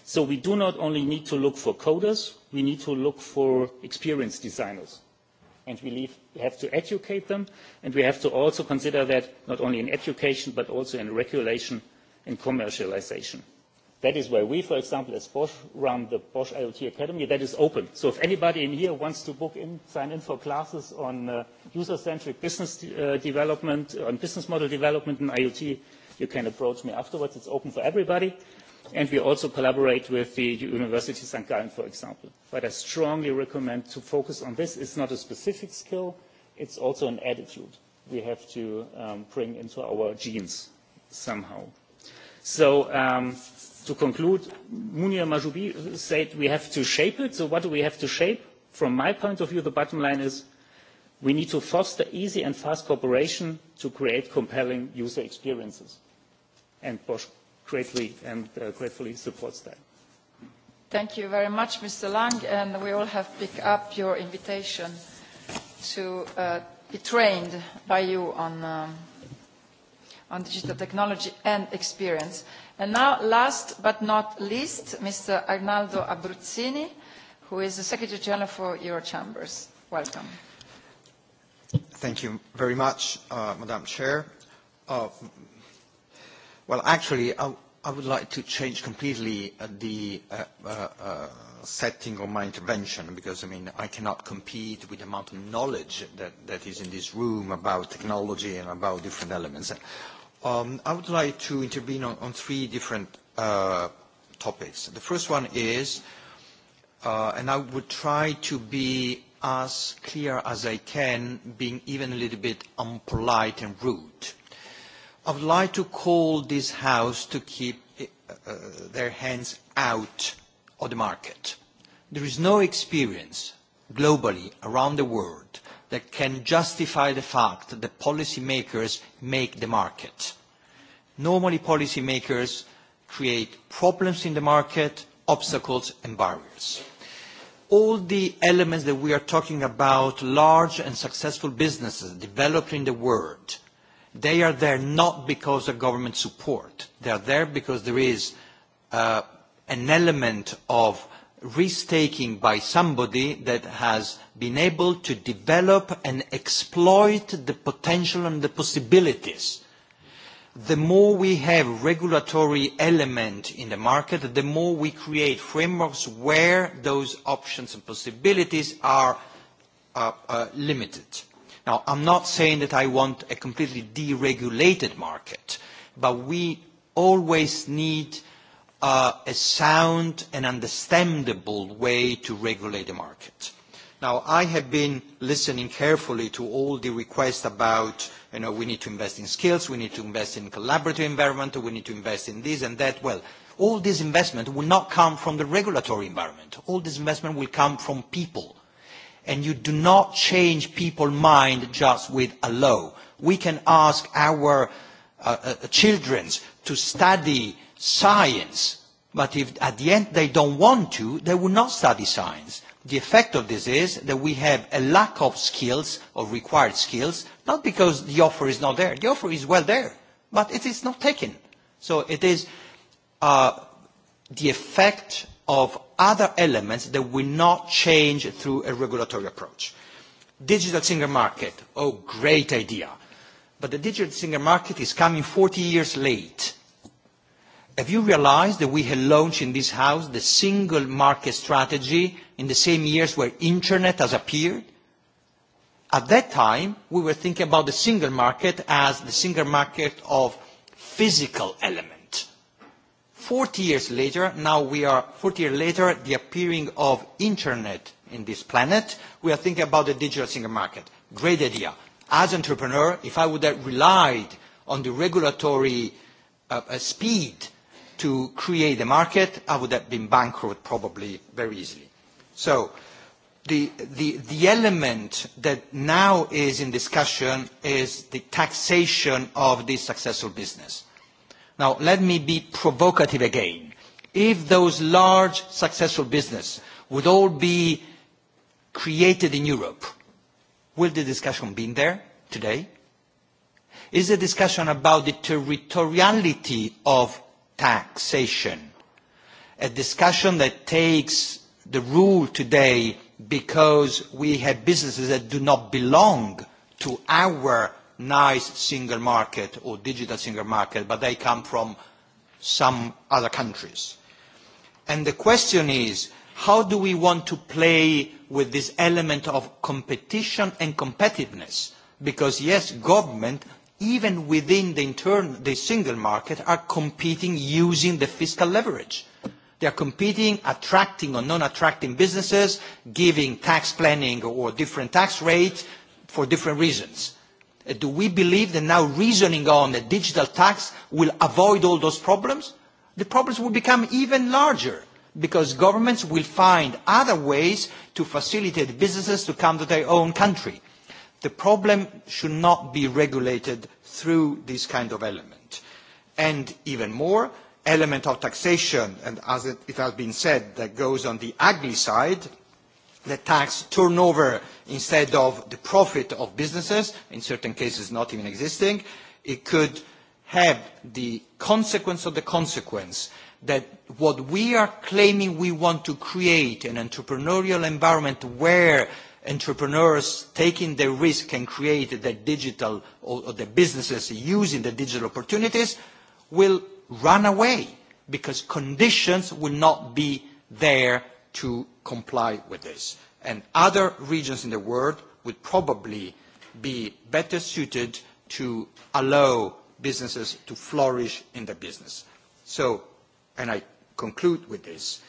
So we do not only need to look for coders, we need to look for experience designers and we have to educate them and we have to also consider that not only in education but also in regulation and commercialisation. That is where we, for example, as Bosch, run the Bosch IoT Academy. That is open. So if anybody in here wants to book in, sign in for classes on uh, user-centric business uh, development, on business model development in IoT, you can approach me afterwards. It's open for everybody. And we also collaborate with the University of St. Gallen, for example. But I strongly recommend to focus on this. It's not a specific skill, it's also an attitude we have to um, bring into our genes somehow. So um, to conclude, Munir Majoubi said we have to shape it. So what do we have to shape? From my point of view, the bottom line is we need to foster easy and fast cooperation to create compelling user experiences. And Bosch greatly and gratefully supports that. Thank you very much, Mr. Lang, and we all have picked up your invitation to uh, be trained by you on, um, on digital technology and experience. And now, last but not least, Mr. Arnaldo Abruzzini, who is the Secretary General for Eurochambers. Welcome. Thank you very much, uh, Madam Chair. Uh, Well, actually, I, I would like to change completely the uh, uh, uh, setting of my intervention because, I mean, I cannot compete with the amount of knowledge that, that is in this room about technology and about different elements. Um, I would like to intervene on, on three different uh, topics. The first one is, uh, and I would try to be as clear as I can, being even a little bit unpolite and rude. I would like to call this House to keep their hands out of the market. There is no experience globally around the world that can justify the fact that policymakers make the market. Normally policymakers create problems in the market, obstacles and barriers. All the elements that we are talking about, large and successful businesses developed in the world, They are there not because of government support. They are there because there is uh, an element of risk-taking by somebody that has been able to develop and exploit the potential and the possibilities. The more we have regulatory element in the market, the more we create frameworks where those options and possibilities are uh, uh, limited. Now, I'm not saying that I want a completely deregulated market, but we always need uh, a sound and understandable way to regulate the market. Now, I have been listening carefully to all the requests about, you know, we need to invest in skills, we need to invest in collaborative environment, we need to invest in this and that. Well, all this investment will not come from the regulatory environment. All this investment will come from people and you do not change people's mind just with a law. We can ask our uh, uh, children to study science, but if at the end they don't want to, they will not study science. The effect of this is that we have a lack of skills, of required skills, not because the offer is not there. The offer is well there, but it is not taken. So it is uh, the effect of other elements that will not change through a regulatory approach. Digital single market, oh, great idea. But the digital single market is coming 40 years late. Have you realized that we had launched in this house the single market strategy in the same years where internet has appeared? At that time, we were thinking about the single market as the single market of physical elements 40 years later, now we are 40 years later, the appearing of internet in this planet, we are thinking about the digital single market. Great idea. As entrepreneur, if I would have relied on the regulatory uh, uh, speed to create the market, I would have been bankrupt probably very easily. So the, the, the element that now is in discussion is the taxation of this successful business Now, let me be provocative again. If those large, successful businesses would all be created in Europe, will the discussion be there today? Is the discussion about the territoriality of taxation a discussion that takes the rule today because we have businesses that do not belong to our nice single market or digital single market, but they come from some other countries. And the question is, how do we want to play with this element of competition and competitiveness? Because yes, government, even within the, intern, the single market, are competing using the fiscal leverage. They are competing, attracting or non-attracting businesses, giving tax planning or different tax rates for different reasons do we believe that now reasoning on a digital tax will avoid all those problems? The problems will become even larger because governments will find other ways to facilitate businesses to come to their own country. The problem should not be regulated through this kind of element. And even more, element of taxation, and as it, it has been said, that goes on the ugly side, the tax turnover instead of the profit of businesses, in certain cases not even existing, it could have the consequence of the consequence that what we are claiming we want to create an entrepreneurial environment where entrepreneurs taking the risk can create the digital or the businesses using the digital opportunities will run away because conditions will not be there to comply with this and other regions in the world would probably be better suited to allow businesses to flourish in their business. So, and I conclude with this,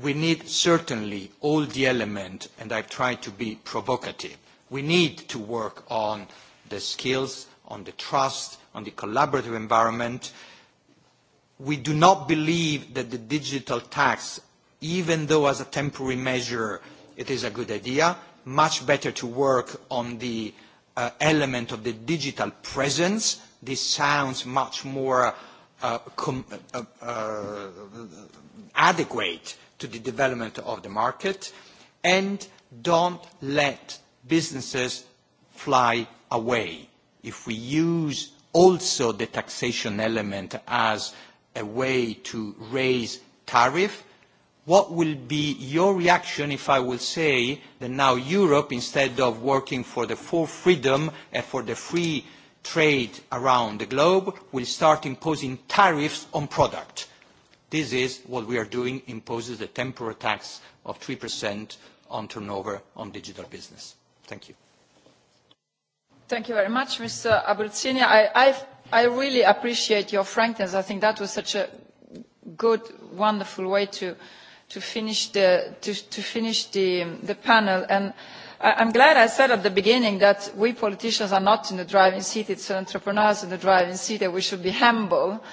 we need certainly all the elements, and I've tried to be provocative. We need to work on the skills, on the trust, on the collaborative environment. We do not believe that the digital tax, even though as a temporary measure, it is a good idea. Much better to work on the uh, element of the digital presence. This sounds much more uh, com uh, uh, adequate to the development of the market. And don't let businesses fly away. If we use also the taxation element as a way to raise tariff, what will be your reaction if I will say that now Europe, instead of working for the full freedom and for the free trade around the globe, will start imposing tariffs on products? This is what we are doing, imposes a temporary tax of 3% on turnover on digital business. Thank you. Thank you very much, Mr. Abruzzini. I, I really appreciate your frankness. I think that was such a good, wonderful way to to finish the, to, to finish the, the panel. And I, I'm glad I said at the beginning that we politicians are not in the driving seat, it's entrepreneurs in the driving seat, that we should be humble.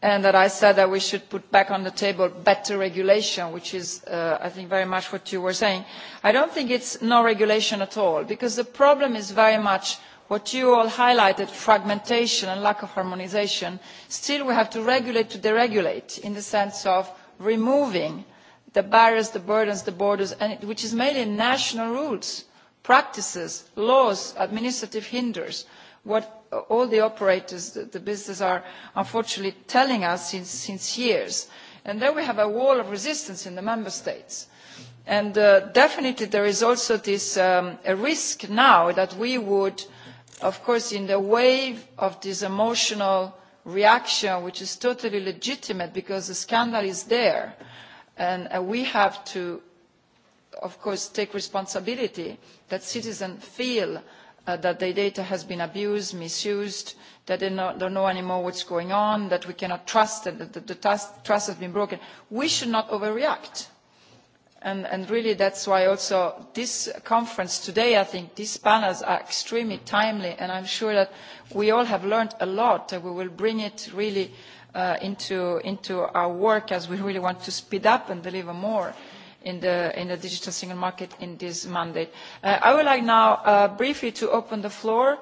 And that I said that we should put back on the table better regulation, which is, uh, I think, very much what you were saying. I don't think it's no regulation at all, because the problem is very much what you all highlighted fragmentation and lack of harmonisation still we have to regulate to deregulate in the sense of removing uh, the barriers the burdens the borders which is mainly national rules practices laws administrative hindrances what all the operators the businesses are unfortunately telling us since years and then we have a wall of resistance in the member states and definitely there is also this risk now that we would of course in the wave of this emotional reaction which is totally legitimate because the scandal is there And we have to, of course, take responsibility that citizens feel that their data has been abused, misused, that they don't know anymore what's going on, that we cannot trust, and that the trust has been broken. We should not overreact. And, really that's why also this conference today, I think these panels are extremely timely and I'm sure that we all have learned a lot and we will bring it really into, into our work as we really want to speed up and deliver more in the, in the digital single market in this mandate. I would like now briefly to open the floor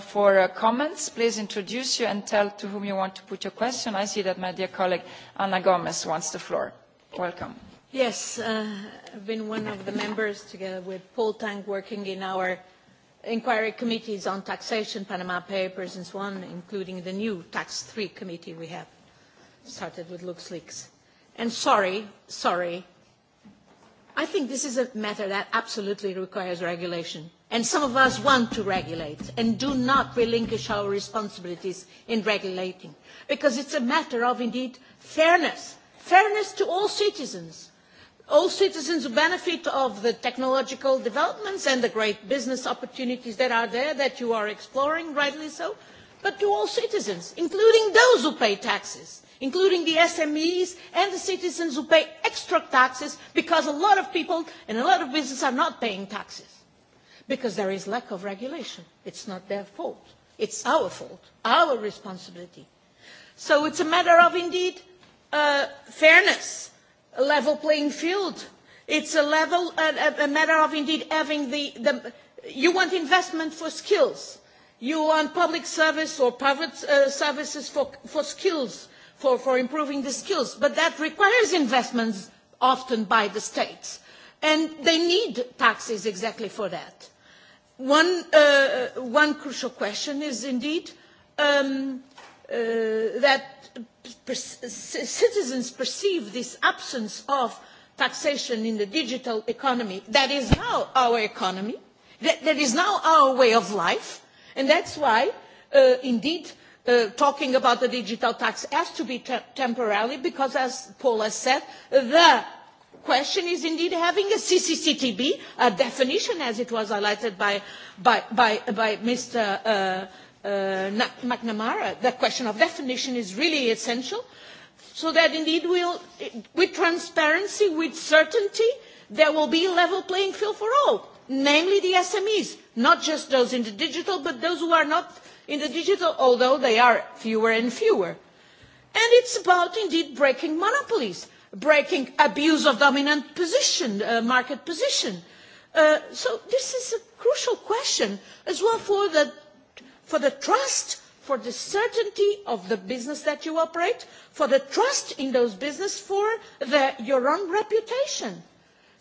for comments. Please introduce you and tell to whom you want to put your question. I see that my dear colleague Ana Gomez wants the floor. Welcome. Yes, I've been one of the members together with Paul Tang working in our inquiry committees on taxation, Panama Papers and so on, including the new Tax 3 committee we have started with LuxLeaks. And sorry, sorry, I think this is a matter that absolutely requires regulation. And some of us want to regulate and do not relinquish our responsibilities in regulating. Because it's a matter of, indeed, fairness. Fairness to all citizens. All citizens who benefit of the technological developments and the great business opportunities that are there that you are exploring, rightly so, but to all citizens, including those who pay taxes including the SMEs and the citizens who pay extra taxes because a lot of people and a lot of businesses are not paying taxes because there is lack of regulation. It's not their fault. It's our fault, our responsibility. So it's a matter of, indeed, uh, fairness, a level playing field. It's a, level, a, a matter of, indeed, having the, the... You want investment for skills. You want public service or private uh, services for, for skills for, for improving the skills, but that requires investments often by the states. And they need taxes exactly for that. One, uh, one crucial question is indeed um, uh, that per- citizens perceive this absence of taxation in the digital economy that is now our economy, that, that is now our way of life, and that's why, uh, indeed, talking about the digital tax has to be temporary because, as Paul has said, the question is indeed having a CCCTB, a definition as it was highlighted by, by, by, by Mr. McNamara. The question of definition is really essential so that indeed we'll, with transparency, with certainty, there will be a level playing field for all namely the SMEs, not just those in the digital, but those who are not in the digital, although they are fewer and fewer. And it is about indeed breaking monopolies, breaking abuse of dominant position, uh, market position. Uh, so this is a crucial question as well for the, for the trust for the certainty of the business that you operate, for the trust in those businesses, for the, your own reputation.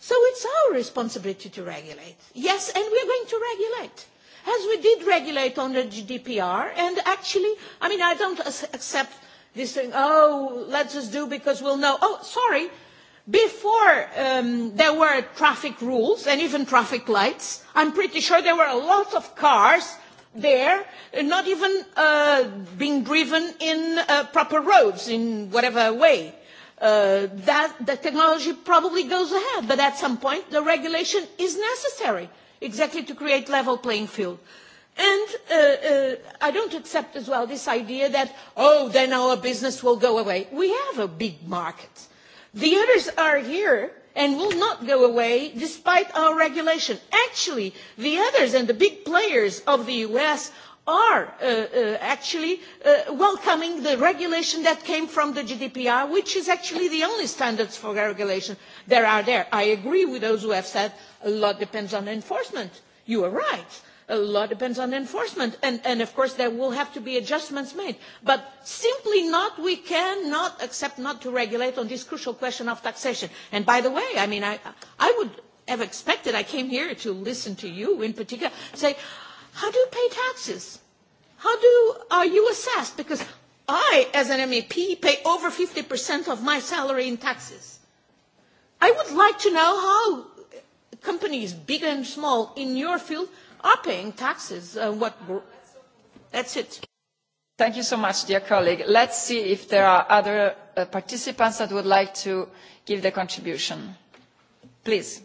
So it's our responsibility to regulate. Yes, and we're going to regulate. As we did regulate on the GDPR, and actually, I mean, I don't accept this thing, oh, let's just do because we'll know. Oh, sorry, before um, there were traffic rules and even traffic lights, I'm pretty sure there were a lot of cars there, not even uh, being driven in uh, proper roads in whatever way. Uh that the technology probably goes ahead, but at some point the regulation is necessary exactly to create level playing field. And uh, uh, I don't accept as well this idea that, oh, then our business will go away. We have a big market. The others are here and will not go away despite our regulation. Actually, the others and the big players of the US are actually welcoming the regulation that came from the GDPR, which is actually the only standards for regulation that are there. I agree with those who have said a lot depends on enforcement. You are right. A lot depends on enforcement. And, and of course, there will have to be adjustments made. But simply not, we cannot accept not to regulate on this crucial question of taxation. And by the way, I mean, I, I would have expected, I came here to listen to you in particular, say, How do you pay taxes? How do are you assessed? Because I, as an MEP, pay over 50% of my salary in taxes. I would like to know how companies, big and small, in your field are paying taxes. Uh, what? That's it. Thank you so much, dear colleague. Let's see if there are other uh, participants that would like to give their contribution. Please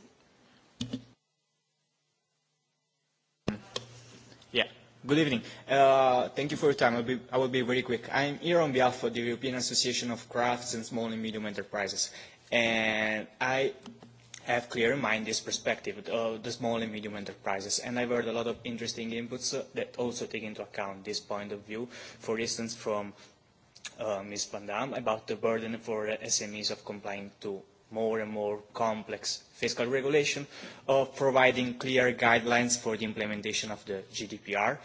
Good evening. Uh, thank you for your time. I'll be, I will be very quick. I'm here on behalf of the European Association of Crafts and Small and Medium Enterprises. And I have clear in mind this perspective of the small and medium enterprises. And I've heard a lot of interesting inputs that also take into account this point of view. For instance, from uh, Ms. Van Damme, about the burden for SMEs of complying to more and more complex fiscal regulation, of providing clear guidelines for the implementation of the GDPR,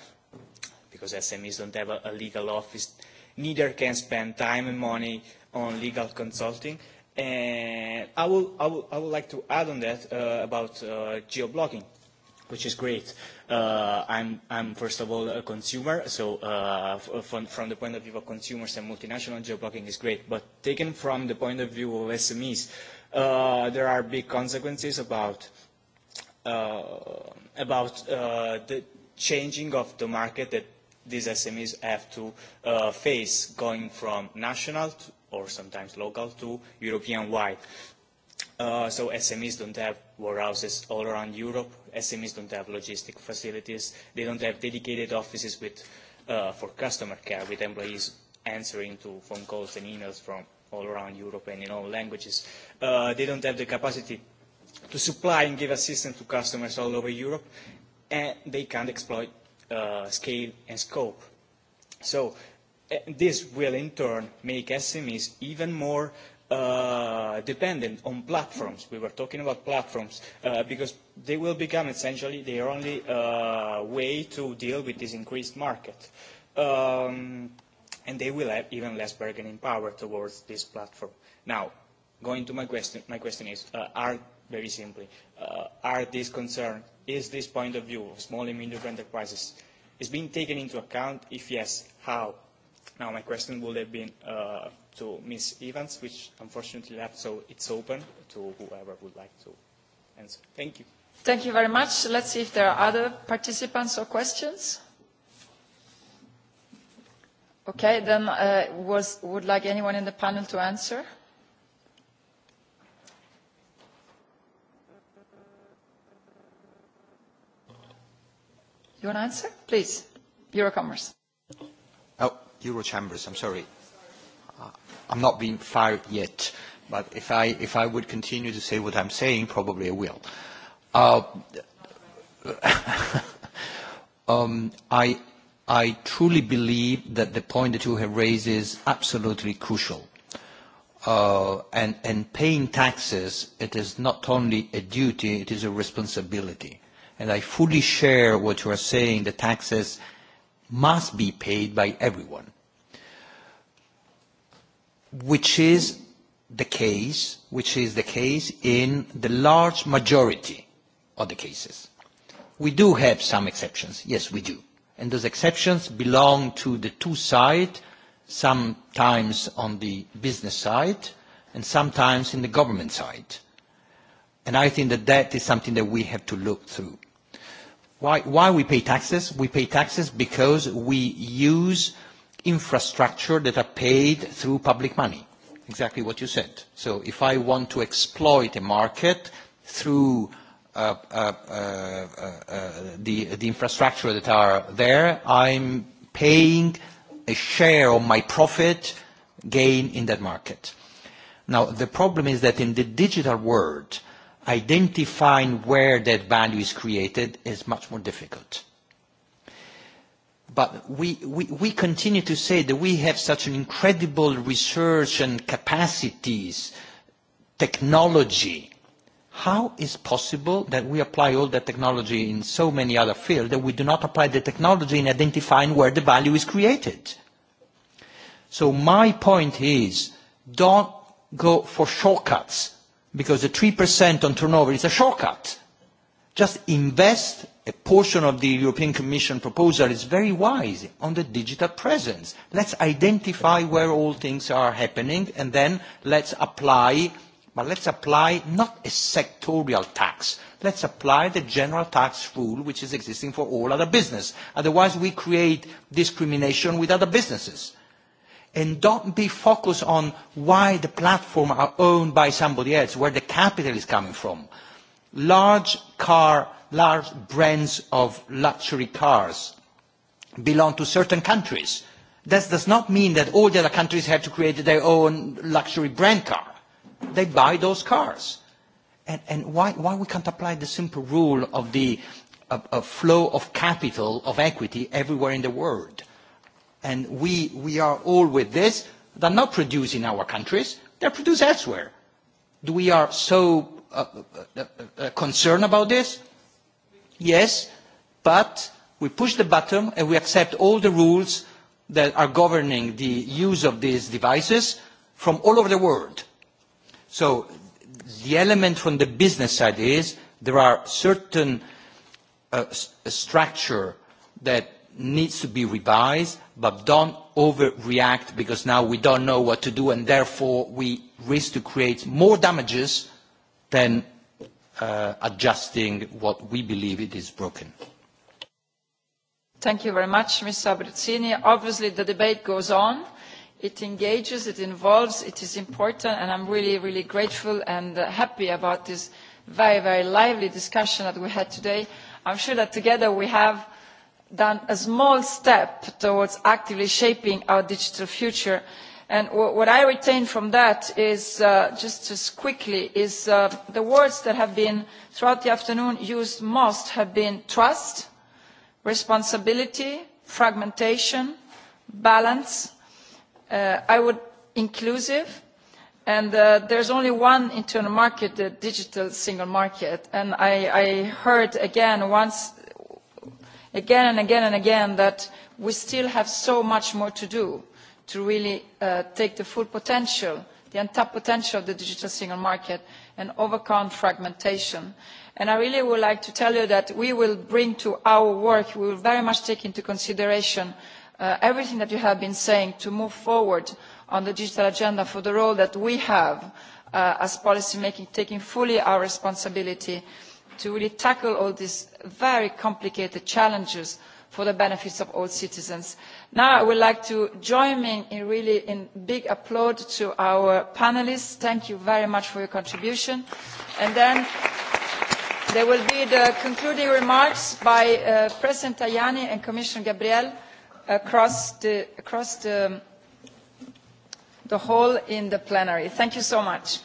because SMEs don't have a, a legal office, neither can spend time and money on legal consulting. And I, will, I, will, I would like to add on that uh, about uh, geo-blocking which is great. Uh, I'm, I'm first of all a consumer, so uh, from, from the point of view of consumers and multinational geoblocking is great. But taken from the point of view of SMEs, there are big consequences about uh, about uh, the changing of the market that these SMEs have to uh, face going from national to, or sometimes local to European wide. Uh, so SMEs don't have warehouses all around Europe. SMEs don't have logistic facilities. They don't have dedicated offices with, uh, for customer care with employees answering to phone calls and emails from all around Europe and in all languages. Uh, they don't have the capacity to supply and give assistance to customers all over Europe, and they can't exploit uh, scale and scope. So uh, this will in turn make SMEs even more uh, dependent on platforms. We were talking about platforms uh, because they will become essentially their only uh, way to deal with this increased market. Um, and they will have even less bargaining power towards this platform. Now, going to my question, my question is, uh, are, very simply, uh, are these concerns, is this point of view of small and medium enterprises, is being taken into account? If yes, how? Now, my question would have been uh, to Ms. Evans, which unfortunately left, so it's open to whoever would like to answer. Thank you. Thank you very much. Let's see if there are other participants or questions. Okay, then uh, was, would like anyone in the panel to answer? You want to answer? Please. Eurocommerce. Oh, Eurochambers, I'm sorry. uh, I'm not being fired yet, but if I, if I would continue to say what I'm saying, probably I will. Uh, um, I, I truly believe that the point that you have raised is absolutely crucial. Uh, and, and paying taxes, it is not only a duty, it is a responsibility. And I fully share what you are saying, the taxes must be paid by everyone, which is the case, which is the case in the large majority of the cases. We do have some exceptions, yes we do and those exceptions belong to the two sides, sometimes on the business side and sometimes in the government side. And I think that that is something that we have to look through. Why, why we pay taxes? We pay taxes because we use infrastructure that are paid through public money. Exactly what you said. So if I want to exploit a market through uh, uh, uh, uh, the, the infrastructure that are there, I'm paying a share of my profit gain in that market. Now, the problem is that in the digital world, identifying where that value is created is much more difficult. But we, we, we continue to say that we have such an incredible research and capacities, technology, How is possible that we apply all the technology in so many other fields that we do not apply the technology in identifying where the value is created? So my point is, don't go for shortcuts, because the 3% on turnover is a shortcut. Just invest a portion of the European Commission proposal is very wise on the digital presence. Let's identify where all things are happening, and then let's apply But let's apply not a sectorial tax. Let's apply the general tax rule which is existing for all other business. Otherwise, we create discrimination with other businesses. And don't be focused on why the platform are owned by somebody else, where the capital is coming from. Large car, large brands of luxury cars belong to certain countries. That does not mean that all the other countries have to create their own luxury brand car They buy those cars. And, and why, why we can't apply the simple rule of the of, of flow of capital, of equity, everywhere in the world? And we, we are all with this. They're not produced in our countries. They're produced elsewhere. Do we are so uh, uh, uh, concerned about this? Yes, but we push the button and we accept all the rules that are governing the use of these devices from all over the world. So the element from the business side is there are certain uh, structure that needs to be revised, but don't overreact because now we don't know what to do and therefore we risk to create more damages than uh, adjusting what we believe it is broken. Thank you very much, Mr. Abruzzini. Obviously, the debate goes on it engages, it involves, it is important, and I really, really grateful and happy about this very, very lively discussion that we had today. I am sure that together we have done a small step towards actively shaping our digital future. And what I retain from that is, just quickly, is the words that have been throughout the afternoon used most have been trust, responsibility, fragmentation, balance, I would inclusive, and there there's only one internal market, the digital single market. And I, I heard again once, again and again and again that we still have so much more to do to really take the full potential, the untapped potential of the digital single market and overcome fragmentation. And I really would like to tell you that we will bring to our work, we will very much take into consideration everything that you have been saying to move forward on the digital agenda for the role that we have as policymakers taking fully our responsibility to really tackle all these very complicated challenges for the benefit of all citizens. Now I would like to join in, in really in big applaud to our panellists. Thank you very much for your contribution. And then there will be the concluding remarks by President Tajani and Commissioner Gabriel across the whole in the plenary. Thank you so much.